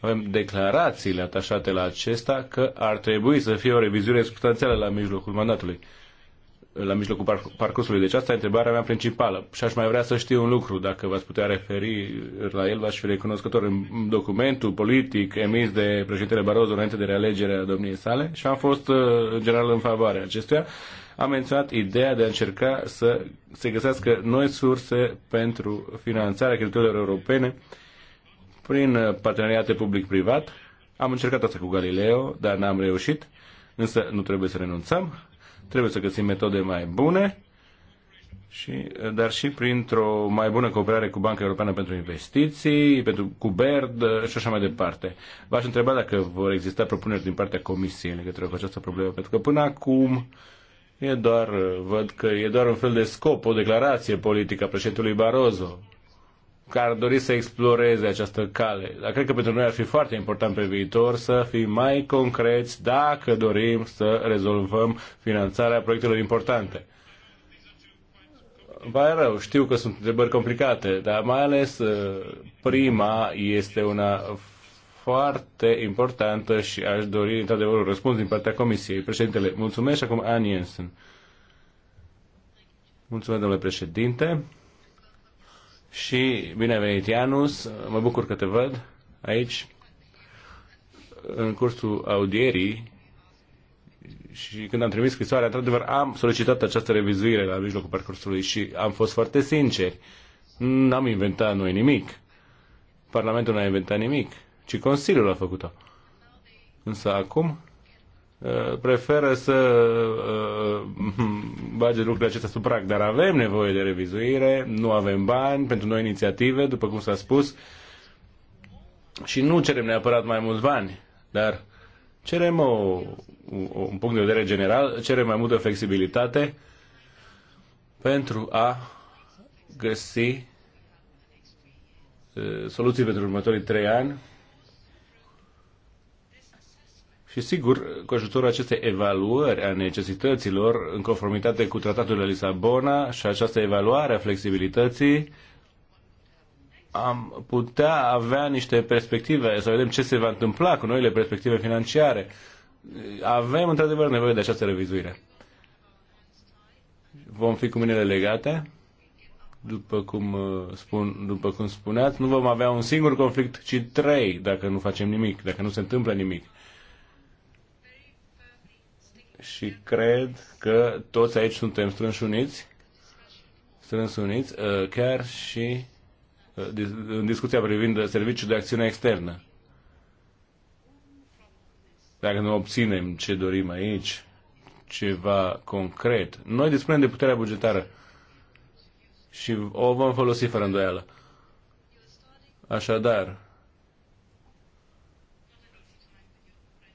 avem declarațiile atașate la acesta că ar trebui să fie o revizuire substanțială la mijlocul mandatului la mijlocul parcursului. Deci asta e întrebarea mea principală și aș mai vrea să știu un lucru, dacă v-ați putea referi la el, v-aș fi recunoscător în documentul politic emis de președintele Barroso înainte de realegerea domniei sale și am fost uh, în general în favoarea acestuia. Am menționat ideea de a încerca să se găsească noi surse pentru finanțarea creditorilor europene prin uh, parteneriate public-privat. Am încercat asta cu Galileo, dar n-am reușit, însă nu trebuie să renunțăm Trebuie să găsim metode mai bune, și, dar și printr-o mai bună cooperare cu Banca Europeană pentru Investiții, pentru, cu BERD uh, și așa mai departe. V-aș întreba dacă vor exista propuneri din partea Comisiei în legătură cu această problemă, pentru că până acum e doar, uh, văd că e doar un fel de scop, o declarație politică a președintelui Barroso care ar dori să exploreze această cale. Dar cred că pentru noi ar fi foarte important pe viitor să fim mai concreți dacă dorim să rezolvăm finanțarea proiectelor importante. Vai rău, știu că sunt întrebări complicate, dar mai ales uh, prima este una foarte importantă și aș dori, într-adevăr, un răspuns din partea Comisiei. Președintele, mulțumesc și acum Ann Jensen. Mulțumesc, domnule președinte și bine ai venit, Ianus, mă bucur că te văd aici în cursul audierii și când am trimis scrisoarea, într-adevăr, am solicitat această revizuire la mijlocul parcursului și am fost foarte sinceri. N-am inventat noi nimic. Parlamentul n-a inventat nimic, ci Consiliul a făcut-o. Însă acum Uh, preferă să uh, bage lucrurile acestea sub prag, dar avem nevoie de revizuire, nu avem bani pentru noi inițiative, după cum s-a spus, și nu cerem neapărat mai mulți bani, dar cerem o, un punct de vedere general, cerem mai multă flexibilitate pentru a găsi uh, soluții pentru următorii trei ani și sigur, cu ajutorul acestei evaluări a necesităților, în conformitate cu Tratatul de Lisabona și această evaluare a flexibilității, am putea avea niște perspective, să vedem ce se va întâmpla cu noile perspective financiare. Avem într-adevăr nevoie de această revizuire. Vom fi cu minele legate, după cum, uh, spun, după cum spuneați, nu vom avea un singur conflict, ci trei, dacă nu facem nimic, dacă nu se întâmplă nimic și cred că toți aici suntem strâns uniți, strâns uniți, uh, chiar și uh, în discuția privind serviciul de acțiune externă. Dacă nu obținem ce dorim aici, ceva concret, noi dispunem de puterea bugetară și o vom folosi fără îndoială. Așadar,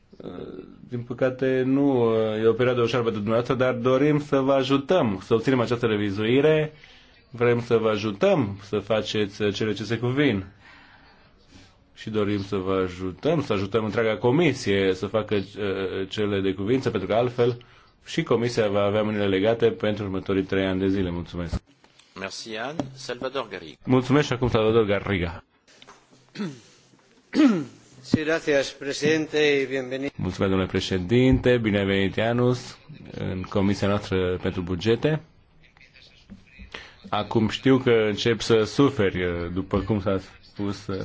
uh, din păcate, nu uh, e o perioadă ușoară pentru dumneavoastră, dar dorim să vă ajutăm să obținem această revizuire. Vrem să vă ajutăm să faceți uh, cele ce se cuvin. Și dorim să vă ajutăm, să ajutăm întreaga comisie să facă uh, cele de cuvință, pentru că altfel și comisia va avea mâinile legate pentru următorii trei ani de zile. Mulțumesc. Merci, Anne. Salvador Garriga. Mulțumesc și acum Salvador Garriga. Mulțumesc, domnule președinte, bine ai venit, Ianus, în Comisia noastră pentru bugete. Acum știu că încep să suferi, după cum s-a spus eh,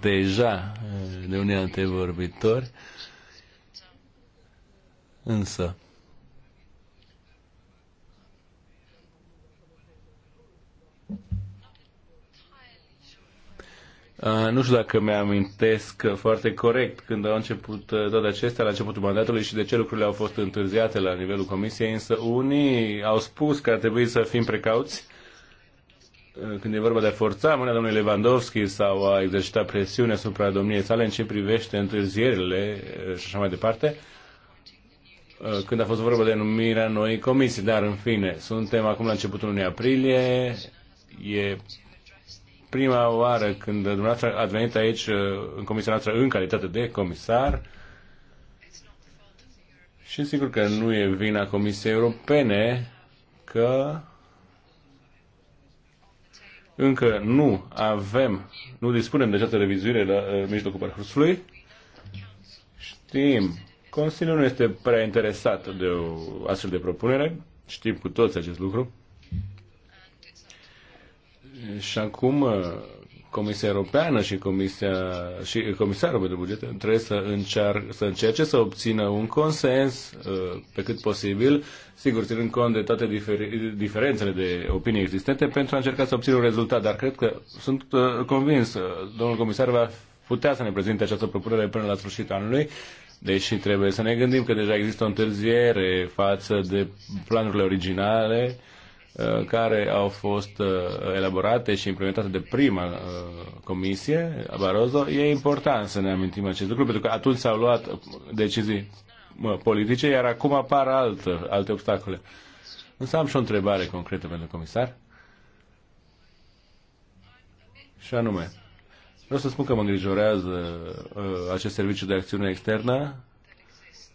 deja eh, de unii antevorbitori, însă Uh, nu știu dacă mi-amintesc uh, foarte corect când au început uh, toate acestea, la începutul mandatului și de ce lucrurile au fost întârziate la nivelul comisiei, însă unii au spus că ar trebui să fim precauți când e vorba de a forța mâna domnului Lewandowski sau a exercita presiune asupra domniei sale în ce privește întârzierile și așa mai departe, când a fost vorba de numirea noii comisii. Dar, în fine, suntem acum la începutul lunii aprilie, e prima oară când dumneavoastră ați venit aici uh, în comisia noastră în calitate de comisar și sigur că nu e vina Comisiei Europene că încă nu avem, nu dispunem de această revizuire la uh, mijlocul parcursului. Știm, Consiliul nu este prea interesat de o astfel de propunere, știm cu toți acest lucru. Și acum uh, Comisia Europeană și, Comisia, și Comisarul pentru bugete trebuie să, încear, să încerce să obțină un consens uh, pe cât posibil, sigur, ținând cont de toate diferi, diferențele de opinie existente, pentru a încerca să obțină un rezultat. Dar cred că sunt uh, convins, domnul comisar va putea să ne prezinte această propunere până la sfârșitul anului, deși trebuie să ne gândim că deja există o întârziere față de planurile originale Uh, care au fost uh, elaborate și implementate de prima uh, comisie, Barroso, e important să ne amintim acest lucru, pentru că atunci s-au luat decizii politice, iar acum apar altă, alte obstacole. Însă am și o întrebare concretă pentru comisar. Și anume, vreau să spun că mă îngrijorează acest serviciu de acțiune externă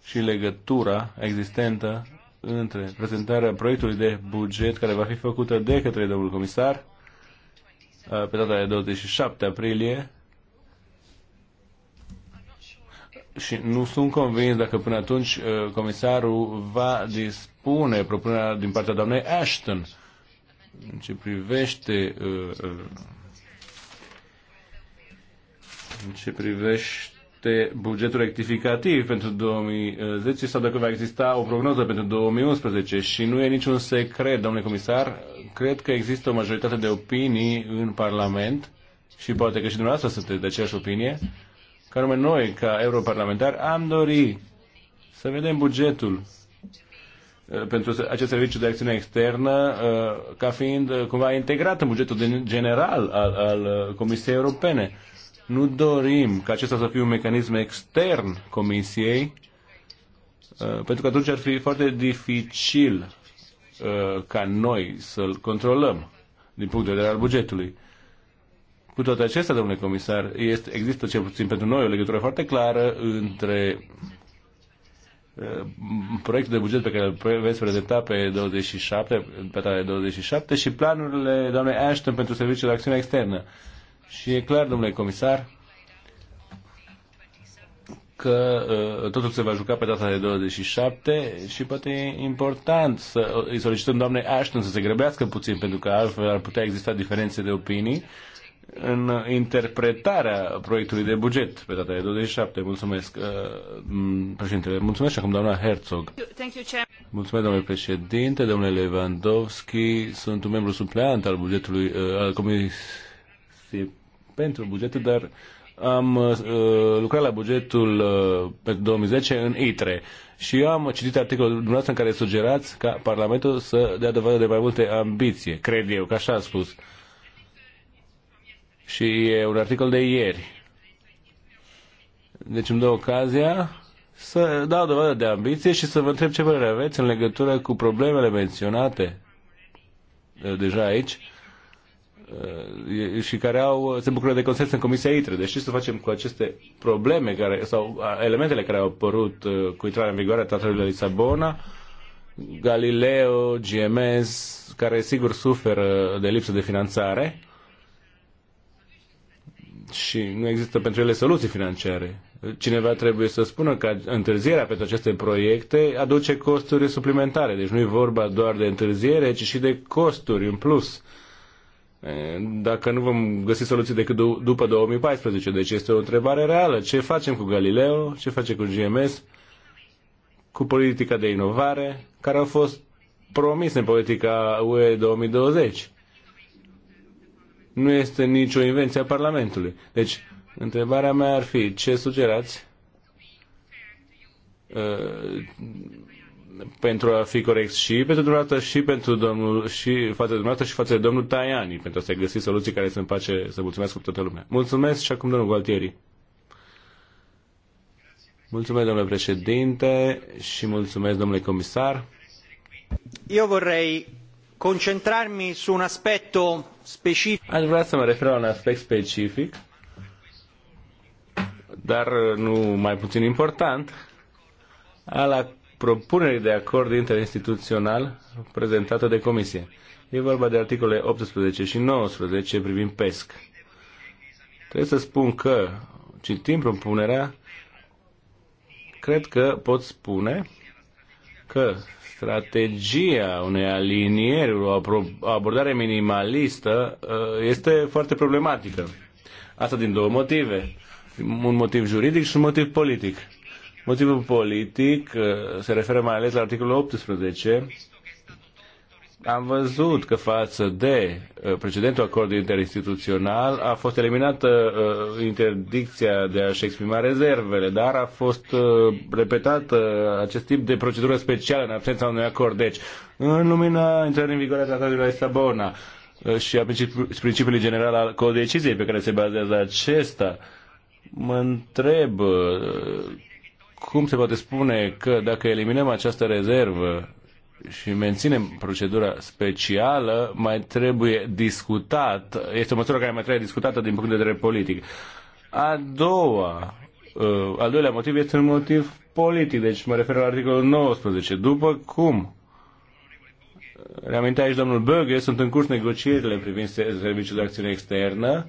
și legătura existentă între prezentarea proiectului de buget care va fi făcută de către domnul comisar uh, pe data de 27 aprilie și nu sunt convins dacă până atunci uh, comisarul va dispune propunerea din partea doamnei Ashton în ce privește uh, în ce privește privește bugetul rectificativ pentru 2010 sau dacă va exista o prognoză pentru 2011 și nu e niciun secret, domnule comisar, cred că există o majoritate de opinii în Parlament și poate că și dumneavoastră sunteți de aceeași opinie, că anume noi, ca europarlamentari, am dori să vedem bugetul uh, pentru acest serviciu de acțiune externă uh, ca fiind uh, cumva integrat în bugetul general al, al Comisiei Europene nu dorim ca acesta să fie un mecanism extern Comisiei, uh, pentru că atunci ar fi foarte dificil uh, ca noi să-l controlăm din punct de vedere al bugetului. Cu toate acestea, domnule comisar, este, există cel puțin pentru noi o legătură foarte clară între uh, proiectul de buget pe care îl veți prezenta pe 27, pe 27 și planurile doamnei Ashton pentru serviciul de acțiune externă. Uh, și e clar, domnule comisar, că uh, totul se va juca pe data de 27 și poate e important să îi solicităm doamnei Ashton să se grăbească puțin, pentru că altfel ar putea exista diferențe de opinii în interpretarea proiectului de buget pe data de 27. Mulțumesc, uh, președintele. Mulțumesc și acum doamna Herzog. Mulțumesc, domnule președinte, domnule Lewandowski. Sunt un membru supleant al bugetului, uh, al Comisiei contribuții pentru bugetul, dar am uh, lucrat la bugetul uh, pentru 2010 în ITRE și eu am citit articolul dumneavoastră în care sugerați ca Parlamentul să dea dovadă de mai multe ambiție, cred eu, că așa a spus. Și e un articol de ieri. Deci îmi dă ocazia să dau dovadă de ambiție și să vă întreb ce părere aveți în legătură cu problemele menționate uh, deja aici Uh, și care au, uh, se bucură de consens în Comisia ITRE. Deci ce să facem cu aceste probleme care, sau elementele care au apărut uh, cu intrarea în vigoare a Tratatului de Lisabona, Galileo, GMS, care sigur suferă de lipsă de finanțare și nu există pentru ele soluții financiare. Cineva trebuie să spună că întârzierea pentru aceste proiecte aduce costuri suplimentare. Deci nu e vorba doar de întârziere, ci și de costuri în plus dacă nu vom găsi soluții decât după 2014. Deci este o întrebare reală. Ce facem cu Galileo? Ce face cu GMS? Cu politica de inovare? Care au fost promise în politica UE 2020? Nu este nicio invenție a Parlamentului. Deci, întrebarea mea ar fi, ce sugerați? Uh, pentru a fi corect și pentru dumneavoastră și pentru domnul și față de dumneavoastră și față de domnul Taiani pentru a se găsi soluții care să-mi să mulțumesc cu toată lumea. Mulțumesc și acum domnul Gualtieri. Mulțumesc, domnule președinte, și mulțumesc, domnule comisar. Eu vorrei concentrarmi su un aspetto specific. Aș vrea să mă refer la un aspect specific, dar nu mai puțin important, al propunerii de acord interinstituțional prezentată de Comisie. E vorba de articole 18 și 19 privind PESC. Trebuie să spun că, citind propunerea, cred că pot spune că strategia unei alinieri, o abordare minimalistă, uh, este foarte problematică. Asta din două motive. Un motiv juridic și un motiv politic. Motivul politic uh, se referă mai ales la articolul 18. Am văzut că față de uh, precedentul acord interinstituțional a fost eliminată uh, interdicția de a-și exprima rezervele, dar a fost repetată acest tip de procedură specială în absența unui acord. Deci, în lumina intrării în vigoare a tratatului la Lisabona și a principiului general al codeciziei pe care se bazează acesta, mă întreb cum se poate spune că dacă eliminăm această rezervă și menținem procedura specială, mai trebuie discutat, este o măsură care mai trebuie discutată din punct de vedere politic. A doua, uh, al doilea motiv este un motiv politic, deci mă refer la articolul 19. După cum uh, reamintea aici domnul Böge, sunt în curs negocierile privind serviciul de acțiune externă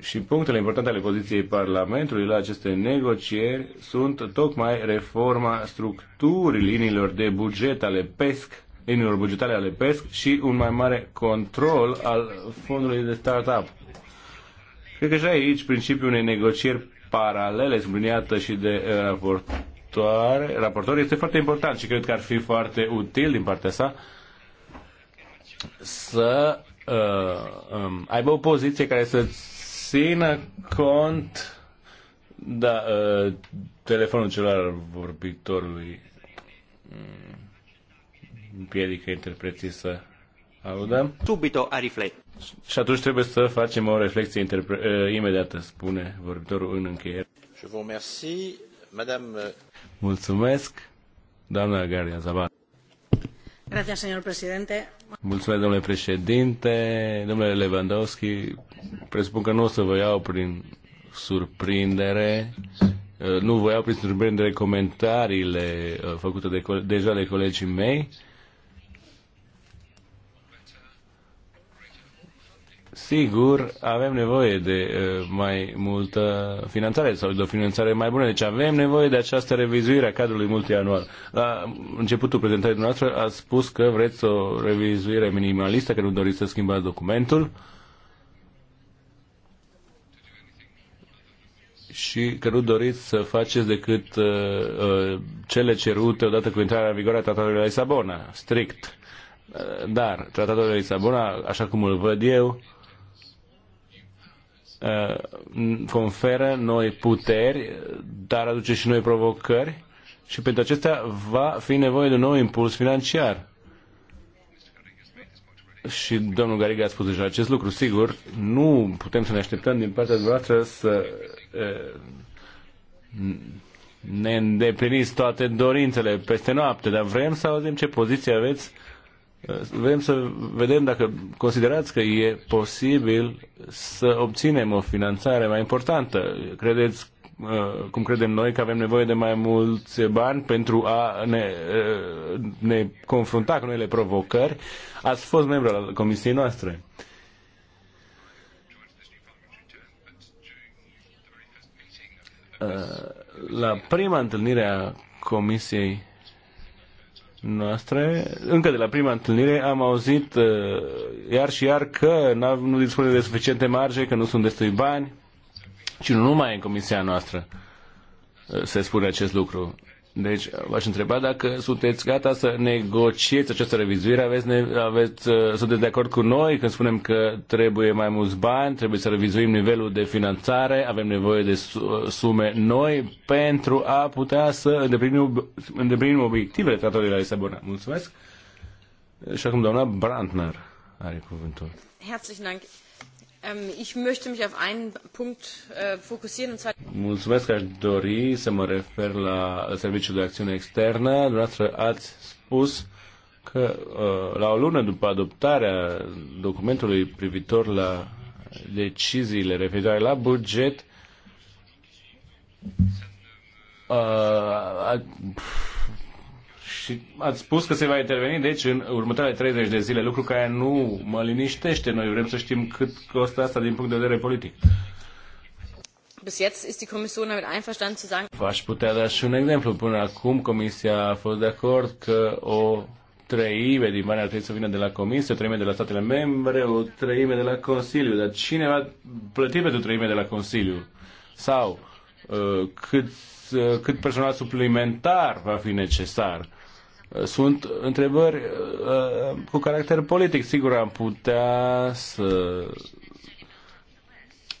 și punctele importante ale poziției Parlamentului la aceste negocieri sunt tocmai reforma structurii liniilor de buget ale PESC, liniilor bugetare ale PESC și un mai mare control al fondului de startup. Cred că și aici principiul unei negocieri paralele, subliniată și de uh, raportoare, raportor, este foarte important și cred că ar fi foarte util din partea sa să uh, um, aibă o poziție care să Sina cont da, uh, telefonul celular al vorbitorului împiedică interpreții să audă. Subito a reflect. Și atunci trebuie să facem o reflexie interpre- ă, imediată, spune vorbitorul în încheiere. Je vous remercie, madame... Mulțumesc, doamna Garia Zabat. Gracias, señor presidente. Mulțumesc, domnule președinte, domnule Lewandowski. Presupun că nu o să vă iau prin surprindere. Uh, nu vă iau prin surprindere comentariile uh, făcute de, deja de colegii mei. Sigur, avem nevoie de uh, mai multă finanțare sau de o finanțare mai bună. Deci avem nevoie de această revizuire a cadrului multianual. La începutul prezentării noastre a spus că vreți o revizuire minimalistă, că nu doriți să schimbați documentul. și că nu doriți să faceți decât uh, uh, cele cerute odată cu intrarea în vigoare a Tratatului de Lisabona, strict. Uh, dar Tratatul de Lisabona, așa cum îl văd eu, Uh, conferă noi puteri, dar aduce și noi provocări și pentru acestea va fi nevoie de un nou impuls financiar. Și domnul Gariga a spus deja acest lucru, sigur, nu putem să ne așteptăm din partea dumneavoastră să uh, ne îndepliniți toate dorințele peste noapte, dar vrem să auzim ce poziție aveți Uh, vrem să vedem dacă considerați că e posibil să obținem o finanțare mai importantă. Credeți uh, cum credem noi că avem nevoie de mai mulți bani pentru a ne, uh, ne confrunta cu noile provocări. Ați fost membru al comisiei noastre. La prima întâlnire a comisiei noastre. Încă de la prima întâlnire am auzit uh, iar și iar că nu dispune de suficiente marge, că nu sunt destui bani, ci nu numai în comisia noastră uh, se spune acest lucru. Deci v-aș întreba dacă sunteți gata să negociați această revizuire, aveți, ne, aveți, uh, sunteți de acord cu noi când spunem că trebuie mai mulți bani, trebuie să revizuim nivelul de finanțare, avem nevoie de sume noi pentru a putea să îndeplinim, îndeplinim obiectivele tratatului la Lisabona. Mulțumesc! Și acum doamna Brandner are cuvântul. Herzlichen Dank. Ähm, ich möchte mich auf einen Punkt äh, fokussieren und zwar Mulțumesc, aș dori să mă refer la Serviciul de Acțiune Externă. Dumneavoastră ați spus că uh, la o lună după adoptarea documentului privitor la deciziile referitoare la buget, uh, și ați spus că se va interveni, deci, în următoarele 30 de zile, lucru care nu mă liniștește. Noi vrem să știm cât costă asta din punct de vedere politic. Bis jetzt ist die Kommission damit einverstanden zu sagen. V-aș putea da și un exemplu. Până acum Comisia a fost de acord că o treime din bani ar trebui să vină de la Comisie, o treime de la statele membre, o treime de la Consiliu. Dar cine va plăti pentru treime de la Consiliu? Sau uh, cât, uh, cât personal suplimentar va fi necesar? Sunt întrebări uh, cu caracter politic. Sigur, am putea să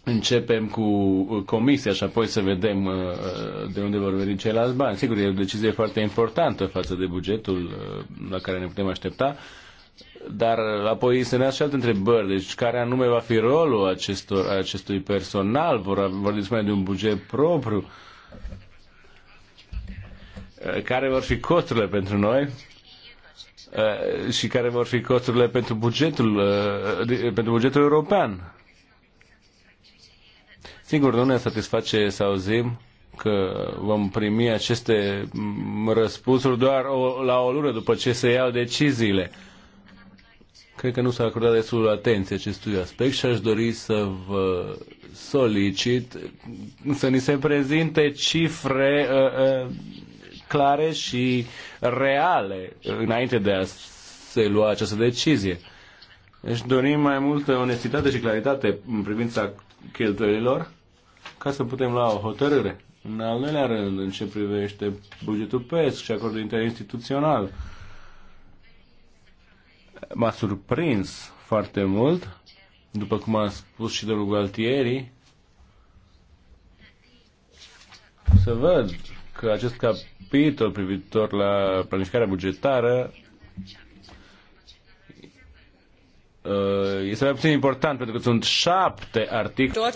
începem cu comisia și apoi să vedem uh, de unde vor veni ceilalți bani. Sigur, e o decizie foarte importantă față de bugetul uh, la care ne putem aștepta, dar apoi se ne și alte întrebări. Deci, care anume va fi rolul acestor, acestui personal? Vor, vor dispune de un buget propriu? Eh, care vor fi costurile pentru noi eh, și care vor fi costurile pentru bugetul, eh, pentru bugetul european. Sigur, nu ne satisface să auzim că vom primi aceste mm, răspunsuri doar o, la o lună după ce se iau deciziile. Cred că nu s-a acordat destul atenție acestui aspect și aș dori să vă solicit să ni se prezinte cifre uh, uh, clare și reale înainte de a se lua această decizie. Deci dorim mai multă onestitate și claritate în privința cheltuielilor ca să putem lua o hotărâre. În al doilea rând, în ce privește bugetul PESC și acordul interinstituțional, m-a surprins foarte mult, după cum a spus și domnul Gualtieri, să văd că acest capitol privitor la planificarea bugetară uh, este mai puțin important pentru că sunt șapte articole.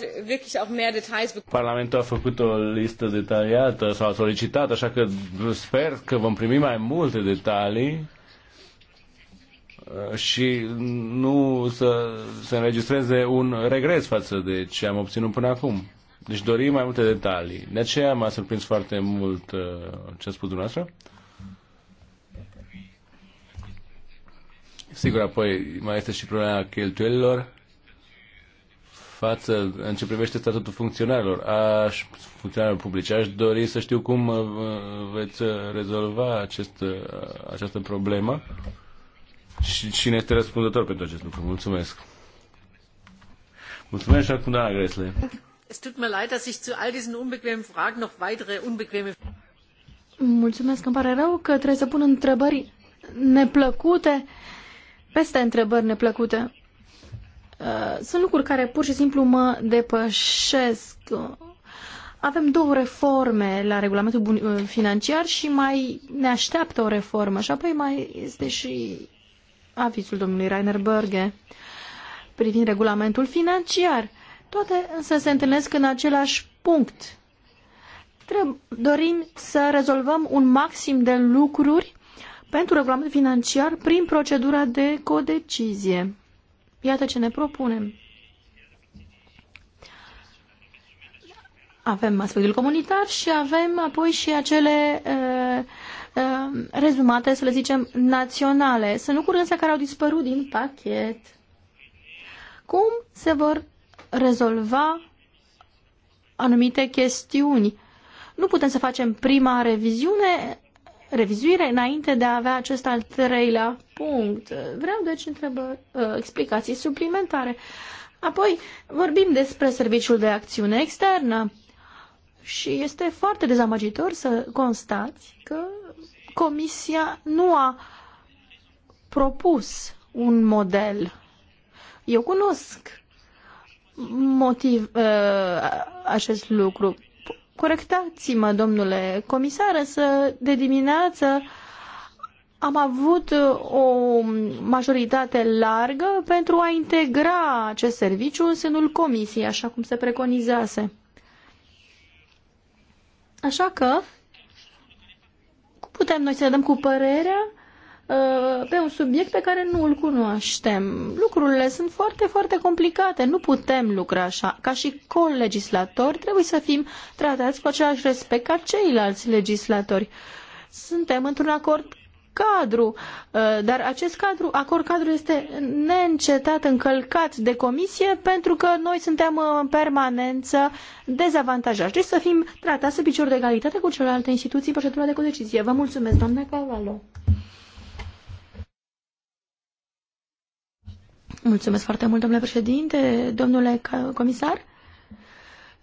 Parlamentul a făcut o listă detaliată sau a solicitat, așa că sper că vom primi mai multe detalii uh, și nu să se înregistreze un regres față de ce am obținut până acum. Deci dorim mai multe detalii. De aceea m-a surprins foarte mult uh, ce a spus dumneavoastră. Sigur, apoi mai este și problema cheltuielilor față, în ce privește statutul funcționarilor, aș, funcționarilor publice. Aș dori să știu cum uh, veți rezolva acest, uh, această problemă și cine este răspunzător pentru acest lucru. Mulțumesc! Mulțumesc și acum, da, Gresle. Es tut mir leid, dass ich zu all diesen unbequemen Fragen noch weitere unbequeme Mulțumesc, îmi pare rău că trebuie să pun întrebări neplăcute peste întrebări neplăcute. Uh, sunt lucruri care pur și simplu mă depășesc. Avem două reforme la regulamentul uh, financiar și mai ne așteaptă o reformă și apoi mai este și avizul domnului Rainer privind regulamentul financiar. Toate însă se întâlnesc în același punct. Dorim să rezolvăm un maxim de lucruri pentru regulament financiar prin procedura de codecizie. Iată ce ne propunem. Avem aspectul comunitar și avem apoi și acele uh, uh, rezumate, să le zicem, naționale. Sunt lucruri însă care au dispărut din pachet. Cum se vor rezolva anumite chestiuni. Nu putem să facem prima reviziune, revizuire înainte de a avea acest al treilea punct. Vreau deci întrebări, uh, explicații suplimentare. Apoi vorbim despre serviciul de acțiune externă și este foarte dezamăgitor să constați că Comisia nu a propus un model. Eu cunosc motiv uh, acest lucru. Corectați-mă, domnule comisar, să de dimineață am avut uh, o majoritate largă pentru a integra acest serviciu în sânul comisiei, așa cum se preconizase. Așa că, cum putem noi să dăm cu părerea Uh, pe un subiect pe care nu îl cunoaștem. Lucrurile sunt foarte, foarte complicate. Nu putem lucra așa. Ca și colegislatori trebuie să fim tratați cu același respect ca ceilalți legislatori. Suntem într-un acord cadru, uh, dar acest cadru, acord cadru este neîncetat încălcat de comisie pentru că noi suntem uh, în permanență dezavantajați. Deci să fim tratați pe picior de egalitate cu celelalte instituții în procedura de codecizie. Vă mulțumesc, doamna Cavalo. Mulțumesc foarte mult, domnule președinte, domnule comisar.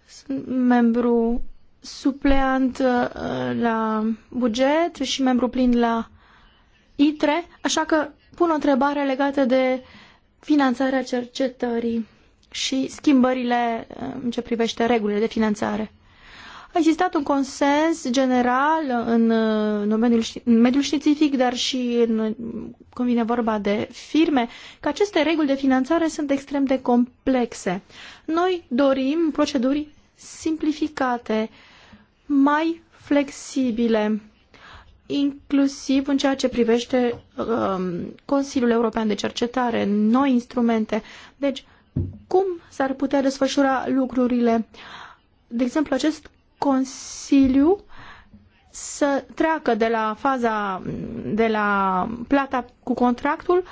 Sunt membru supleant uh, la buget și membru plin la ITRE, așa că pun o întrebare legată de finanțarea cercetării și schimbările uh, în ce privește regulile de finanțare. A existat un consens general în, uh, mediul, în mediul științific, dar și în, uh, când vine vorba de firme, că aceste reguli de finanțare sunt extrem de complexe. Noi dorim proceduri simplificate, mai flexibile, inclusiv în ceea ce privește uh, Consiliul European de Cercetare, noi instrumente. Deci, cum s-ar putea desfășura lucrurile? De exemplu, acest Consiliu să treacă de la faza, de la plata cu contractul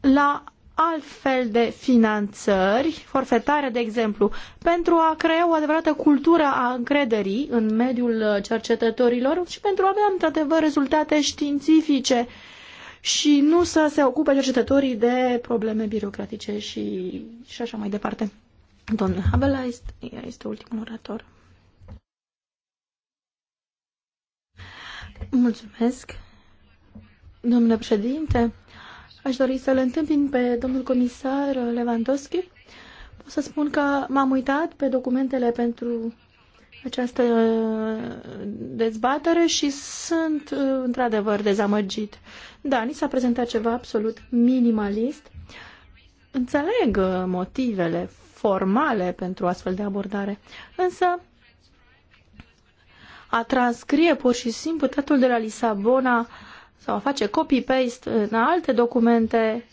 la alt fel de finanțări, forfetare, de exemplu, pentru a crea o adevărată cultură a încrederii în mediul cercetătorilor și pentru a avea, într-adevăr, rezultate științifice și nu să se ocupe cercetătorii de probleme birocratice și, și așa mai departe. Domnul Habela este, este ultimul orator. Mulțumesc. Domnule președinte, aș dori să-l întâmpin pe domnul comisar Lewandowski. Pot să spun că m-am uitat pe documentele pentru această uh, dezbatere și sunt uh, într-adevăr dezamăgit. Da, ni s-a prezentat ceva absolut minimalist. Înțeleg uh, motivele formale pentru astfel de abordare. Însă, a transcrie pur și simplu tratatul de la Lisabona sau a face copy-paste în alte documente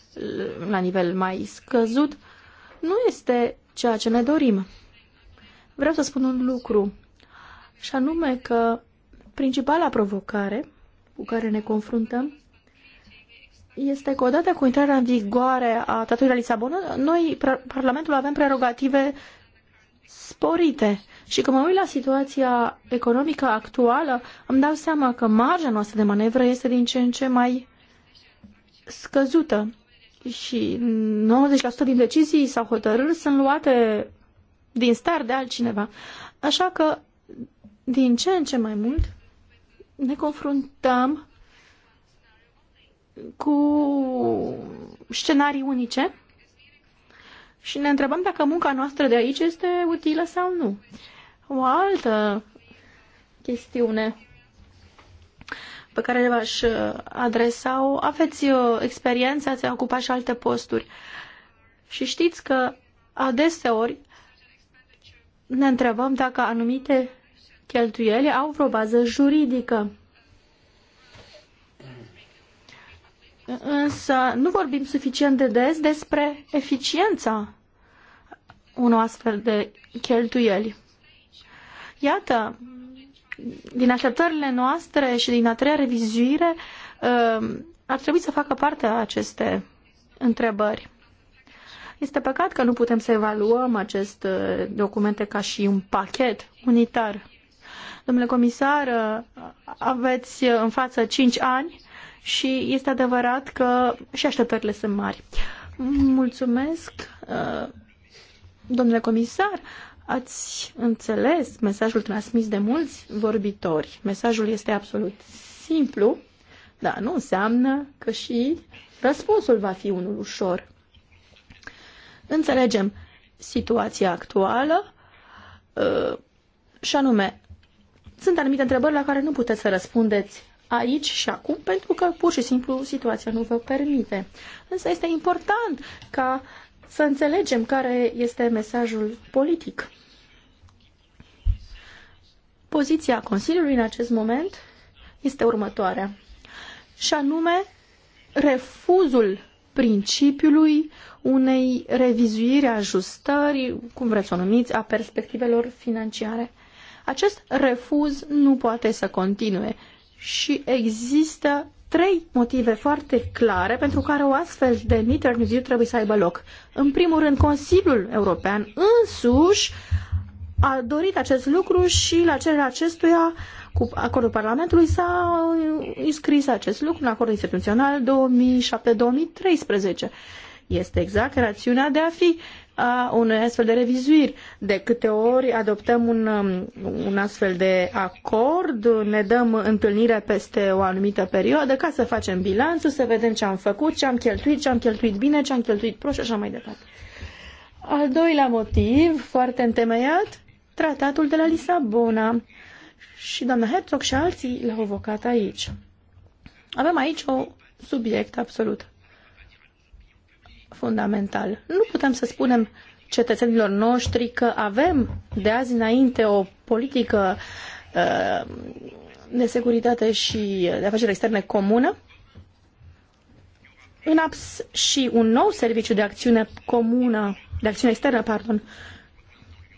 la nivel mai scăzut, nu este ceea ce ne dorim. Vreau să spun un lucru, și anume că principala provocare cu care ne confruntăm este că odată cu intrarea în vigoare a Tratatului de Lisabona, noi, Parlamentul, avem prerogative sporite. Și când mă uit la situația economică actuală, îmi dau seama că marja noastră de manevră este din ce în ce mai scăzută. Și 90% din decizii sau hotărâri sunt luate din star de altcineva. Așa că, din ce în ce mai mult, ne confruntăm cu scenarii unice și ne întrebăm dacă munca noastră de aici este utilă sau nu. O altă chestiune pe care v-aș adresa-o. Aveți uh, experiență, ați ocupat și alte posturi și știți că adeseori ne întrebăm dacă anumite cheltuieli au vreo bază juridică. însă nu vorbim suficient de des despre eficiența unor astfel de cheltuieli. Iată, din așteptările noastre și din a treia revizuire um, ar trebui să facă parte a aceste întrebări. Este păcat că nu putem să evaluăm aceste documente ca și un pachet unitar. Domnule comisar, aveți în față cinci ani și este adevărat că și așteptările sunt mari. Mulțumesc, uh, domnule comisar. Ați înțeles mesajul transmis de mulți vorbitori. Mesajul este absolut simplu, dar nu înseamnă că și răspunsul va fi unul ușor. Înțelegem situația actuală uh, și anume, sunt anumite întrebări la care nu puteți să răspundeți aici și acum pentru că pur și simplu situația nu vă permite. Însă este important ca să înțelegem care este mesajul politic. Poziția Consiliului în acest moment este următoarea, și anume refuzul principiului unei revizuiri, ajustări, cum vreți să o numiți, a perspectivelor financiare. Acest refuz nu poate să continue și există trei motive foarte clare pentru care o astfel de midterm review trebuie să aibă loc. În primul rând, Consiliul European însuși a dorit acest lucru și la cererea acestuia cu acordul Parlamentului s-a înscris acest lucru în acordul instituțional 2007-2013. Este exact rațiunea de a fi a unei astfel de revizuiri. De câte ori adoptăm un, um, un astfel de acord, ne dăm întâlnire peste o anumită perioadă ca să facem bilanțul, să vedem ce am făcut, ce am cheltuit, ce am cheltuit bine, ce am cheltuit proști și așa mai departe. Al doilea motiv, foarte întemeiat, tratatul de la Lisabona. Și doamna Herzog și alții l-au vocat aici. Avem aici un subiect absolut fundamental. Nu putem să spunem cetățenilor noștri că avem de azi înainte o politică uh, de securitate și de afaceri externe comună în abs și un nou serviciu de acțiune comună, de acțiune externă, pardon,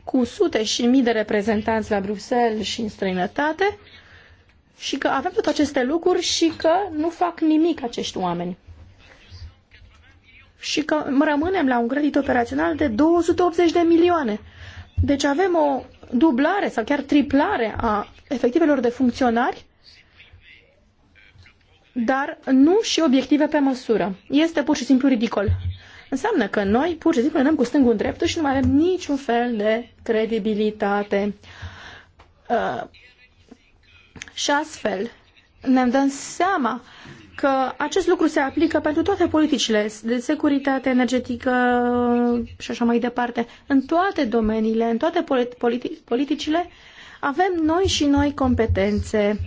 cu sute și mii de reprezentanți la Bruxelles și în străinătate și că avem toate aceste lucruri și că nu fac nimic acești oameni și că rămânem la un credit operațional de 280 de milioane. Deci avem o dublare sau chiar triplare a efectivelor de funcționari, dar nu și obiective pe măsură. Este pur și simplu ridicol. Înseamnă că noi pur și simplu ne cu stângul în dreptul și nu mai avem niciun fel de credibilitate. Uh, și astfel ne dăm seama că acest lucru se aplică pentru toate politicile de securitate energetică și așa mai departe. În toate domeniile, în toate politi- politicile, avem noi și noi competențe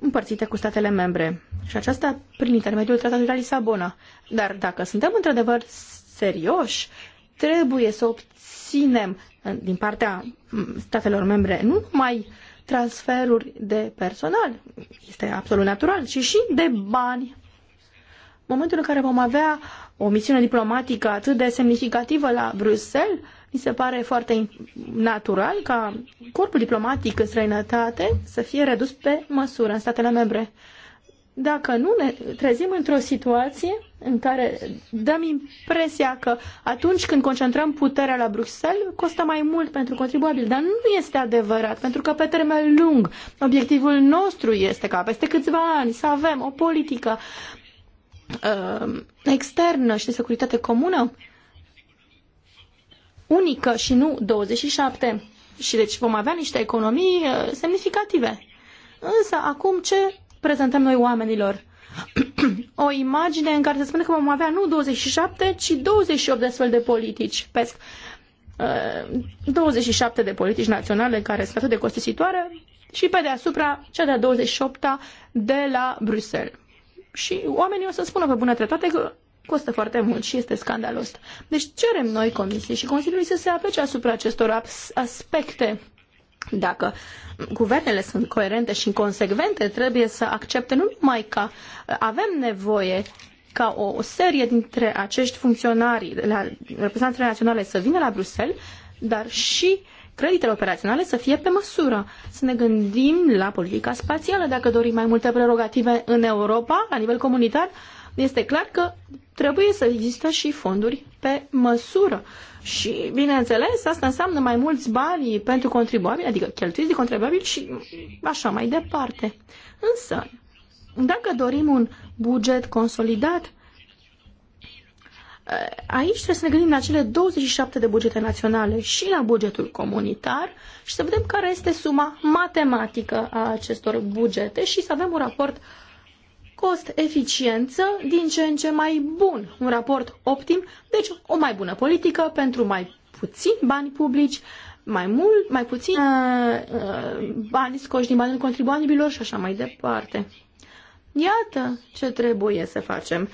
împărțite cu statele membre. Și aceasta prin intermediul Tratatului de la Lisabona. Dar dacă suntem într-adevăr serioși, trebuie să obținem din partea statelor membre nu numai uh, transferuri de personal, este absolut natural, și și de bani. În momentul în care vom avea o misiune diplomatică atât de semnificativă la Bruxelles, mi se pare foarte natural ca corpul diplomatic în străinătate să fie redus pe măsură în statele membre dacă nu ne trezim într-o situație în care dăm impresia că atunci când concentrăm puterea la Bruxelles, costă mai mult pentru contribuabil, dar nu este adevărat, pentru că pe termen lung obiectivul nostru este ca peste câțiva ani să avem o politică uh, externă și de securitate comună unică și nu 27. Și deci vom avea niște economii uh, semnificative. Însă acum ce prezentăm noi oamenilor? o imagine în care se spune că vom avea nu 27, ci 28 de astfel de politici PESC. 27 uh, de politici naționale care sunt atât de costisitoare și pe deasupra cea de-a 28-a de la Bruxelles. Și oamenii o să spună pe bună dreptate că costă foarte mult și este scandalos. Deci cerem noi Comisiei și Consiliului să se aplece asupra acestor aspecte dacă guvernele sunt coerente și consecvente, trebuie să accepte nu numai că avem nevoie ca o serie dintre acești funcționari, reprezentantele naționale să vină la Bruxelles, dar și creditele operaționale să fie pe măsură. Să ne gândim la politica spațială, dacă dorim mai multe prerogative în Europa, la nivel comunitar, este clar că trebuie să există și fonduri pe măsură. Și, bineînțeles, asta înseamnă mai mulți bani pentru contribuabili, adică cheltuiți de contribuabil și așa mai departe. Însă, dacă dorim un buget consolidat, aici trebuie să ne gândim la cele 27 de bugete naționale și la bugetul comunitar și să vedem care este suma matematică a acestor bugete și să avem un raport uh, cost-eficiență din ce în ce mai bun, un raport optim, deci o mai bună politică pentru mai puțin bani publici, mai mult, mai puțin uh, uh, bani scoși din banul contribuabililor și așa mai departe. Iată ce trebuie să facem.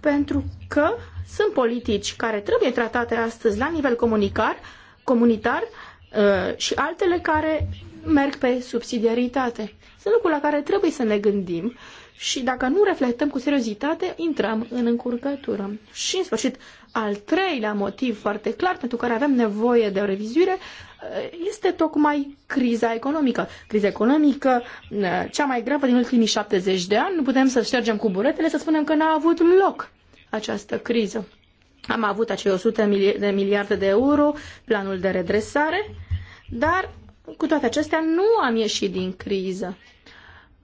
Pentru că sunt politici care trebuie tratate astăzi la nivel comunicar, comunitar uh, și altele care merg pe subsidiaritate. Sunt lucruri la care trebuie să ne gândim și dacă nu reflectăm cu seriozitate, intrăm în încurcătură. Și, în sfârșit, al treilea motiv foarte clar pentru care avem nevoie de o revizuire eh, este tocmai criza economică. Criza economică, eh, cea mai gravă din ultimii 70 de ani, nu putem să ștergem cu buretele să spunem că n-a avut loc această criză. Am avut acei 100 de miliarde de euro, planul de redresare, dar cu toate acestea nu am ieșit din criză.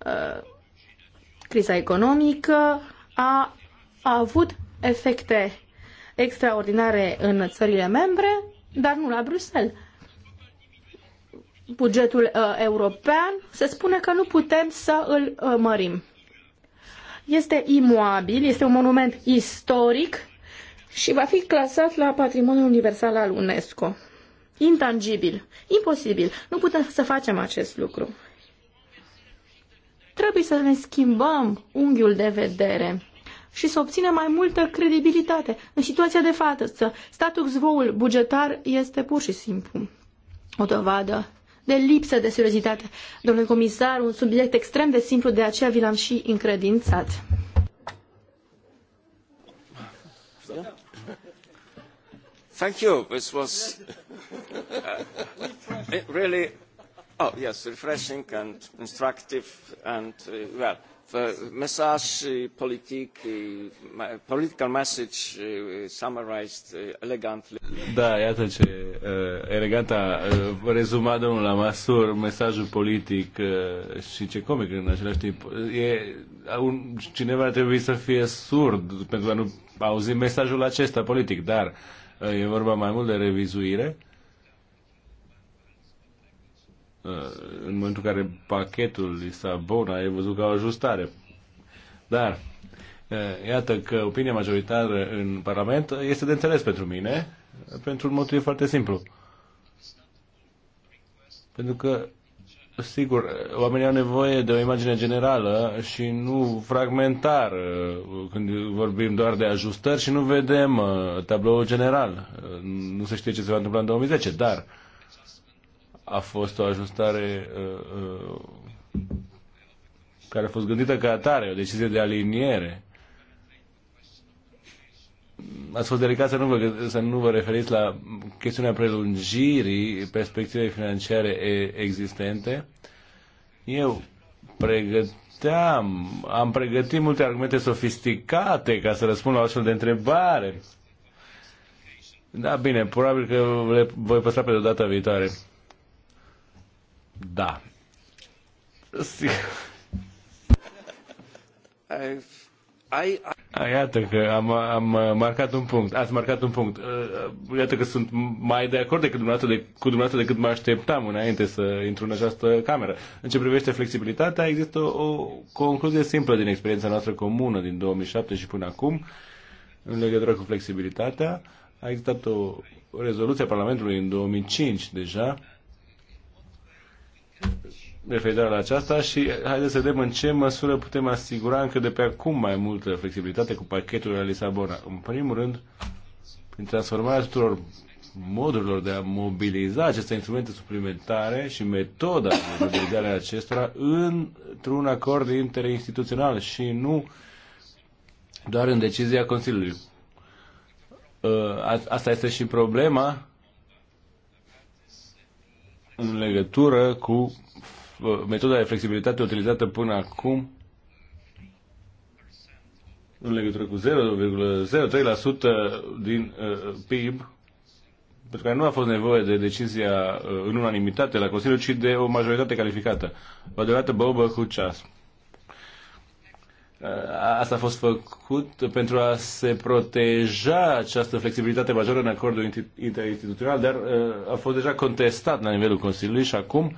Eh, Criza economică a, a avut efecte extraordinare în țările membre, dar nu la Bruxelles. Bugetul uh, european se spune că nu putem să îl uh, mărim. Este imuabil, este un monument istoric și va fi clasat la patrimoniul universal al UNESCO. Intangibil, imposibil, nu putem să facem acest lucru. Trebuie să ne schimbăm unghiul de vedere și să obținem mai multă credibilitate. În situația de față, status quo bugetar este pur și simplu o dovadă de lipsă de seriozitate. Domnule comisar, un subiect extrem de simplu, de aceea vi l-am și încredințat. Thank you. This was uh, really Oh, yes, refreshing and instructive and, uh, well, the message, uh, politic, uh, political message uh, summarized uh, elegantly. Da, iată ce uh, elegant a uh, rezumat domnul Lamasur mesajul politic uh, și ce comic în același timp. E, un, cineva ar trebui să fie surd pentru a nu auzi mesajul acesta politic, dar uh, e vorba mai mult de revizuire. Uh, Uh, în momentul în care pachetul Lisabona ai văzut ca o ajustare. Dar, uh, iată că opinia majoritară în Parlament este de înțeles pentru mine, pentru un motiv foarte simplu. Pentru că, sigur, oamenii au nevoie de o imagine generală și nu fragmentar, uh, când vorbim doar de ajustări și nu vedem tabloul general. Nu se știe ce se va întâmpla în 2010, dar a fost o ajustare uh, uh, care a fost gândită ca atare, o decizie de aliniere. Ați fost delicat să nu vă, să nu vă referiți la chestiunea prelungirii perspectivei financiare existente. Eu pregăteam, am pregătit multe argumente sofisticate ca să răspund la o astfel de întrebare. Da, bine, probabil că le voi păstra pe data viitoare. Da. Ai, ai... Iată că am, am marcat un punct. Ați marcat un punct. Iată că sunt mai de acord decât dumneavoastră, de, cu dumneavoastră decât mă așteptam înainte să intru în această cameră. În ce privește flexibilitatea, există o, o concluzie simplă din experiența noastră comună din 2007 și până acum în legătură cu flexibilitatea. A existat o rezoluție a Parlamentului în 2005 deja referitoare la aceasta și haideți să vedem în ce măsură putem asigura încă de pe acum mai multă flexibilitate cu pachetul la Lisabona. În primul rând, prin transformarea tuturor modurilor de a mobiliza aceste instrumente suplimentare și metoda de mobilizare a acestora într-un acord interinstituțional și nu doar în decizia Consiliului. Ă, asta este și problema în legătură cu uh, metoda de flexibilitate utilizată până acum în legătură cu 0,03% din uh, PIB, pentru că nu a fost nevoie de decizia uh, în unanimitate la Consiliu, ci de o majoritate calificată. Va durată băubă cu ceas. Asta a fost făcut pentru a se proteja această flexibilitate majoră în acordul interinstituțional, dar uh, a fost deja contestat la nivelul Consiliului și acum,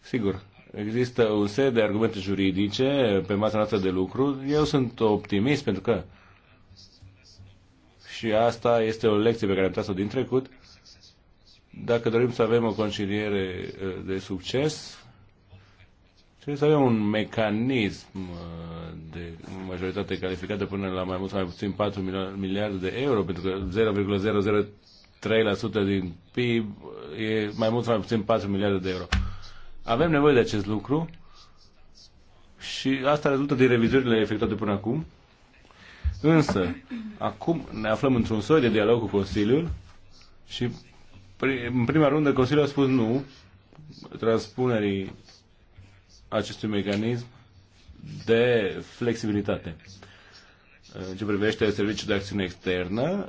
sigur, există un set de argumente juridice pe masa noastră de lucru. Eu sunt optimist pentru că și asta este o lecție pe care am tras-o din trecut. Dacă dorim să avem o conciliere uh, de succes, Trebuie să avem un mecanism uh, de majoritate calificată până la mai mult sau mai puțin 4 miliarde de euro, pentru că 0,003% din PIB uh, e mai mult sau mai puțin 4 miliarde de euro. Avem nevoie de acest lucru și asta rezultă din revizurile efectuate până acum. Însă, acum ne aflăm într-un soi de dialog cu Consiliul și în prima rundă Consiliul a spus nu transpunerii acestui mecanism de flexibilitate. În ce privește serviciul de acțiune externă,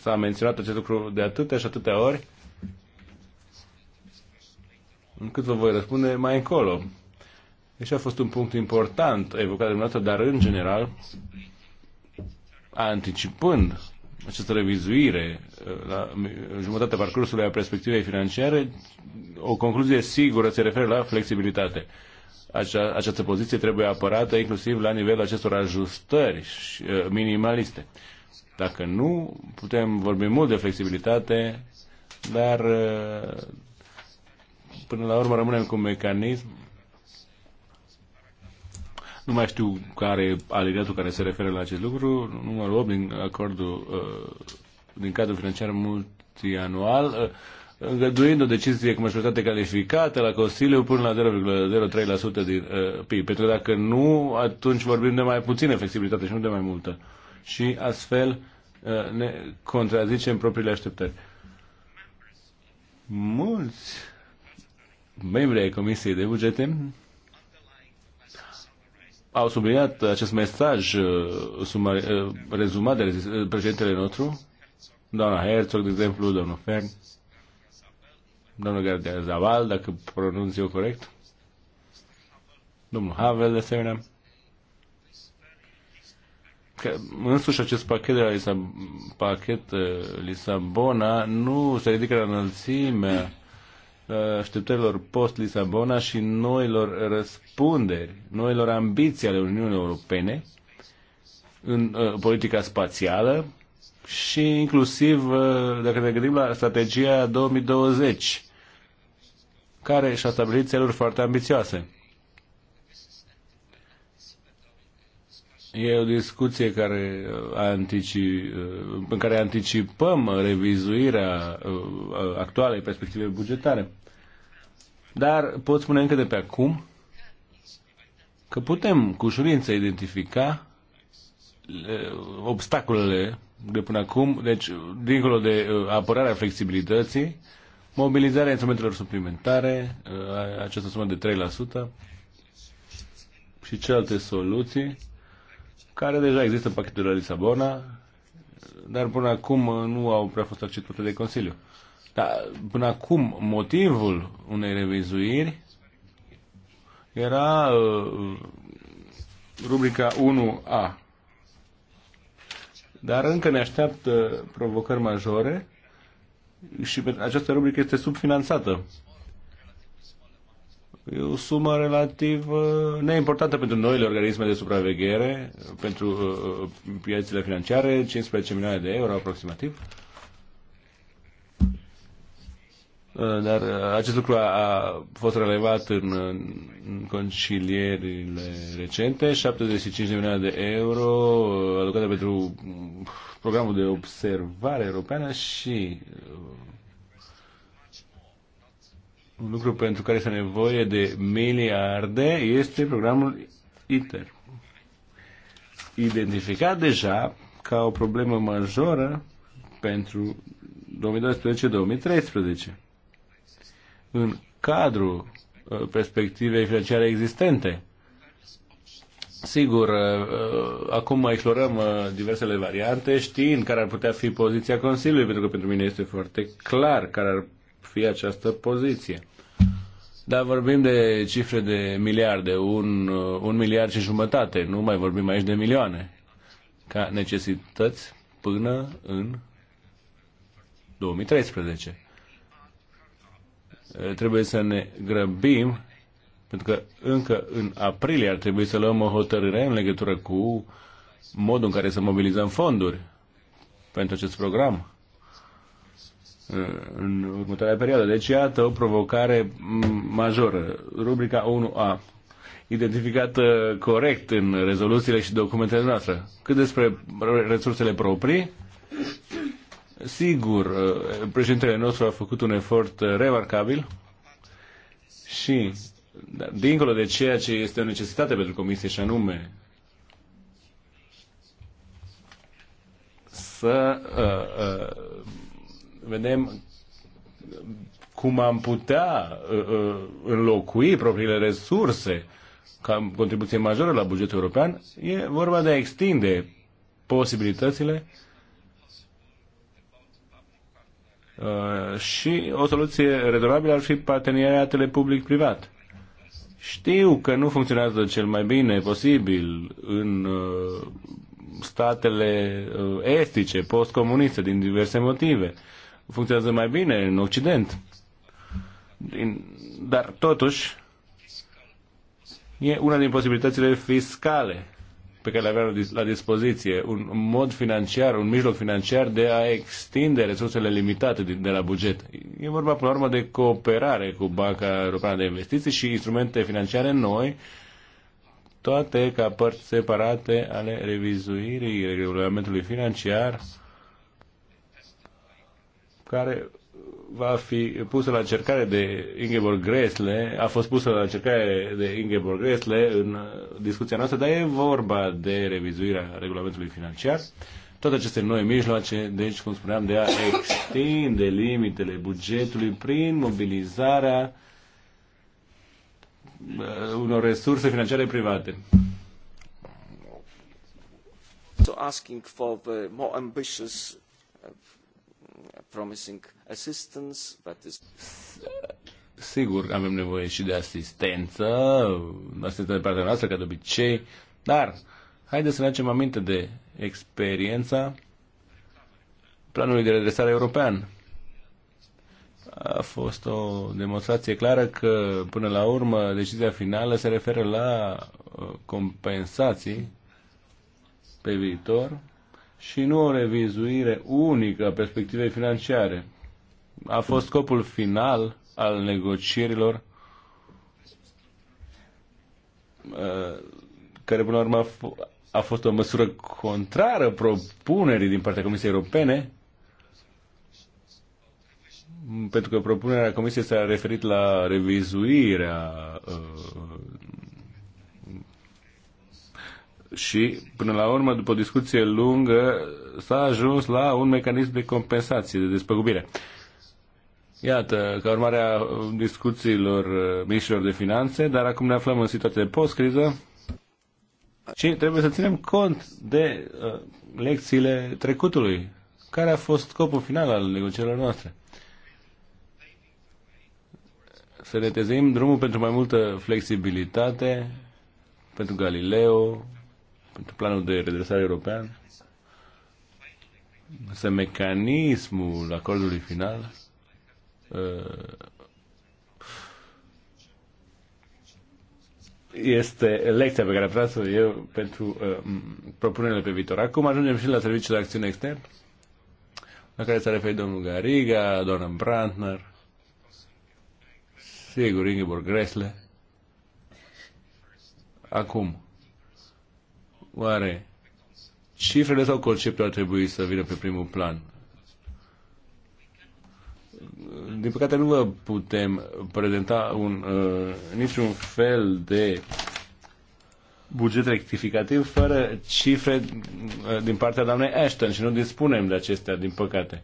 s-a menționat acest lucru de atâtea și atâtea ori, încât vă voi răspunde mai încolo. Deci a fost un punct important evocat de dumneavoastră, dar în general, anticipând această revizuire uh, la uh, jumătatea parcursului a perspectivei financiare, o concluzie sigură se referă la flexibilitate acea, această poziție trebuie apărată inclusiv la nivelul acestor ajustări uh, minimaliste. Dacă nu, putem vorbi mult de flexibilitate, dar uh, până la urmă rămânem cu un mecanism. Nu mai știu care alineatul care se referă la acest lucru, numărul 8 din acordul uh, din cadrul financiar multianual. Uh, îngăduind o decizie cu majoritate calificată la Consiliu până la 0,03% din uh, PIB. Pentru că dacă nu, atunci vorbim de mai puțină flexibilitate și nu de mai multă. Și astfel uh, ne contrazicem propriile așteptări. Mulți membri ai Comisiei de Bugete au subliniat acest mesaj uh, sumar, uh, rezumat de uh, președintele nostru, doamna Herzog, de exemplu, domnul Fern, domnul Gardia Zaval, dacă pronunț eu corect, domnul Havel, de asemenea, că însuși acest pachet de la Lisab- pachet, uh, Lisabona nu se ridică la înălțimea uh, așteptărilor post-Lisabona și noilor răspunderi, noilor ambiții ale Uniunii Europene în uh, politica spațială și inclusiv, uh, dacă ne gândim la strategia 2020, care și-a stabilit țeluri foarte ambițioase. E o discuție care uh, anticip, uh, în care anticipăm revizuirea uh, actualei perspective bugetare. Dar pot spune încă de pe acum că putem cu ușurință identifica obstacolele de până acum, deci dincolo de apărarea flexibilității, Mobilizarea instrumentelor suplimentare, uh, această sumă de 3% și celelalte soluții care deja există în pachetul la Lisabona, dar până acum uh, nu au prea fost acceptate de Consiliu. Dar până acum motivul unei revizuiri era uh, rubrica 1A. Dar încă ne așteaptă provocări majore și această rubrică este subfinanțată. E o sumă relativ uh, neimportantă pentru noile organisme de supraveghere, pentru uh, uh, piețele financiare, 15 milioane de euro aproximativ. Uh, dar uh, acest lucru a, a fost relevat în, în concilierile recente, 75 de milioane de euro uh, alocate pentru programul de observare europeană și un lucru pentru care este nevoie de miliarde este programul ITER. Identificat deja ca o problemă majoră pentru 2012-2013 în cadrul uh, perspectivei financiare existente. Sigur, uh, uh, acum explorăm diversele variante, știind care ar putea fi poziția Consiliului, pentru că pentru mine este foarte clar care ar fi această poziție. Dar vorbim de cifre de miliarde, un, un miliard și jumătate, nu mai vorbim aici de milioane, ca necesități până în 2013. Eh, trebuie să ne grăbim, pentru că încă în aprilie ar trebui să luăm o hotărâre în legătură cu modul în care să mobilizăm fonduri pentru acest program eh, în următoarea perioadă. Deci, iată o provocare mm, majoră. Rubrica 1A, identificată eh, corect în rezoluțiile și documentele noastre. Cât despre resursele proprii, Sigur, uh, președintele nostru a făcut un efort uh, remarcabil și, da, dincolo de ceea ce este o necesitate pentru Comisie, și anume să uh, uh, vedem cum am putea uh, uh înlocui propriile resurse ca contribuție majoră la bugetul european, e vorba de a extinde posibilitățile uh, Uh, și o soluție redorabilă ar fi parteneriatele public-privat. Știu că nu funcționează cel mai bine posibil în uh, statele uh, estice, postcomuniste, din diverse motive. Funcționează mai bine în Occident. Dar totuși e una din posibilitățile fiscale pe care le aveau la dispoziție, un mod financiar, un mijloc financiar de a extinde resursele limitate de la buget. E vorba, până la urmă, de cooperare cu Banca Europeană de Investiții și instrumente financiare noi, toate ca părți separate ale revizuirii regulamentului financiar, care va fi pusă la încercare de Ingeborg Gresle, a fost pusă la încercare de Ingeborg Gresle în discuția noastră, dar e vorba de revizuirea regulamentului financiar. Toate aceste noi mijloace, deci, cum spuneam, de a extinde limitele bugetului prin mobilizarea uh, unor resurse financiare private. So asking for the more ambitious uh, promising assistance, but this... Sigur, avem nevoie și de asistență, asistență de partea noastră, ca de obicei, dar haideți să ne facem aminte de experiența planului de redresare european. A fost o demonstrație clară că, până la urmă, decizia finală se referă la uh, compensații pe viitor și nu o revizuire unică a perspectivei financiare. A fost scopul final al negocierilor uh, care până la urmă a fost o măsură contrară propunerii din partea Comisiei Europene, pentru că propunerea Comisiei s-a referit la revizuirea uh, și, până la urmă, după o discuție lungă, s-a ajuns la un mecanism de compensație, de despăgubire. Iată, ca urmare a discuțiilor uh, mișilor de finanțe, dar acum ne aflăm în situație de post-criză și trebuie să ținem cont de uh, lecțiile trecutului. Care a fost scopul final al negocierilor noastre? Să netezim drumul pentru mai multă flexibilitate, pentru Galileo, pentru planul de redresare european, este mecanismul acordului final uh, este lecția pe care vreau să eu pentru uh, propunerile pe viitor. Acum ajungem și la serviciul de acțiune externă, la care s-a referit domnul Gariga, doamna Brandner, sigur, Ingeborg Gresle. Acum, Oare cifrele sau conceptul ar trebui să vină pe primul plan? Din păcate nu vă putem prezenta un, uh, niciun fel de buget rectificativ fără cifre uh, din partea doamnei Ashton și nu dispunem de acestea, din păcate.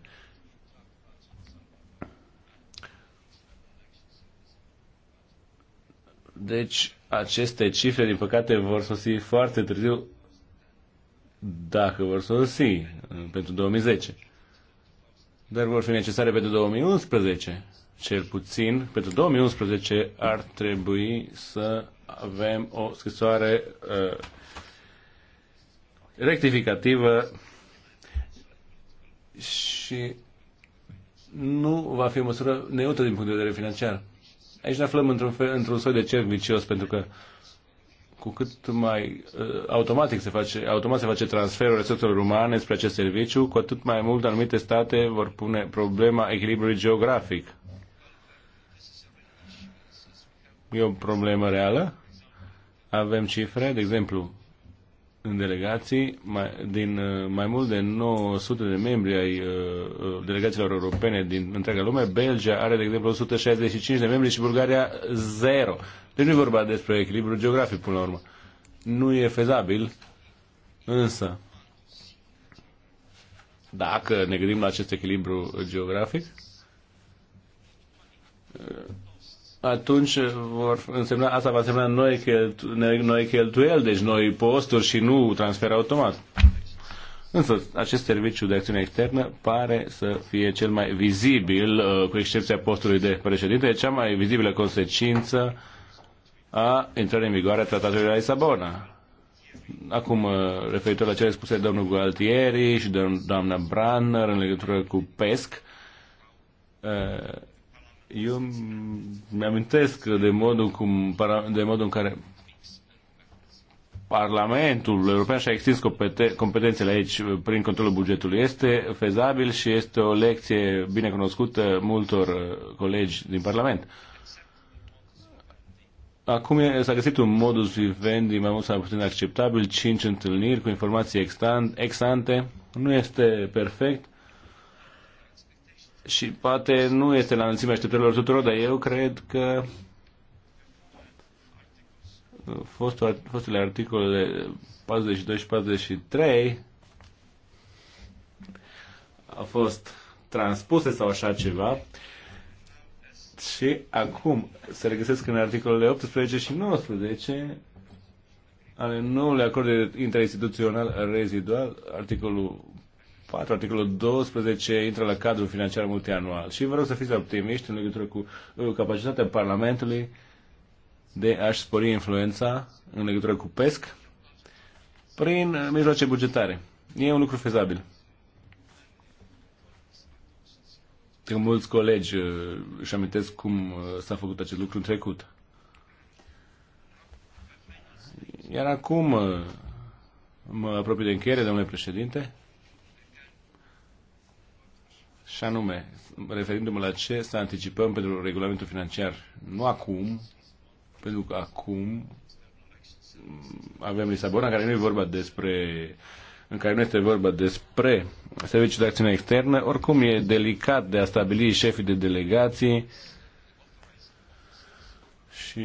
Deci, aceste cifre, din păcate, vor sosi foarte târziu dacă vor sosi uh, pentru 2010. Dar vor fi necesare pentru 2011. Cel puțin pentru 2011 ar trebui să avem o scrisoare uh, rectificativă și nu va fi o măsură neutră din punct de vedere financiar. Aici ne aflăm într-un, într-un soi de cerc vicios, pentru că uh, cu cât mai uh, automatic se face, automat se face transferul resurselor umane spre acest serviciu, cu atât mai mult anumite state vor pune problema echilibrului geografic. E o problemă reală? Avem cifre, de exemplu, în delegații mai, din uh, mai mult de 900 de membri ai uh, uh, delegațiilor europene din întreaga lume. Belgia are, de exemplu, 165 de membri și Bulgaria 0. Deci nu e vorba despre echilibru geografic, până la urmă. Nu e fezabil, însă, dacă ne gândim la acest echilibru geografic, atunci vor însemna, asta va însemna noi, cheltu, noi cheltuieli, deci noi posturi și nu transfer automat. Însă, acest serviciu de acțiune externă pare să fie cel mai vizibil, uh, cu excepția postului de președinte, cea mai vizibilă consecință a intrării în vigoare a Tratatului de la Lisabona. Acum, uh, referitor la cele spuse domnul Gualtieri și doamna Branner în legătură cu PESC, uh, eu mi-amintesc de modul, cum, de modul în care Parlamentul European și-a extins competențele aici prin controlul bugetului. Este fezabil și este o lecție bine cunoscută multor colegi din Parlament. Acum s-a găsit un modus vivendi mai mult sau mai puțin acceptabil, cinci întâlniri cu informații ex-ante. Nu este perfect, și poate nu este la înălțimea așteptărilor tuturor, dar eu cred că fostele articole 42 și 43 au fost transpuse sau așa ceva și acum se regăsesc în articolele 18 și 19 ale noului acord interinstituțional rezidual, articolul 4, articolul 12 intră la cadrul financiar multianual. Și vă rog să fiți optimiști în legătură cu uh, capacitatea Parlamentului de a-și spori influența în legătură cu PESC prin mijloace bugetare. E un lucru fezabil. Că mulți colegi uh, își amintesc cum uh, s-a făcut acest lucru în trecut. Iar acum mă apropii de încheiere, domnule președinte. Și anume, referindu-mă la ce să anticipăm pentru regulamentul financiar. Nu acum, pentru că acum avem Lisabona, care nu e vorba despre în care nu este vorba despre serviciul de acțiune externă, oricum e delicat de a stabili șefii de delegații și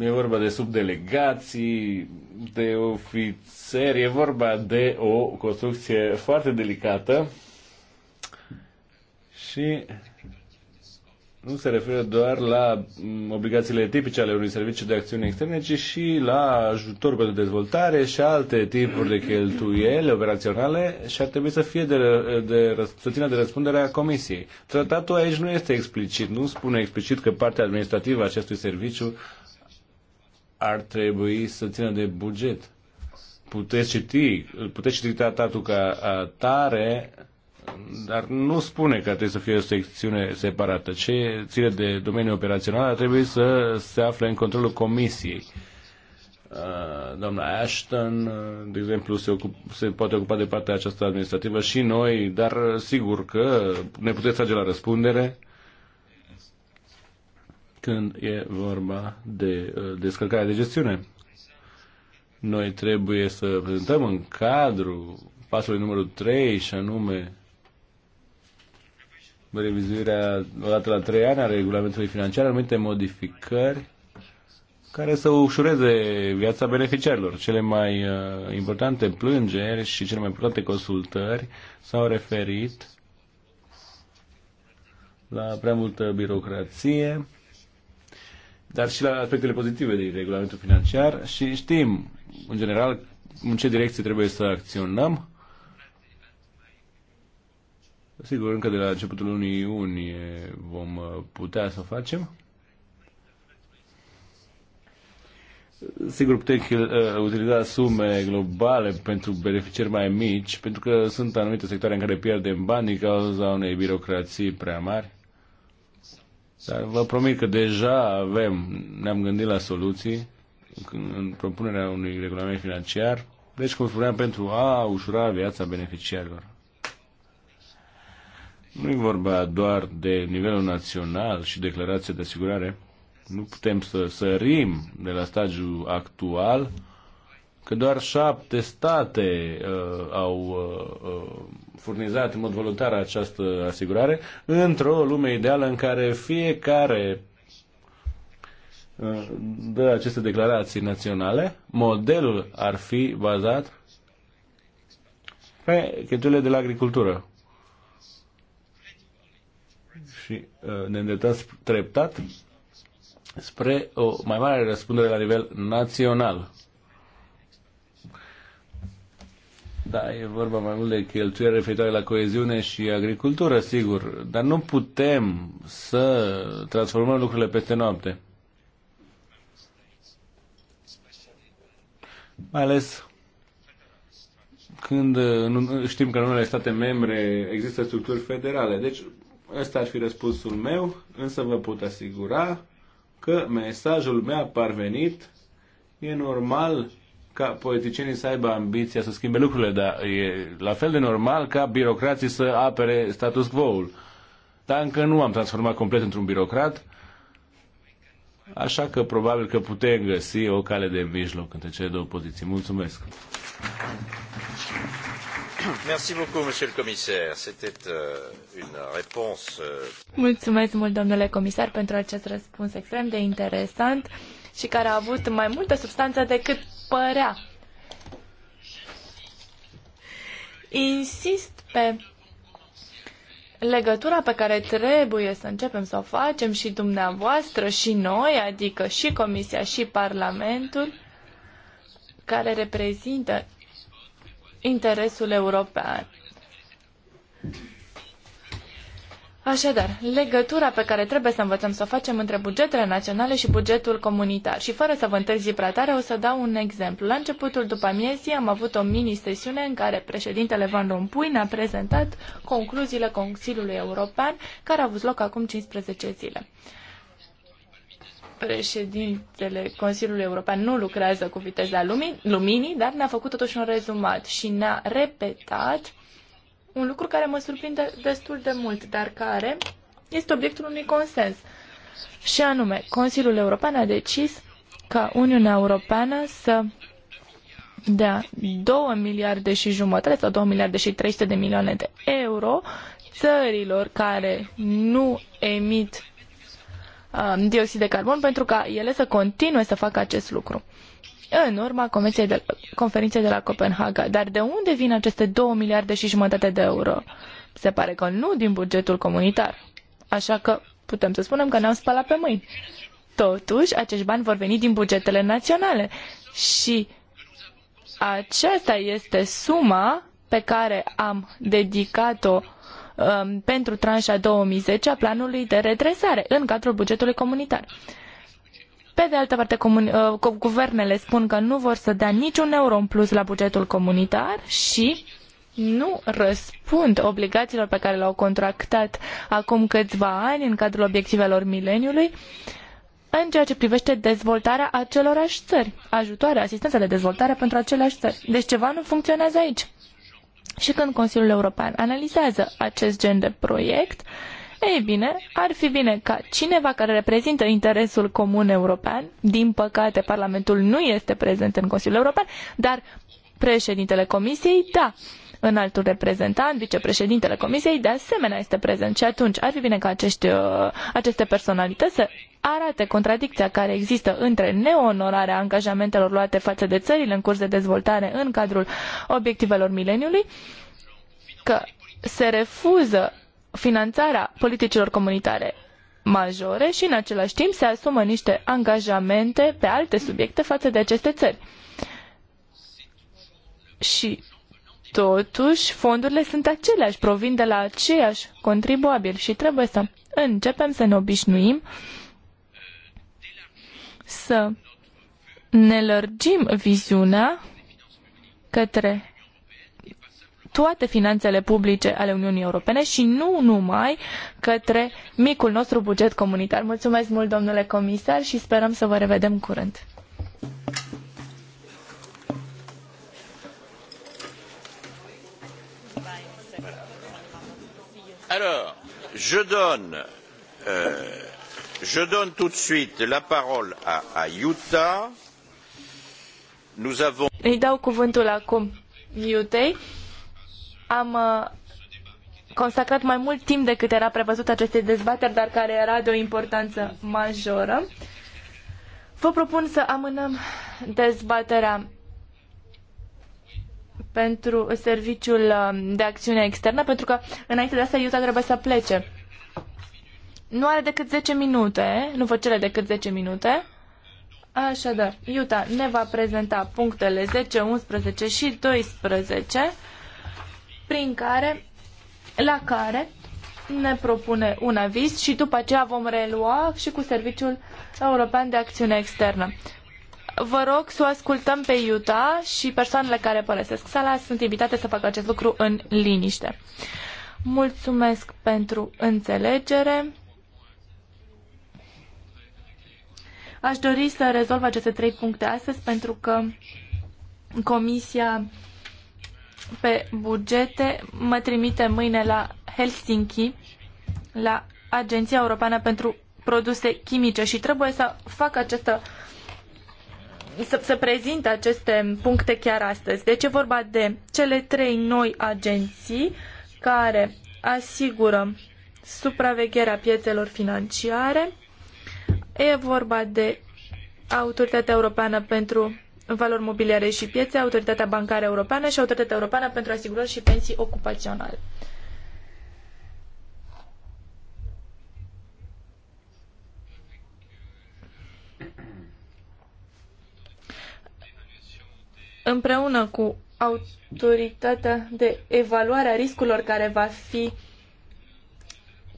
e vorba de subdelegații, de ofițeri, e vorba de o construcție foarte delicată și nu se referă doar la mm, obligațiile tipice ale unui serviciu de acțiune externe, ci și la ajutor pentru dezvoltare și alte tipuri de cheltuieli operaționale și ar trebui să fie de, de, de, să țină de răspunderea Comisiei. Tratatul aici nu este explicit, nu spune explicit că partea administrativă a acestui serviciu ar trebui să țină de buget. Puteți citi, puteți citi tratatul ca atare, dar nu spune că trebuie să fie o secțiune separată. Ce ține de domeniul operațional ar trebui să se afle în controlul comisiei. Uh, doamna Ashton, uh, de exemplu, se, ocup, se poate ocupa de partea aceasta administrativă și noi, dar uh, sigur că ne puteți trage la răspundere când e vorba de descărcarea de gestiune. Noi trebuie să prezentăm în cadrul pasului numărul 3 și anume revizuirea dată la trei ani a regulamentului financiar, anumite modificări care să ușureze viața beneficiarilor. Cele mai uh, importante plângeri și cele mai importante consultări s-au referit la prea multă birocrație, dar și la aspectele pozitive din regulamentul financiar și știm, în general, în ce direcție trebuie să acționăm Sigur, încă de la începutul lunii iunie vom uh, putea să o facem. Sigur, puteți uh, utiliza sume globale pentru beneficiari mai mici, pentru că sunt anumite sectoare în care pierdem bani din cauza unei birocrații prea mari. Dar vă promit că deja avem, ne-am gândit la soluții în propunerea unui regulament financiar, deci, cum spuneam, pentru a ușura viața beneficiarilor. Nu e vorba doar de nivelul național și declarația de asigurare. Nu putem să sărim de la stagiul actual că doar șapte state uh, au uh, uh furnizat în mod voluntar această asigurare într-o lume ideală în care fiecare de uh, dă aceste declarații naționale, modelul ar fi bazat pe cheltuielile de la agricultură și uh, ne îndreptăm treptat spre o mai mare răspundere la nivel național. Da, e vorba mai mult de cheltuieli referitoare la coeziune și agricultură, sigur, dar nu putem să transformăm lucrurile peste noapte. Mai ales când știm că în unele state membre există structuri federale. Deci Ăsta ar fi răspunsul meu, însă vă pot asigura că mesajul meu a parvenit. E normal ca politicienii să aibă ambiția să schimbe lucrurile, dar e la fel de normal ca birocrații să apere status quo-ul. Dar încă nu am transformat complet într-un birocrat, așa că probabil că putem găsi o cale de mijloc între cele două poziții. Mulțumesc! Merci beaucoup, monsieur le commissaire. C'était euh, une réponse. Euh, Mulțumesc mult, domnule comisar, pentru acest răspuns extrem de interesant și care a avut mai multă substanță decât părea. Insist pe legătura pe care trebuie să începem să o facem și dumneavoastră și noi, adică și Comisia și Parlamentul, care reprezintă interesul european. Așadar, legătura pe care trebuie să învățăm să o facem între bugetele naționale și bugetul comunitar. Și fără să vă întârzi prea tare, o să dau un exemplu. La începutul după amiezii am avut o mini-sesiune în care președintele Van Rompuy ne-a prezentat concluziile Consiliului European, care a avut loc acum 15 zile președintele Consiliului European nu lucrează cu viteza lumii, luminii, dar ne-a făcut totuși un rezumat și ne-a repetat un lucru care mă surprinde destul de mult, dar care este obiectul unui consens. Și anume, Consiliul European a decis ca Uniunea Europeană să dea 2 miliarde și jumătate sau 2 miliarde și 300 de milioane de euro țărilor care nu emit Um, dioxid de carbon pentru ca ele să continue să facă acest lucru în urma de, conferinței de la Copenhaga. Dar de unde vin aceste 2 miliarde și jumătate de euro? Se pare că nu din bugetul comunitar. Așa că putem să spunem că ne-am spălat pe mâini. Totuși, acești bani vor veni din bugetele naționale și aceasta este suma pe care am dedicat-o Um, pentru tranșa 2010 a planului de redresare în cadrul bugetului comunitar. Pe de altă parte, uh, guvernele spun că nu vor să dea niciun euro în plus la bugetul comunitar și nu răspund obligațiilor pe care le-au contractat acum câțiva ani în cadrul obiectivelor mileniului în ceea ce privește dezvoltarea acelorași țări, ajutoare, asistență de dezvoltare pentru aceleași țări. Deci ceva nu funcționează aici. Și când Consiliul European analizează acest gen de proiect, ei bine, ar fi bine ca cineva care reprezintă interesul comun european, din păcate Parlamentul nu este prezent în Consiliul European, dar președintele Comisiei, da, uh, înaltul reprezentant, vicepreședintele Comisiei, de asemenea este prezent. Și atunci ar fi bine ca acești, uh, aceste personalități să arate contradicția care există între neonorarea angajamentelor luate față de țările în curs de dezvoltare în cadrul obiectivelor mileniului, că se refuză finanțarea politicilor comunitare majore și în același timp se asumă niște angajamente pe alte subiecte față de aceste țări. Și Totuși, fondurile sunt aceleași, provin de la aceiași contribuabili și trebuie să începem să ne obișnuim să ne lărgim viziunea către toate finanțele publice ale Uniunii Europene și nu numai către micul nostru buget comunitar. Mulțumesc mult, domnule comisar, și sperăm să vă revedem curând. Alors, je donne, euh, je donne tout de suite la parole à, à Yuta. Nous avons... Îi dau cuvântul acum Iutei. Am uh, consacrat mai mult timp decât era prevăzut aceste dezbateri, dar care era de o importanță majoră. Vă propun să amânăm dezbaterea pentru serviciul um, de acțiune externă, pentru că înainte de asta Iuta trebuie să plece. Nu are decât 10 minute, nu vă cere decât 10 minute. Așadar, Iuta ne va prezenta punctele 10, 11 și 12, prin care, la care ne propune un aviz și după aceea vom relua și cu Serviciul European de Acțiune Externă. Vă rog să o ascultăm pe Iuta și persoanele care părăsesc sala sunt invitate să facă acest lucru în liniște. Mulțumesc pentru înțelegere. Aș dori să rezolv aceste trei puncte astăzi pentru că Comisia pe bugete mă trimite mâine la Helsinki, la Agenția Europeană pentru Produse Chimice și trebuie să fac această să, să prezinte aceste puncte chiar astăzi. Deci e vorba de cele trei noi agenții care asigură supravegherea piețelor financiare. E vorba de Autoritatea Europeană pentru Valori Mobiliare și Piețe, Autoritatea Bancară Europeană și Autoritatea Europeană pentru Asigurări și Pensii Ocupaționale. împreună cu autoritatea de evaluare a riscurilor care va fi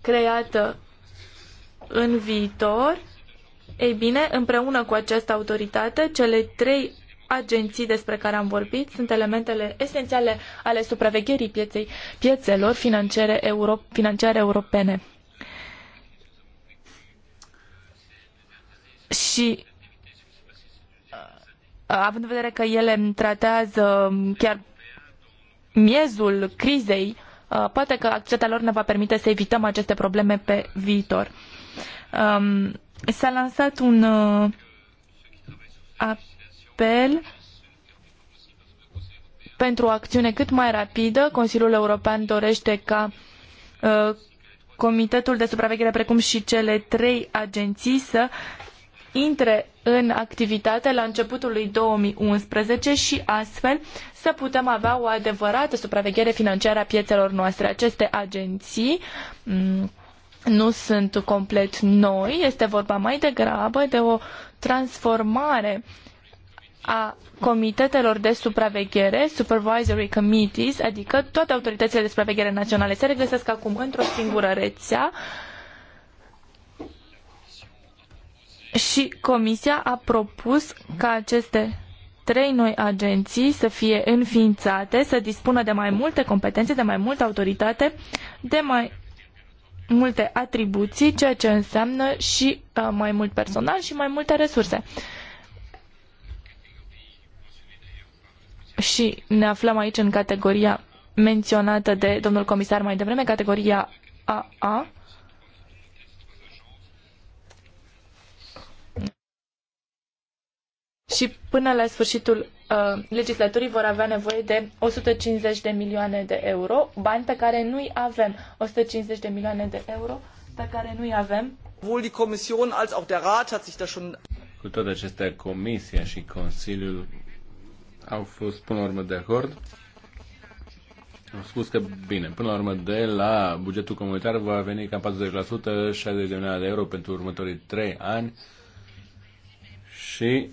creată în viitor, ei bine, împreună cu această autoritate, cele trei agenții despre care am vorbit sunt elementele esențiale ale supravegherii pieței, piețelor financiare, euro, financiare europene. Și Uh, având în vedere că ele tratează um, chiar miezul crizei, uh, poate că activitatea lor ne va permite să evităm aceste probleme pe viitor. Um, s-a lansat un uh, apel pentru o acțiune cât mai rapidă. Consiliul European dorește ca Comitetul de Supraveghere, precum și cele trei agenții, să intre în activitate la începutul lui 2011 și astfel să putem avea o adevărată supraveghere financiară a piețelor noastre. Aceste agenții mm, nu sunt complet noi, este vorba mai degrabă de o transformare a comitetelor de supraveghere, supervisory committees, adică toate autoritățile de supraveghere naționale se regăsesc acum într-o singură rețea uh, și Comisia a propus ca aceste trei noi agenții să fie înființate, să dispună de mai multe competențe, de mai multă autoritate, de mai multe atribuții, ceea ce înseamnă și uh, mai mult personal și mai multe resurse. Și ne aflăm aici în categoria menționată de domnul comisar mai devreme, categoria AA, și până la sfârșitul uh, legislaturii vor avea nevoie de 150 de milioane de euro, bani pe care nu-i avem. 150 de milioane de euro pe care nu-i avem. Sowohl die Kommission als auch der Rat hat sich da schon cu toate acestea, Comisia și Consiliul au fost până la urmă de acord. Au spus că, bine, până la urmă de la bugetul comunitar va veni cam 40%, 60 de milioane de euro pentru următorii 3 ani și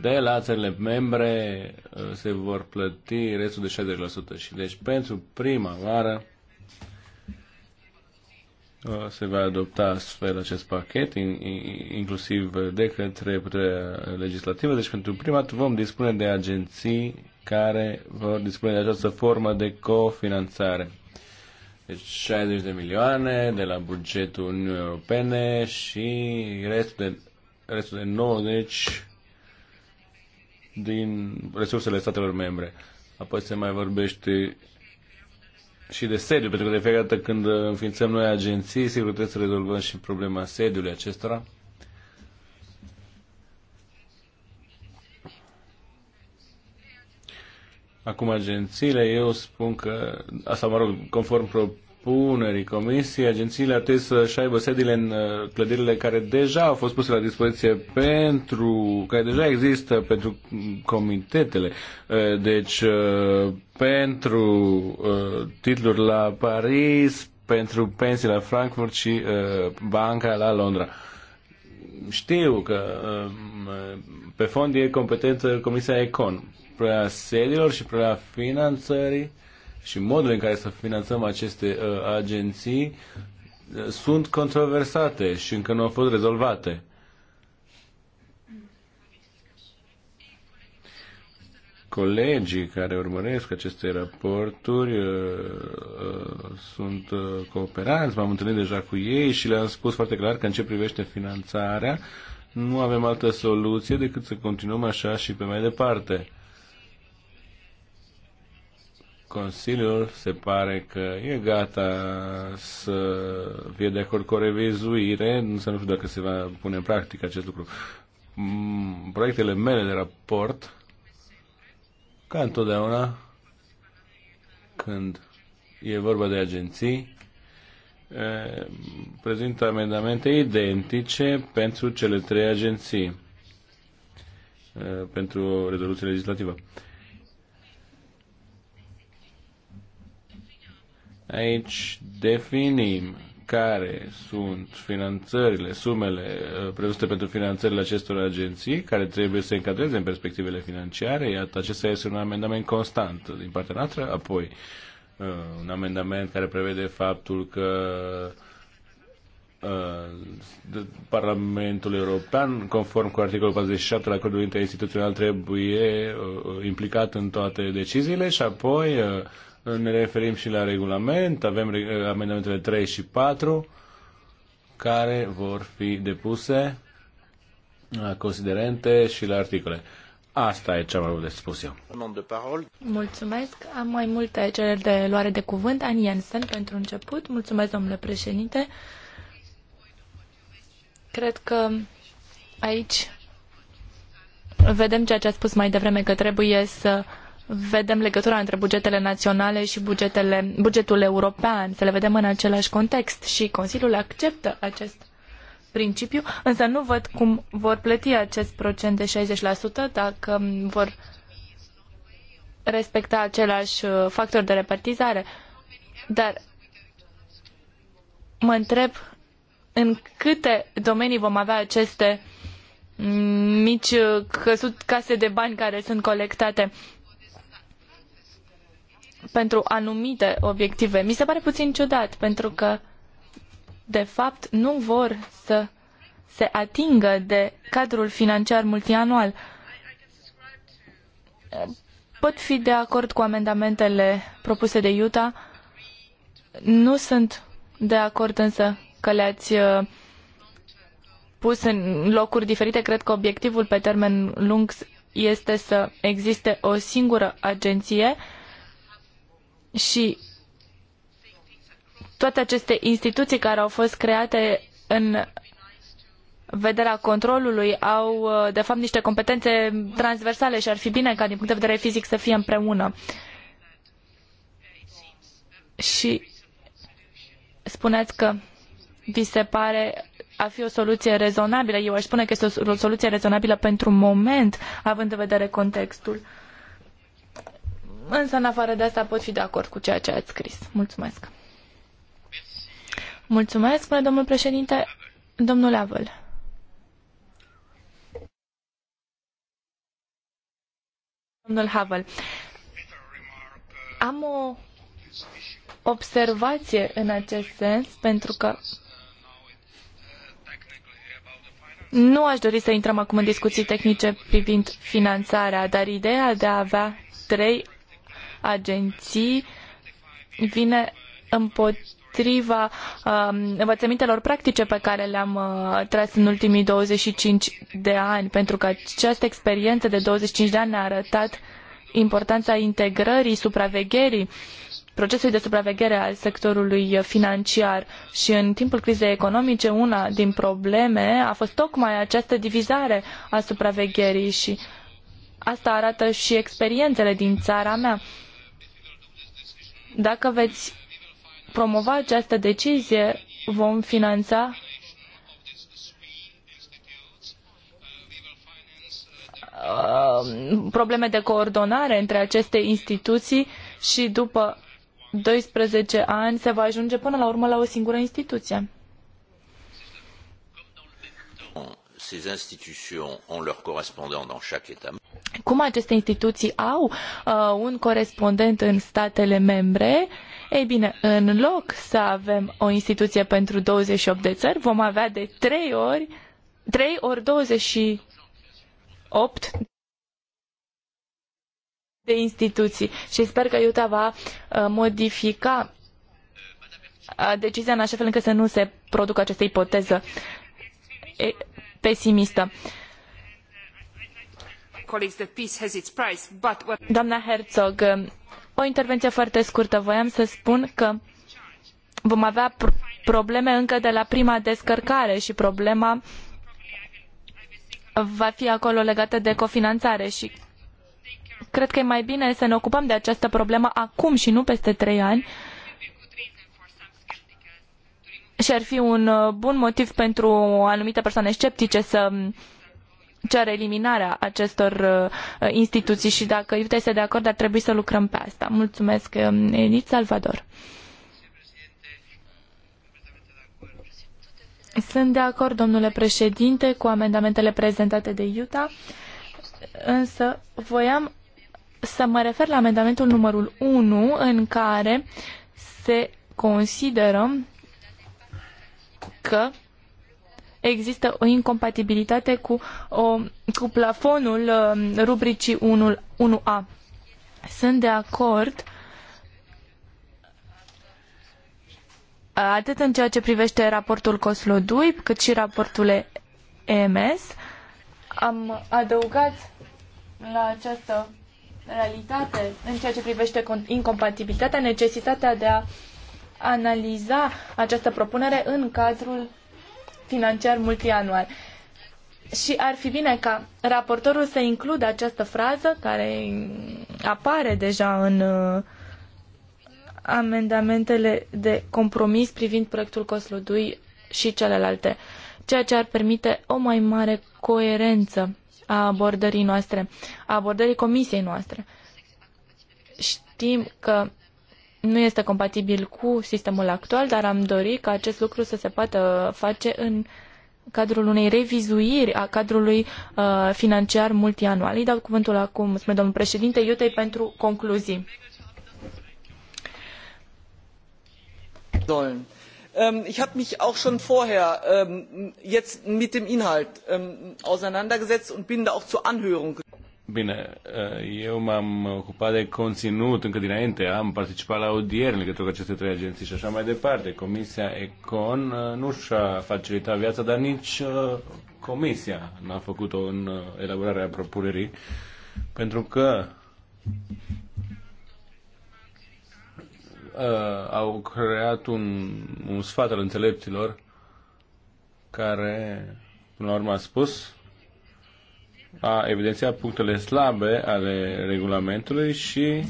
de la țările membre uh, se vor plăti restul de 60%. Și deci pentru prima vară uh, se va adopta astfel acest pachet, inclusiv de către puterea legislativă. Deci pentru prima dată vom dispune de agenții care vor dispune de această formă de cofinanțare. Deci 60 de milioane de la bugetul Uniunii Europene și restul de, restul de 90 din resursele statelor membre. Apoi se mai vorbește și de sediu, pentru că de fiecare dată când înființăm noi agenții, sigur trebuie să rezolvăm și problema sediului acestora. Acum agențiile, eu spun că, asta mă rog, conform propunerii Comisiei, agențiile ar trebui să-și aibă sediile în uh, clădirile care deja au fost puse la dispoziție pentru, care deja există pentru comitetele. Uh, deci, uh, pentru titluri la Paris, pentru pensii la Frankfurt și banca la Londra știu că um, pe fond e competență Comisia Econ, Prea sediilor și prea finanțării și modul în care să finanțăm aceste uh, agenții uh, sunt controversate și încă nu au fost rezolvate. Colegii care urmăresc aceste raporturi uh, uh, sunt uh, cooperanți, m-am întâlnit deja cu ei și le-am spus foarte clar că în ce privește finanțarea nu avem altă soluție decât să continuăm așa și pe mai departe Consiliul se pare că e gata să fie de acord cu o revizuire, însă nu știu dacă se va pune în practică acest lucru. Mm, proiectele mele de raport, ca întotdeauna, când e vorba de agenții, prezintă amendamente identice pentru cele trei agenții, pentru rezoluție legislativă. Aici definim care sunt finanțările, sumele uh, prevăzute pentru finanțările acestor agenții, care trebuie să încadreze în perspectivele financiare. Iată, acesta este un amendament constant din partea noastră. Apoi, uh, un amendament care prevede faptul că uh, Parlamentul European, conform cu articolul 47 al acordului interinstituțional, trebuie implicat în toate deciziile și apoi ne referim și la regulament, avem amendamentele 3 și 4 care vor fi depuse la considerente și la articole. Asta e ce am avut de spus eu. Mulțumesc. Am mai multe cereri de luare de cuvânt. Ani Jensen, pentru început. Mulțumesc, domnule președinte. Cred că aici vedem ceea ce a spus mai devreme, că trebuie să uh, vedem legătura între bugetele naționale și bugetele, bugetul european, să le vedem în același context și Consiliul acceptă acest principiu, însă nu văd cum vor plăti acest procent de 60% dacă vor respecta același uh, factor de repartizare. Dar mă întreb în câte domenii vom avea aceste mm, mici uh, căsut, case de bani care sunt colectate pentru anumite obiective. Mi se pare puțin ciudat, pentru că, de fapt, nu vor să se atingă de cadrul financiar multianual. Pot fi de acord cu amendamentele propuse de Iuta. Nu sunt de acord însă că le-ați uh, pus în locuri diferite. Cred că obiectivul pe termen lung este să existe o singură agenție uh, și toate aceste instituții care au fost create în vederea controlului au, de fapt, niște competențe transversale și ar fi bine ca, din punct de vedere fizic, să fie împreună. Și spuneți că vi se pare a fi o soluție rezonabilă. Eu aș spune că este o soluție rezonabilă pentru moment, având în vedere contextul. Însă, în afară de asta, pot fi de acord cu ceea ce ați scris. Mulțumesc. Mulțumesc, spune domnul președinte. Domnul Avăl. Domnul Havel. Am o observație în acest sens, pentru că nu aș dori să intrăm acum în discuții tehnice privind finanțarea, dar ideea de a avea trei agenții vine împotriva um, învățămintelor practice pe care le-am uh, tras în ultimii 25 de ani, pentru că această experiență de 25 de ani ne-a arătat importanța integrării, supravegherii procesului de supraveghere al sectorului financiar și în timpul crizei economice una din probleme a fost tocmai această divizare a supravegherii și asta arată și experiențele din țara mea. Uh, dacă veți promova această decizie, vom finanța uh, probleme de coordonare între aceste instituții și după 12 ani se va ajunge până la urmă la o singură instituție. ces institutions ont leur correspondant dans chaque État Cum aceste instituții au uh, un corespondent în statele membre, ei bine, în loc să avem o instituție pentru 28 de țări, vom avea de 3 ori 3 ori 28 de instituții și sper că Iuta va uh, modifica uh, decizia în așa fel încât să nu se producă această ipoteză pesimistă. Doamna Herzog, o intervenție foarte scurtă. Voiam să spun că vom avea probleme încă de la prima descărcare și problema va fi acolo legată de cofinanțare și cred că e mai bine să ne ocupăm de această problemă acum și nu peste trei ani și ar fi un uh, bun motiv pentru anumite persoane sceptice să mm, ceară eliminarea acestor uh, instituții și dacă Iuta este de acord, ar trebui să lucrăm pe asta. Mulțumesc, um, Edith Salvador. Sunt de acord, domnule președinte, cu amendamentele prezentate de Iuta, însă voiam să mă refer la amendamentul numărul 1 în care se consideră că există o incompatibilitate cu, o, cu plafonul um, rubricii 1, 1A. Sunt de acord atât în ceea ce privește raportul Coslodui, cât și raportul EMS. Am adăugat la această realitate, în ceea ce privește incompatibilitatea, necesitatea de a analiza această propunere în cadrul financiar multianual. Și ar fi bine ca raportorul să includă această frază care apare deja în uh, amendamentele de compromis privind proiectul Coslodui și celelalte, ceea ce ar permite o mai mare coerență a abordării noastre, a abordării comisiei noastre. Știm că nu este compatibil cu sistemul actual, dar am dorit ca acest lucru să se poată face în cadrul unei revizuiri a cadrului uh, financiar multianual. Îi dau cuvântul acum, spune domnul președinte, Iutei pentru concluzii. Sollen. Ähm, ich habe mich auch schon vorher ähm, jetzt mit dem Inhalt ähm, auseinandergesetzt und bin da auch zur Anhörung Bine, eh, eu m-am ocupat de conținut încă dinainte, am participat la audieri în legătură cu aceste trei agenții și așa mai departe. Comisia Econ eh, nu și-a facilitat viața, dar nici eh, Comisia n-a făcut-o în elaborarea propunerii, pentru că au creat un, un sfat al înțelepților care, până la urmă, a spus a evidențiat punctele slabe ale regulamentului și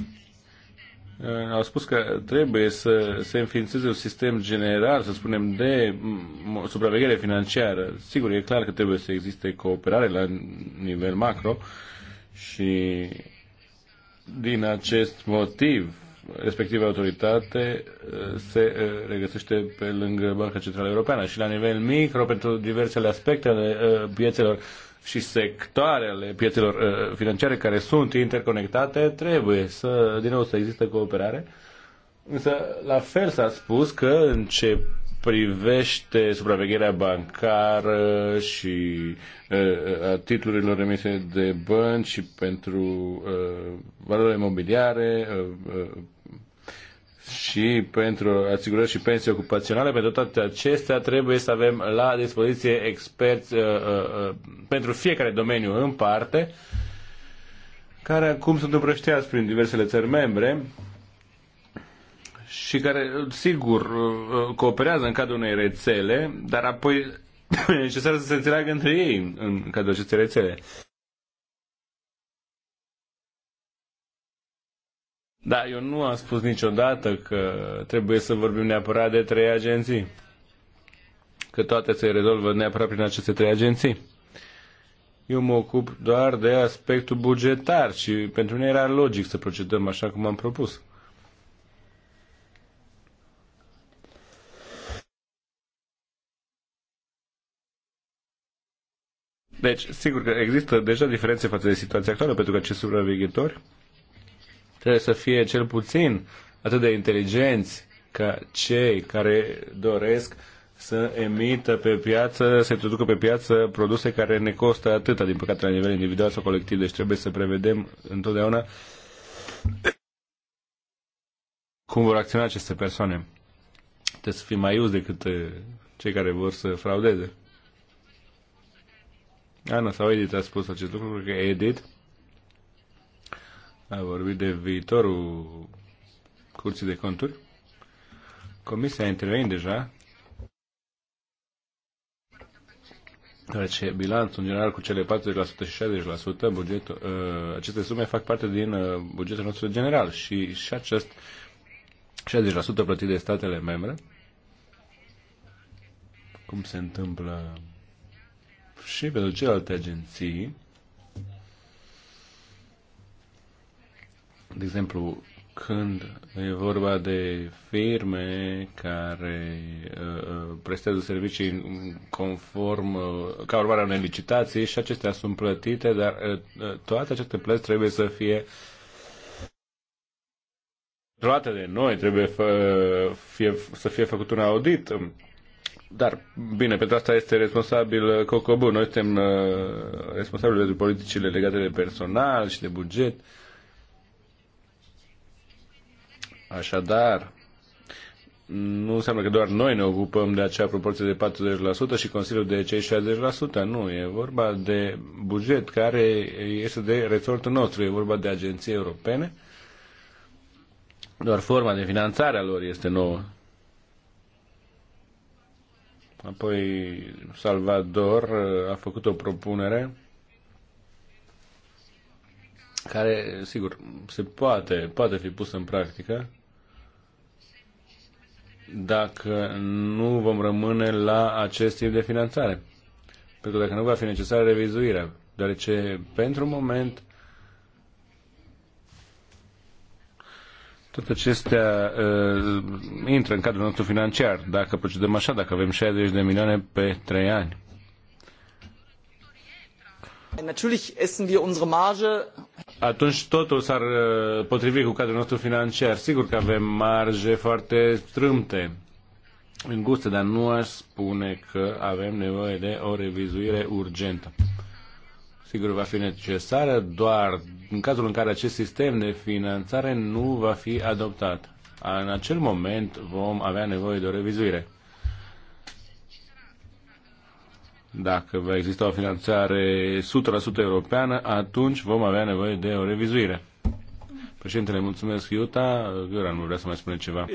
uh, au spus că trebuie să se înființeze un sistem general, să spunem, de mm, supraveghere financiară. Sigur, e clar că trebuie să existe cooperare la nivel macro și din acest motiv respectiva autoritate uh, se uh, regăsește pe lângă Banca Centrală Europeană și la nivel micro pentru diversele aspecte ale piețelor și sectoarele piețelor uh, financiare care sunt interconectate, trebuie să, din nou, să existe cooperare. Însă, la fel s-a spus că în ce privește supravegherea bancară și uh, a titlurilor emise de bănci și pentru uh, valorile imobiliare, și pentru asigurări și pensii ocupaționale, pentru toate acestea trebuie să avem la dispoziție experți uh, uh, uh, pentru fiecare domeniu în parte, care acum sunt împrăștiați prin diversele țări membre și care, sigur, uh, uh, cooperează în cadrul unei rețele, dar apoi e necesar să se înțeleagă între ei în cadrul acestei rețele. Da, eu nu am spus niciodată că trebuie să vorbim neapărat de trei agenții. Că toate se rezolvă neapărat prin aceste trei agenții. Eu mă ocup doar de aspectul bugetar și pentru mine era logic să procedăm așa cum am propus. Deci, sigur că există deja diferențe față de situația actuală, pentru că acești supraveghetori trebuie să fie cel puțin atât de inteligenți ca cei care doresc să emită pe piață, să introducă pe piață produse care ne costă atâta, din păcate, la nivel individual sau colectiv. Deci trebuie să prevedem întotdeauna cum vor acționa aceste persoane. Trebuie să fim mai uzi decât eh, cei care vor să fraudeze. Ana sau Edith a spus acest lucru, că Edith a vorbit de viitorul Curții de Conturi. Comisia intervenit deja, Deci, bilanțul în general cu cele 40% și 60%, bugetul, uh, aceste sume fac parte din uh, bugetul nostru general și, și acest 60% plătit de statele membre, cum se întâmplă și pentru celelalte agenții, De exemplu, când e vorba de firme care uh, uh prestează servicii conform, uh, ca urmare a unei licitații și acestea sunt plătite, dar uh, uh, toate aceste plăți trebuie să fie luate de noi, trebuie fă, fie, să fie făcut un audit. Dar, bine, pentru asta este responsabil Cocobu. Noi suntem uh, responsabili pentru politicile legate de personal și de buget. Uh, Așadar, nu înseamnă că doar noi ne ocupăm de acea proporție de 40% și Consiliul de cei 60%. Nu, e vorba de buget care este de resortul nostru, e vorba de agenții europene. Doar forma de finanțare a lor este nouă. Apoi Salvador uh, a făcut o propunere care, sigur, se poate, poate fi pusă în practică dacă nu vom rămâne la acest tip de finanțare. Pentru că dacă nu va fi necesară revizuirea, deoarece pentru moment tot acestea uh, intră în cadrul nostru financiar, dacă procedăm așa, dacă avem 60 de milioane pe 3 ani. Atunci totul s-ar uh, potrivi cu cadrul nostru financiar. Sigur că avem marje foarte strâmte, înguste, dar nu aș spune că avem nevoie de o revizuire urgentă. Sigur, va fi necesară doar în cazul în care acest sistem de finanțare nu va fi adoptat. În acel moment vom avea nevoie de o revizuire. Dacă va exista o finanțare 100% europeană, atunci vom avea nevoie de o revizuire. Președintele, mulțumesc, Iuta. Găran, nu vrea să mai spune ceva.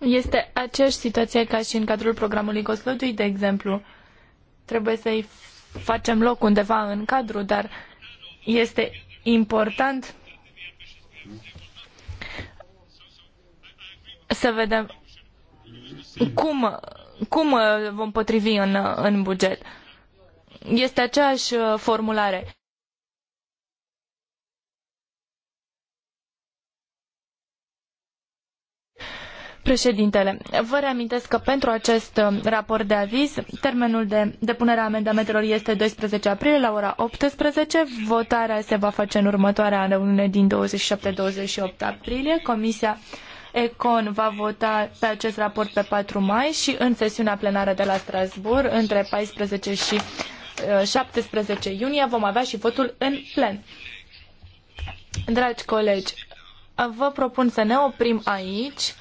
Este aceeași situație ca și în cadrul programului Coslodui, de exemplu. Trebuie să-i facem loc undeva în cadru, dar este important să vedem cum cum uh, vom potrivi în, uh, în buget. Este aceeași uh, formulare. Președintele, vă reamintesc că pentru acest raport de aviz, termenul de depunere a amendamentelor este 12 aprilie la ora 18. Votarea se va face în următoarea reuniune din 27-28 aprilie. Comisia Econ va vota pe acest raport pe 4 mai și în sesiunea plenară de la Strasbourg, între 14 și 17 uh, iunie, vom avea și votul în plen. Dragi colegi, vă propun să ne oprim aici.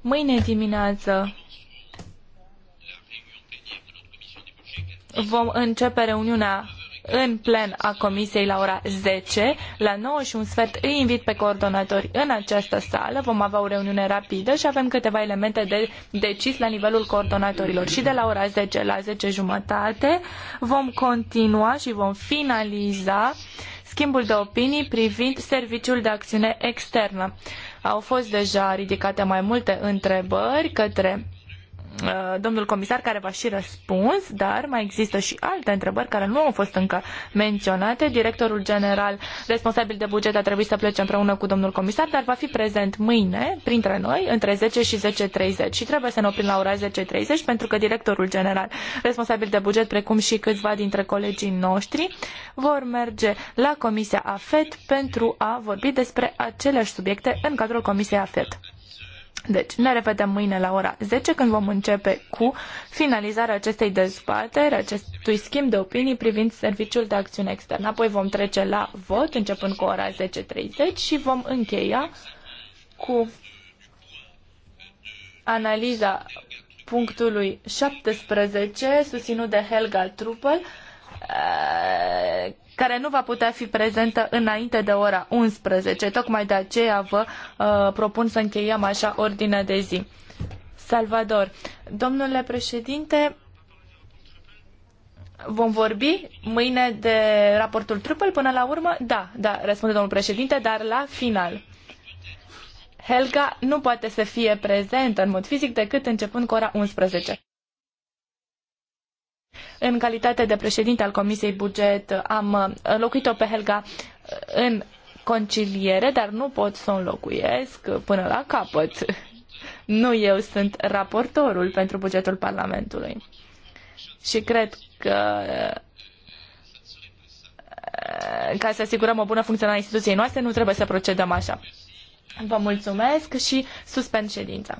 Mâine dimineață vom începe reuniunea în plen a comisiei la ora 10. La 9 și un sfert îi invit pe coordonatori în această sală. Vom avea o reuniune rapidă și avem câteva elemente de decis la nivelul coordonatorilor. Și de la ora 10 la 10 jumătate vom continua și vom finaliza schimbul de opinii privind serviciul de acțiune externă. Au fost deja ridicate mai multe întrebări către Uh, domnul comisar care v-a și răspuns, dar mai există și alte întrebări care nu au fost încă menționate. Directorul general responsabil de buget a trebuit să plece împreună cu domnul comisar, dar va fi prezent mâine printre noi între 10 și 10.30 și trebuie să ne oprim la ora 10.30 pentru că directorul general responsabil de buget, precum și câțiva dintre colegii noștri, vor merge la Comisia AFET pentru a vorbi despre aceleași subiecte în cadrul Comisiei AFET. Deci, ne revedem mâine la ora 10 când vom începe cu finalizarea acestei dezbateri, acestui schimb de opinii privind serviciul de acțiune externă. Apoi vom trece la vot începând cu ora 10.30 și vom încheia cu analiza punctului 17 susținut de Helga Truppel care nu va putea fi prezentă înainte de ora 11. Tocmai de aceea vă uh, propun să încheiem așa ordinea de zi. Salvador, domnule președinte, vom vorbi mâine de raportul Trupel până la urmă? Da, da, răspunde domnul președinte, dar la final. Helga nu poate să fie prezentă în mod fizic decât începând cu ora 11. În calitate de președinte al Comisiei Buget am uh, înlocuit-o pe Helga uh, în conciliere, dar nu pot să o înlocuiesc până la capăt. Nu eu sunt raportorul pentru bugetul Parlamentului. Și cred că uh, ca să asigurăm o bună funcționare a instituției noastre, nu trebuie să procedăm așa. Vă mulțumesc și suspend ședința.